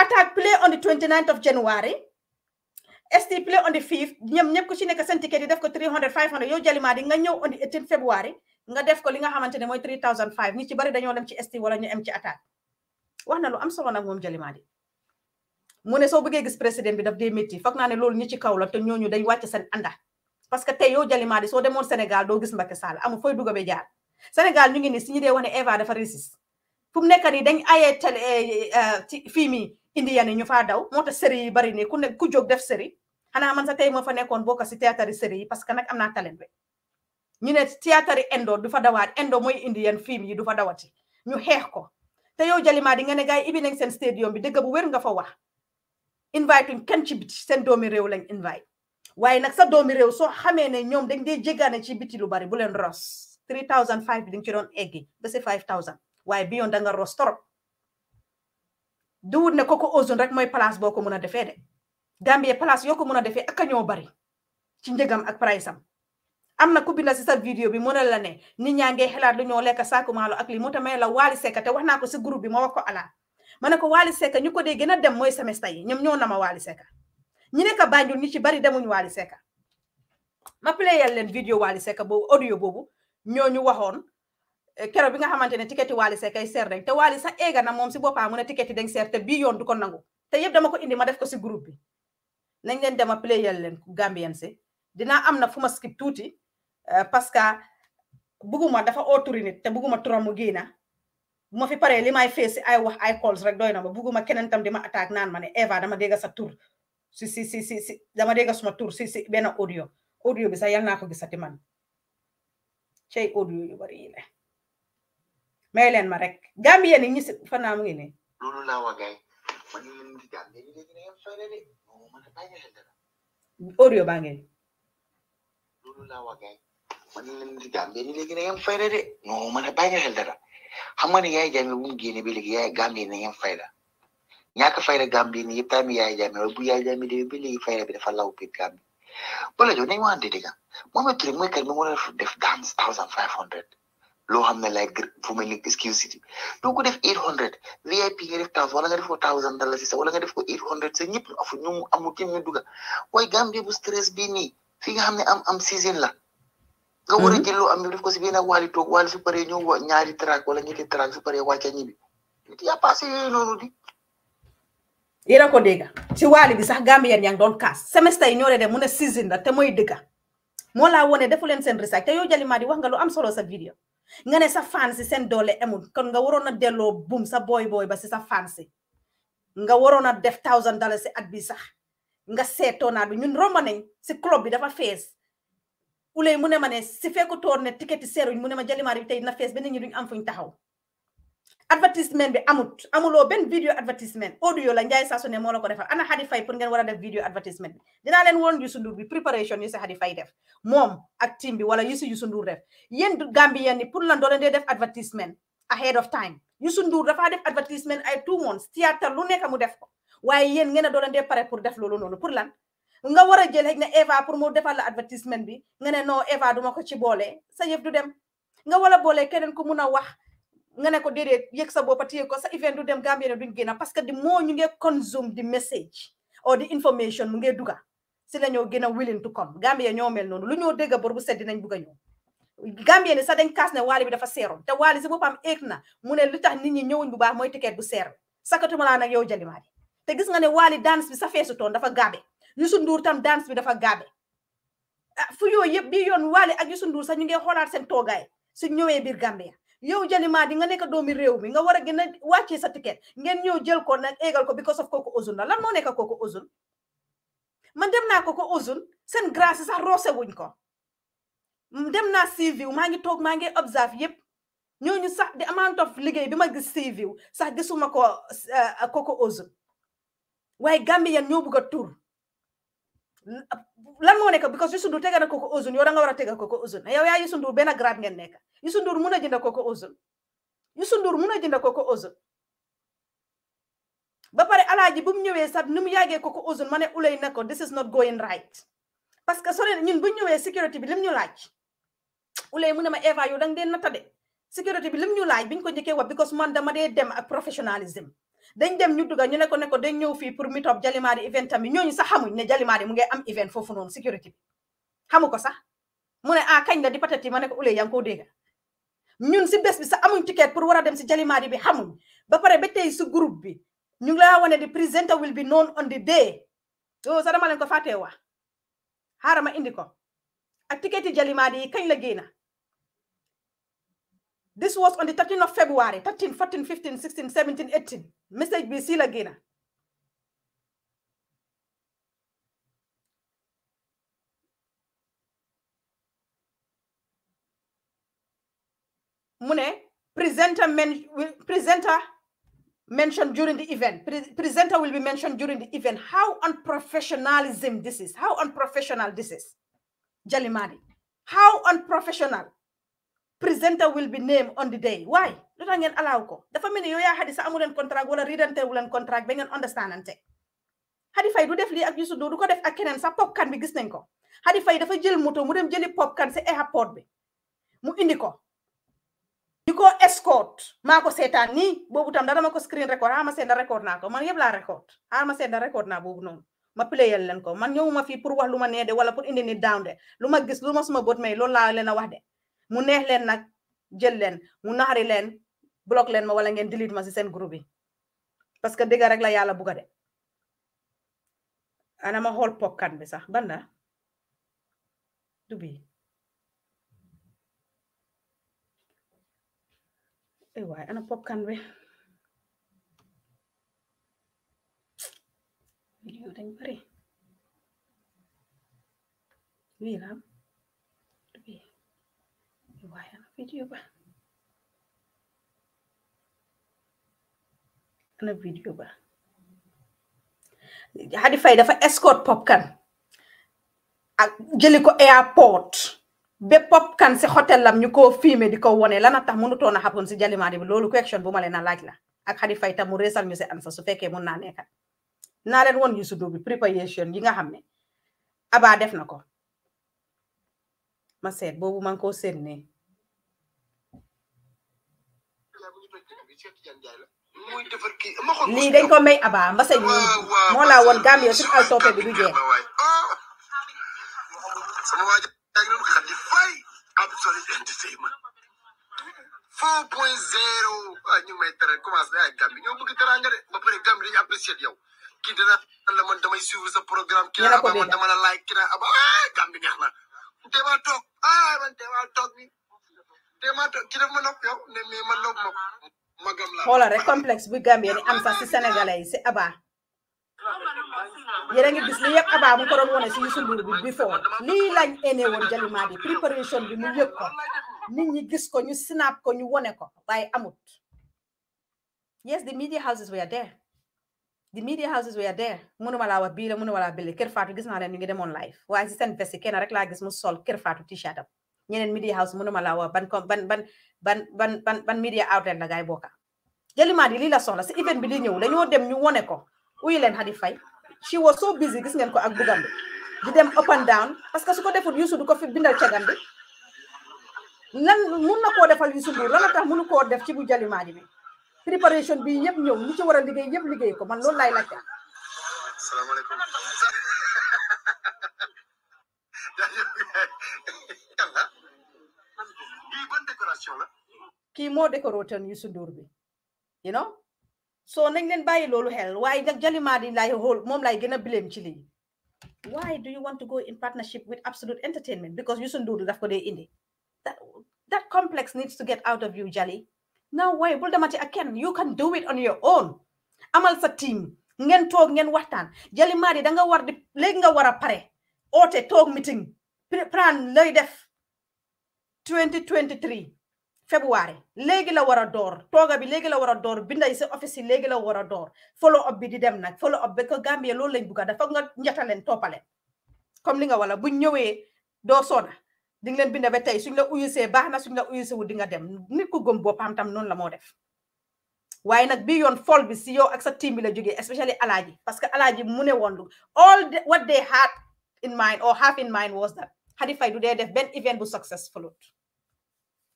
attaque play on the 29th of January ST play on the 5th ñoom ñëpp ci nekk seen ticket yi ko 300 500 yow Jalimaadi nga ñëw dem ST wala ñu am ci attaque. wax na lu am solo nag moom Jalimaadi mu ne soo bëggee gis président bi daf dee métti foog naa ne loolu ñi ci kaw la te ñooñu dañ wàcc seen ànda parce que tey yow Jalimaadi soo demoon Sénégal doo gis Macky Sall amul fooy dugg ba jaar ñu ngi ni si ñu dee wax ne Eva dafa résiste fu mu nekk nii dañ ayee télé eh, eh, fii mii indi yani ñu faa daw moo tax série yi bari ne ku ne ku jóg def série xanaa man sa tey moo fa nekkoon bokk si théâtre série yi parce que nag am naa talent bi ñu ne théâtre indo du fa dawaat indo mooy indi yan film yi du fa dawati ñu xeex ko te yow Jalimaa di nga ne gars yi ibi nañ seen stadium bi dëgg bu wér nga fa wax invite uñ kenn ci biti seen doomi réew lañ invite waaye nag sa doomi réew soo xamee ne ñoom dañ dee jéggaane ci biti lu bari bu leen ros 3005 bi di nga ci doon eggi ba si 5000 waaye bi yoon da nga ros torop duwut ne koko Ozone rek mooy place boo ko mun a defee de Gambie place yoo ko mun a defee ak a ñoo bari ci njëgam ak price am am na ku si sa vidéo bi mu ne la ne nit ñaa ngee xelaat lu ñoo lekk saaku maalo ak li moo may la wali seka te wax naa ko si groupe bi ma wax ko ala ma ne ko wali seka ñu ko dee gën a dem mooy semestre yi ñoom ñoo na ma wali seka ñi nekk Banjul ñi ci bari demuñu wali Seck ma playal leen video wali Seck boobu audio boobu ñooñu waxoon e, kero bi nga xamante ne wali yi Wally ay seer dañ te wali sax eega na moom si bopa mu ne ticket yi dañ seer te bii yoon du ko nangu te yëpp dama ko indi ma def ko si groupe bi nañ leen dema playal leen Gambien si dinaa am na fu ma skip tuuti Euh, parce que bugguma dafa ooturi nit te bugguma turam mu génna bu ma fi paree li may si ay wax ay calls rek doy na ma bugguma keneen tam di ma attaque naan ma ne Eva dama dégg sa tur si si si si dama dégg suma tur si si benn audio audio bi sax yal naa ko gisati man cey audio yu bari may leen ma rek Gambien yi ñu si fan naa mu ngi nii. loolu laa audio baa man leen di na ngeen fayda de non man bàyyi nga dara xam nga ne yaay jaame bu mu génne ba léegi yaay Gambie na ngeen fayda ñaaka fayda Gambie ni yëpp tamit yaay jaame wala bu yaay jaame de ba léegi fayda bi dafa law biir Gambie bala jo nañ waxante dëgg Mohamed Touré mooy kat mi war a def dans thousand five loo xam ne like fu mel ni excuse city doo ko def ñëpp afu ñu amu kenn ñu duga waaye Gambie bu fi nga xam ne am am season la nga war a mhm. jël loo am ñu def ko si benn waali toog waali su paree ñëw ñaari track wala ñetti track su paree wàcce y' a passé yooyu noonu ko dégg ci waali bi sax Gambien yaa ngi doon kaas semestre yi ñoo de mu ne season la te mooy dëgg moo laa wone defu leen seen research te yow Jalima di wax nga lu am solo sa vidéo nga ne sa fan si seen doole amul kon nga waroon a delloo buum sa booy booy ba si sa fan nga waroon a def thousand dollars si at bi sax nga seetoon naa du ñun romb nañ si club bi dafa fees. ulay mu ne ma ne si fekku toor ne ticket seeruñ mu ne ma jalimaar bi tey na fees ba nit ñi duñ am fuñ taxaw advertisement bi amut amuloo benn video advertisement ko defal ana Hadi Faye pour ngeen a def video advertisement bi dinaa leen woon Youssou Ndour bi préparation yu si Hadi Faye def moom ak team bi wala yu si Youssou Ndour def yéen Gambien ni pour lan doo dee def advertisement ahead of time Youssou Ndour dafaa def advertisement ay two months théâtre lu nekk mu def ko waaye yéen ngeen a doo leen dee pare pour def loolu noonu pour lan nga war a jël ne Eva pour mu defal la advertisement bi nga ne non Eva duma ko ci boole sa yëf du dem nga wala boole keneen ku mun a wax nga ne ko déedéet yëg sa boppa téye ko sa event du dem Gambia duñ génn parce que di moo ñu ngi consume di message or di information mu ngi duga si la ñoo gën a willing to come Gambia ñoo mel noonu lu ñoo dégg bor bu sedd dinañ bugg a ñëw Gambia ni sax ne waali bi dafa seeroon te waali si boppam eeg na mu ne lu tax ni ñi ñëwuñ bu baax mooy ticket bu seer sakatuma laa nag yow jalimaat te gis nga ne waali dance bi sa feesu toon dafa gaabe Youssou duur tam dance bi dafa gàdde a ah, fu yooyu yëpp bi yoon Wally ak Youssou Ndour sax ñu ngi xoolaat seen toogaay su ñëwee biir Gambia yow Jalima di nga nekk doomi réew mi nga war a gën wàccee sa ticket ngeen ñëw jël ko nag égal ko because of Koko Ozone la lan moo nekk Koko Ozone man dem naa Koko Ozone seen grâce sax roose wuñ ko mm, dem naa siiviw maa ngi toog maa ngi observe yëpp ñu sax di amount liggéey bi ma gis siiviw sax gisuma ko eh, Koko Ozone waaye Gambien ñoo bugg a tur lan moo nekk because Youssou Ndour tega na Coco Ozone yow da nga war a tega Coco Ozone yow yaa Youssou Ndour benn grade ngeen nekk Youssou Ndour mun a jënda Coco Ozone Youssou Ndour mun a jënda Coco Ozone ba pare alaaji bu mu ñëwee sax ni mu yàggee Coco Ozone ma ne ulay ne ko this is not going right parce que sore ñun bu ñëwee sécurité bi lim ñu laaj ulay mu ne ma Eva yow da nga dee natta de sécurité bi lim ñu laaj biñ ko njëkkee wax because man dama dee dem ak professionnalisme dañ dem ñu dugga ñu nekko nekko ne ko ñëw fii pour meet up Jalimaadi event tamit ñu sax xamuñ ne Jalimaadi mu ngi am event foofu noonu sécurité bi xamu ko sax mu ne ah kañ la di patati ma ne ko ulee yaa ngi ñun si bés bi sax amuñ ticket pour war a dem si Jalimaadi bi xamuñ ba pare ba tey si group bi ñu ngi laa wane di presenter will bi known on the day so sax dama leen ko fàttee wax xaaral ma indi ko ak ticket yi Jalimaadi yi kañ la génna This was on the 13th of February, 13, 14, 15, 16, 17, 18. Message be seal again. Mune, presenter, men, presenter mentioned during the event. Pre presenter will be mentioned during the event. How unprofessionalism this is. How unprofessional this is. Jalimadi. How unprofessional. presenter will be named on the day why lu tax ngeen allow ko dafa melni yo ya yaa Hadi sax amu contract wala ridante wulen contract ba ngeen understandante Hadi fay du def li ak Youssou Ndour du ko def ak keneen sax popkan bi gis nañ ko Hadi fay dafa jël moto mu dem jëli popkan ci airport bi mu indi ko Diko escort Mako setan ni bobu tam dara mako screen record ama ah, sen seeda record nako. ko man yeb la record ama ah, sen seeda record na bobu non ma playel len ko man ñewuma fi pour wax luma ma de wala pour indi ni down de luma gis luma suma bot may lool la leena wax de mu neex leen nag jël leen mu naari leen block leen ma wala ngeen delete ma si seen groupe yi parce que rek la yàlla de ana ma xool pokkan bi sax ban la dubi ay waay ana pokkan bi dañ bari wii la video ba ana video ba Hadi Faye dafa escort Popkan ak jëli ko airport ba Popkan si hôtel lam ñu ko filmé di ko wone lana tax mënutoon na xapoon si Jalimaadi bi loolu question bu ma leen a laaj la ak Hadi Faye tam mu reesal ñu si ansa su fekkee mun naa nekkat naa leen won yu su duubi préparation yi nga xam ne Aba def na ko ma seet boobu man koo seet ne lii dañ ko may Aba Mbase ñu moo laa woon Gambia suñu al toppe bi du jeex. a ah! point zero ah, ñu may tere commencé ay Gambie ñoo bëgg teranga de ba pare Gambie dañu apprécié ki kii dina la man damay suivre sa programme kii na man dama la like kii na aba ay ah, Gambie neex na demaa toog ah man toog ni demaa toog kii def ma nopp yow ne mais man nopp ma magam la xoolal rek complexe bu Gambie ni am sax si sénégalais si Aba yéen a ngi gis li yëpp Aba mu ko doon wone si Youssou Ndour bi before lii lañ ene woon Jalima bi préparation bi mu yëg ko nit ñi gis ko ñi snap ko ñu wone ko waaye amut yes the media houses were there the media houses were there mënuma laa wax bii la mënuma laa bële Kër Fatou gis naa leen ñu ngi demoon waaye si seen vesti kenn rek laa gis mu sol Kër Fatou t-shirt am ñeneen midia house mënuma laa wax ban ban ban ban ban ban ban media outlet la gaay bokka jëlimaa di lii la soxla si event bi li ñëw dañoo dem ñu wone ko uyu leen Hadi fay she was so busy gis ngeen ko ak bugam bi di dem up and down parce que su ko deful Youssou du ko fi bindal cagam bi lan mun na defal Youssou Ndour lan la tax mënu koo def ci bu jëlimaa di bi préparation bi yëpp ñëw ñu ci war a liggéey yëpp liggéey ko man loolu laay laajte salaamaaleykum Ki mo décoration la. kii bi you know so nañ leen bàyyi loolu xel waaye nag Jalimadin laay xool moom laay gën a bileem ci lii. why do you want to go in partnership with Absolute Entertainment because Youssou Ndour daf ko dee indi that that complex needs to get out of you Jali now why bul dama ak kenn you can do it on your own amal sa team ngeen toog ngeen waxtaan Jalimadin da nga war di léegi nga war pare Ote toog meeting plan lay def. 2023 February léegi la war door tooga bi léegi la war a door binday office la door follow up bi di dem follow up bi ko Gambia loolu lañ bugga dafa nga njataleen toppaleen comme li nga wala buñ ñëwee doo di binda ba tey suñ la uyusee baax na suñ la uyusewu di nga dem nit ku gëm boppam tam noonu la moo def waaye nag bi yoon fol bi si yow ak sa team bi la especially alaji. parce que alaaji mu ne all what they had in mind or have in mind was that Hadi Faye du dee def benn event bu successful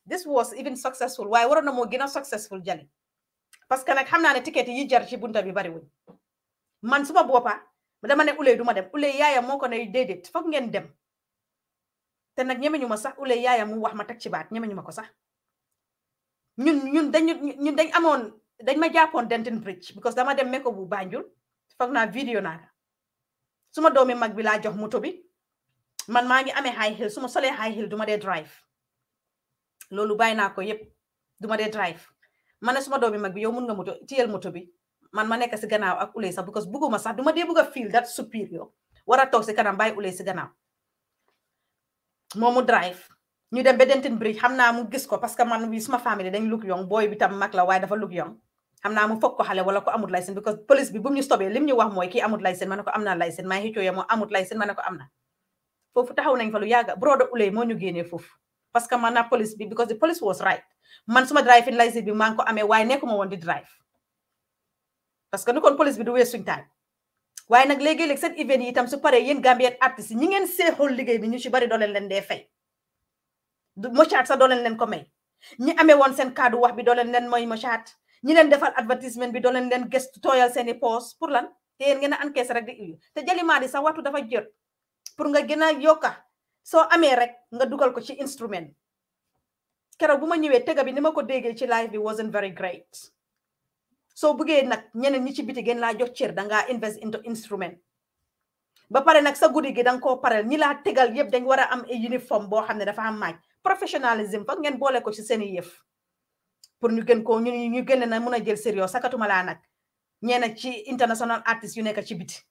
this was even successful Why? waroon na moo gën a successful jali parce que nag xam naa ne ticket yi jar ci bunta bi bari wuñ man suma boppa dama ne uley duma dem uley yaayam moo ko ne déedéet foog ngeen dem te nag ñemeñu ma sax uley yaayam mu wax ma teg ci baat ñemeñu ma ko sax ñun ñun dañu ñun dañ amoon dañ ma jàppoon Denton Bridge because dama dem meko bu Banjul foog naa vidéo naa suma doomi mag bi laa jox moto bi man maa ngi amee high heel suma solee high heel duma dee drive loolu bàyyi naa ko yëpp duma dee drive ma ne suma doomi mag bi yow mun nga moto tiyel moto bi man ma nekk si gannaaw ak uley sax because bugguma sax duma dee bugg a feel that superior war a toog si kanam bàyyi uley si gannaaw moomu drive ñu dem ba Denton Bridge xam naa mu gis ko parce que suma famille dañ look young booy bi tam la waaye dafa look young xam naa mu foog ko xale wala ko amut licence because police bi bu mu ñu stopé lim ñu wax mooy kii am naa licence maa moo amut licence ma ne ko am na foofu taxaw nañ fa lu yàgga brodo moo ñu génnee foofu parce que man na police bi because the police was right man suma driving license bi maa ko amee waaye nekkuma woon di drive parce que nu kon police bi du weesu suñ time waaye nag léegi-léeg seen event yi itam su paree yéen Gambien artistes yi ñi ngeen seexul liggéey bi ñu ci bari dooleen leen dee fay mocaat sax dooleen leen ko may ñi amee woon seen kaddu wax bi dooleen leen mooy mocaat ñi leen defal advertisement bi dooleen leen gëstu tooyal seen i pour lan te yéen ngeen a rek di te jalimaa di sax waxtu dafa jot pour nga gën a yokka soo amee rek nga dugal ko ci instrument ke bu ma ñëwee tega bi ni ma ko déggee ci live bi wasn't very great soo buggee nag ñeneen ñi ci biti gën laa jox cër dangaa invest into instrument ba pare nag sa guddi gi danga koo pareel ñi laa tegal yëpp dañ war a am uniforme boo xam ne dafa am maaj professionnalisme fa ngeen boole ko ci seeni yëf pour ñu gën koo ñu ñu gën na mun a jël sérieux sakatuma laa nag ñeena ci international artist yu nekk ci biti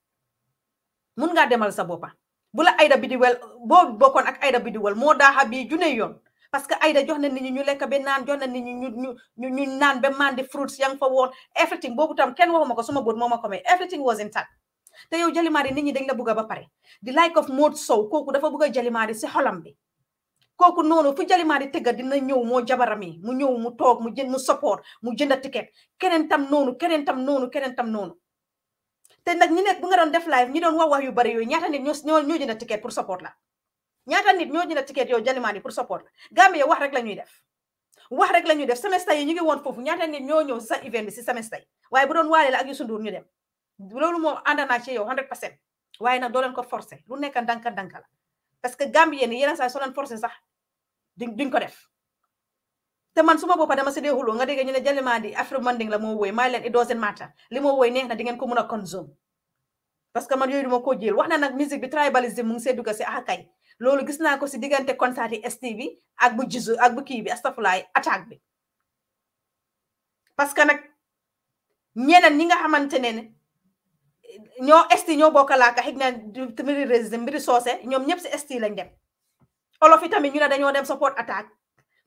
mun ngaa demal sa boppa bu la a Bidiwel boo bokkoon ak Aida Bidiwel moo daaxa bii junne yoon parce que Aida jox na nit ñi ñu lekk ba naan jox na nit ñi ñu ñu ñu naan ba mandi fruits yang fa woon everything boobu tam kenn waxuma ko suma boot moo ma ko may everything was intact te yow ni nit ñi dañ la bugg a ba pare di like of Mode Sow kooku dafa bugg a Jalimaari si xolam bi kooku noonu fu Jalimaari tëgga dina ñëw moo jabarami mu ñëw mu toog mu jën mu support mu jënd ticket keneen tam noonu keneen tam noonu keneen noonu te nag ñu nekk bu nga doon def live ñu doon wax wax bari yooyu ñaata nit ñoo ñoo jënd ticket pour support la ñaata nit ñoo jënd ticket yow Jalimaani pour support la Gambia wax rek la ñuy def wax rek la def semestre yi ñu ngi woon foofu ñaata nit ñoo ñëw si sa event bi si semestre yi waaye bu doon waale la ak Youssou Ndour ñu dem loolu moom ànd naa ci yow 100 percent waaye nag doo ko forcé lu nekk ndànk ndànk la parce que Gambien yi yeneen saa soo leen forcé ko def te man suma boppa dama si dee xuloo nga dégg ñu ne Jalima di Afrique Manding la moo woy maa leen it doesn't matter li na di ko mun a consume parce que man yooyu duma ko jël wax na nag musique bi tribalisme mu ngi see dugg si akay ah loolu gis ko si diggante concert yi ST bi ak bu jisu ak bu kii bi astafulaay attaque bi parce que nag ñeneen ñi nga xamante ne ne ñoo ST ñoo bokk laaka xëy na mbiri rési mbiri soose ñoom ñëpp si ST lañ dem olof yi tamit ñu ne dañoo dem support attaque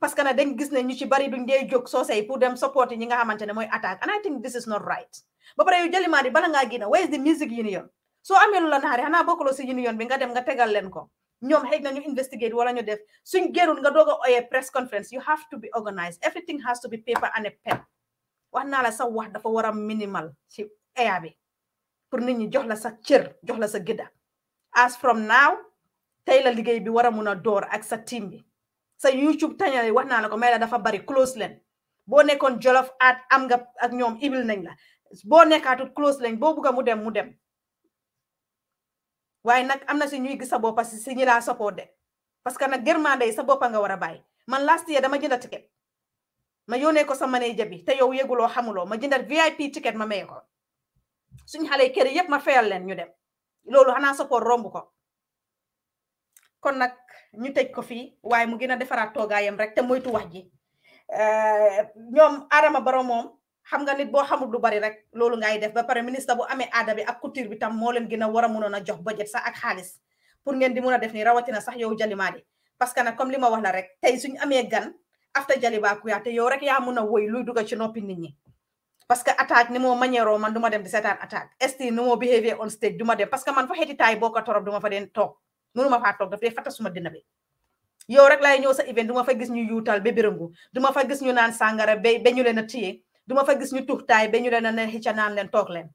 parce que dañ gis ne ñu ci bari duñ dee jóg soosey pour dem support ñi nga xamante ne mooy attaque and I think this is not right ba pare yu jëlimaa di bala ngaa where is the music union soo amee lu la naxari xanaa bokkaloo si union bi nga dem nga tegal leen ko ñoom xëy na investigate wala ñu def suñ génnul nga doog a press conference you have to be organized everything has to be paper and a pen wax naa la sa wax dafa war a minimal ci air bi pour nit ñi jox la sa cër jox la sa as from now tey la liggéey bi war a mun a door ak sa team bi sa YouTube tañale wax naa la ko may la dafa bari close leen boo nekkoon jolof at am nga ak ñoom ibil nañ la boo nekkaatut close leen boo bugga mu dem mu dem waaye nag am na si ñuy gis sa boppa si si ñi laa support de parce que nag gërmande yi sa boppa nga war a bàyyi man last year dama jënda ticket ma yónnee ko sa manager bi te yow yéguloo xamuloo ma jëndat VIP ticket ma may ko suñ xale kër yëpp ma fayal leen ñu dem loolu xanaa support romb ko kon nak ñu tej ko fi waye mu gëna a defaraat toogaayam rek te moytu wax ji eh, ñom arama borom mom xam nga nit bo xamul du bari rek lolu ngay def ba pare ministre bu amé adabi ak couture bi tam mo leen gëna wara war jox budget sax ak xaalis pour ngeen di mëna def ni rawatina sax yow Jalimaadi parce que nak comme lima wax la rek tay suñu amé gan afta ku ya, te yow rek ya mëna woy luy dugg ci nopi nit ñi. parce que attaque ni mo manière man duma dem di attaque esti ni mo behavior on stage duma dem parce que man fa xéti tay boko torop duma fa den tok mënuma faa toog dafay fàttali suma dina bi yow rek laay ñëw sa event du ma fa gis ñu yuutal ba birangu du ma fa gis ñu naan sàngara ba ba ñu leen a téye du ma fa gis ñu tuxtaay ba ñu leen a ne xicca naan leen toog leen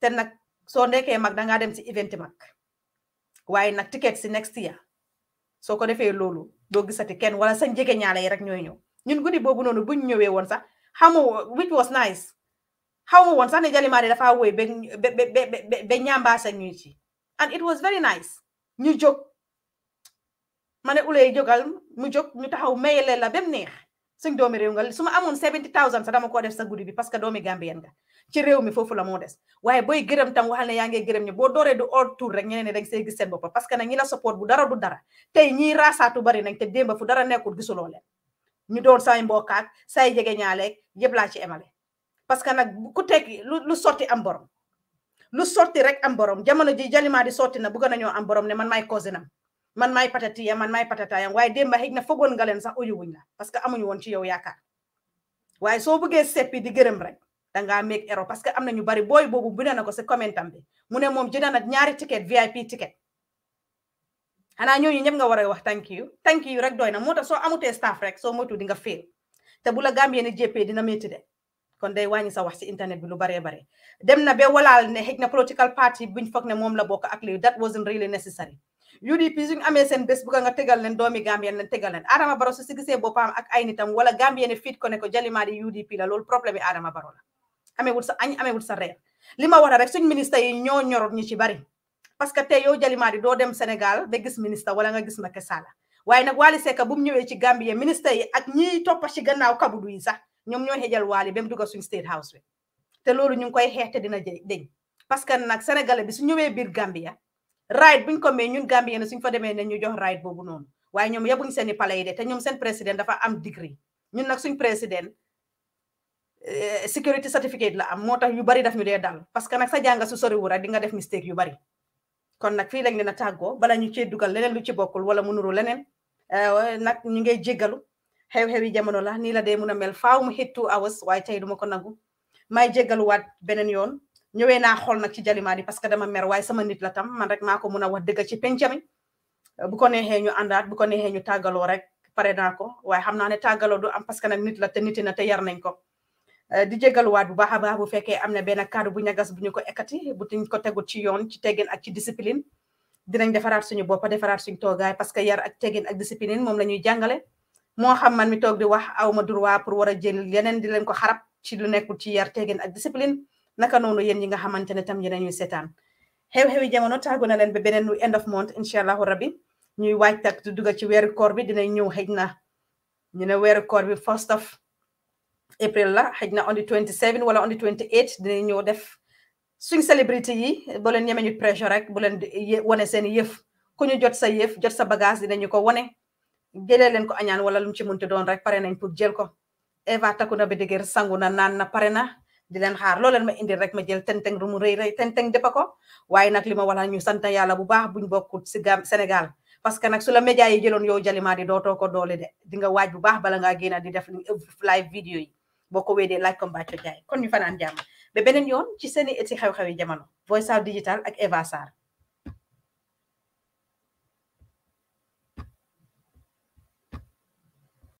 te nag soo nekkee mag dangaa dem si event mag waaye nag ticket si next year soo ko defee loolu doo gisati kenn wala sa njege ñaale yi rek ñooy ñëw ñun guddi boobu noonu buñ ñëwee woon sax xamu which was nice xamu woon sax ne Jalimadé dafa woy ba ba ak ñu ci ñu jóg ma ne ulay jógal mu jóg ñu taxaw mayele la bem neex suñ doomi réew nga su ma amoon seventy thousand sax dama ko def sa guddi bi parce que doomi gambien nga ci réew mi foofu la moo des waaye booy gërëm tam waxal ne yaa ngi gërëm ñu boo dooree du all tour rek ñeneen ne dañ see gis seen bopp parce que nag ñi la support bu dara du dara tey ñiy raasaatu bari nañ te démba fu dara nekkul gisuloo leen ñu doon say mbokkaak say jege ñaaleeg yëpp laa ci emale parce que nag ku tekki lu sotti am borom lu sotti rek am borom jamono ji jalima di sotti na bëgg nañoo am borom ne man maay cousinam man maay patatiyam man maay patatayam waaye démba xëy na fogoon nga leen sax u la parce que amuñu woon ci yow yaakaar waaye soo bëggee seppi di gërëm rek dangaa make erreur parce que am na ñu bari booy boobu bind na ko si commentam bi mu ne moom jënd na ñaari ticket VIP ticket. xanaa ñooñu ñëpp nga war a wax thank you thank you rek doy na moo tax soo amutee staff rek soo moytu di nga fail te bu la gàmbee ne jéppee dina métti de kon day wañi sa wax si internet bi lu baree bare dem na ba walaal ne xëj na political party buñ foog ne moom la bok ak lii that wasn't really necessary UDP suñ amee seen bés bu nga tégal len doomi Gambien len tégal len Adama baro su sigisé bopam ak ay nitam wala Gambien ne fiit ko ne ko jalimaadi UDP la loolu problème yi Adama baro la wul sa añ wul sa reer li ma wax rek suñ ministre yi ñoo ñorot ñi ci bari parce que té yow di doo dem Sénégal ba gis ministre wala nga gis makassala waye waaye nag Wally bu mu ñëwee ci gambien ministre yi ak ñiy toppa ci gannaaw kabudu yi sax ñoom ñoo xejal waali ba mu dugg suñu state house bi te loolu ñu ngi koy xeexte dina deñ parce que nag sénégalais bi su ñëwee biir Gambia right buñ ñu mee ñun Gambien ne suñ fa demee ne ñu jox right boobu noonu waaye ñoom yabuñ seen seeni palais de te ñoom seen président dafa am degree ñun nag suñ président eh, security certificate la am moo tax yu bari daf ñu dee dal parce que nag sa jànga su soriwul rek di nga def mistake yu bari kon nag fii lañ leen a tàggoo bala ñu cee dugal leneen lu ci bokkul wala mu nuru leneen eh, nag ñu ngay jéggalu xew-xewi jamono la nii la de mun a mel faaw mu hit two hours waaye tey duma ko nangu may jéggaluwaat beneen yoon ñëwee naa xool nag ci jalimaat yi parce que dama mer waaye sama nit la tam man rek maa ko mun a wax dëgg ci pencami bu ko neexee ñu àndaat bu ko neexee ñu tàggaloo rek pare naa ko waaye xam naa ne tàggaloo du am parce que nag nit la te niti na te yar nañ ko eh, di jégaluwaat bu baax a bu fekkee am ne benn kàddu bu ñagas bu ñu ko ekkati bu tiñ ko tegut ci yoon ci teggin ak ci discipline dinañ defaraat suñu bopp defaraat suñu toogaay parce que yar ak teggin ak moom la ñuy jàngale moo xam man mi toog di wax aw ma droit pour war a jël yeneen di leen ko xarab ci lu nekkul ci yar teggin ak discipline naka noonu yéen ñi nga xamante ne tam yéen ñuy seetaan xew-xewi jamono tàggu na leen ba beneen nu end of month incha allahu rabbi ñuy waaj tak du dugg ci weeru koor bi dinañ ñëw xëj na ñu ne weer koor bi first of april la xëj na on the 27 wala on the 28 dinañ ñëw def suñ célébrité yi bu leen yemee ñu pressure rek bu leen wane seen yëf ku ñu jot sa yëf jot sa bagage dinañu ko wane jëlee leen ko añaan wala lu mu ci doon rek pare nañ pour jël ko Eva takku na ba dëgër sangu na naan na pare na di leen xaar loo leen ma indil rek ma jël tenteng rumu rëy rëy tenteng dëppa ko waaye nag li ma wala ñu sant yàlla bu baax buñ bokkut si Sénégal parce que nag su la média yi jëloon yow Jalima di dootoo ko doole de di nga waaj bu baax bala ngaa génn di def live vidéo yi boo ko wéedee laaj ko Mbacco Jaay kon ñu fanaan jàmm ba beneen yoon ci seeni eti xew-xewi jamono Voice Out Digital ak Eva Sarr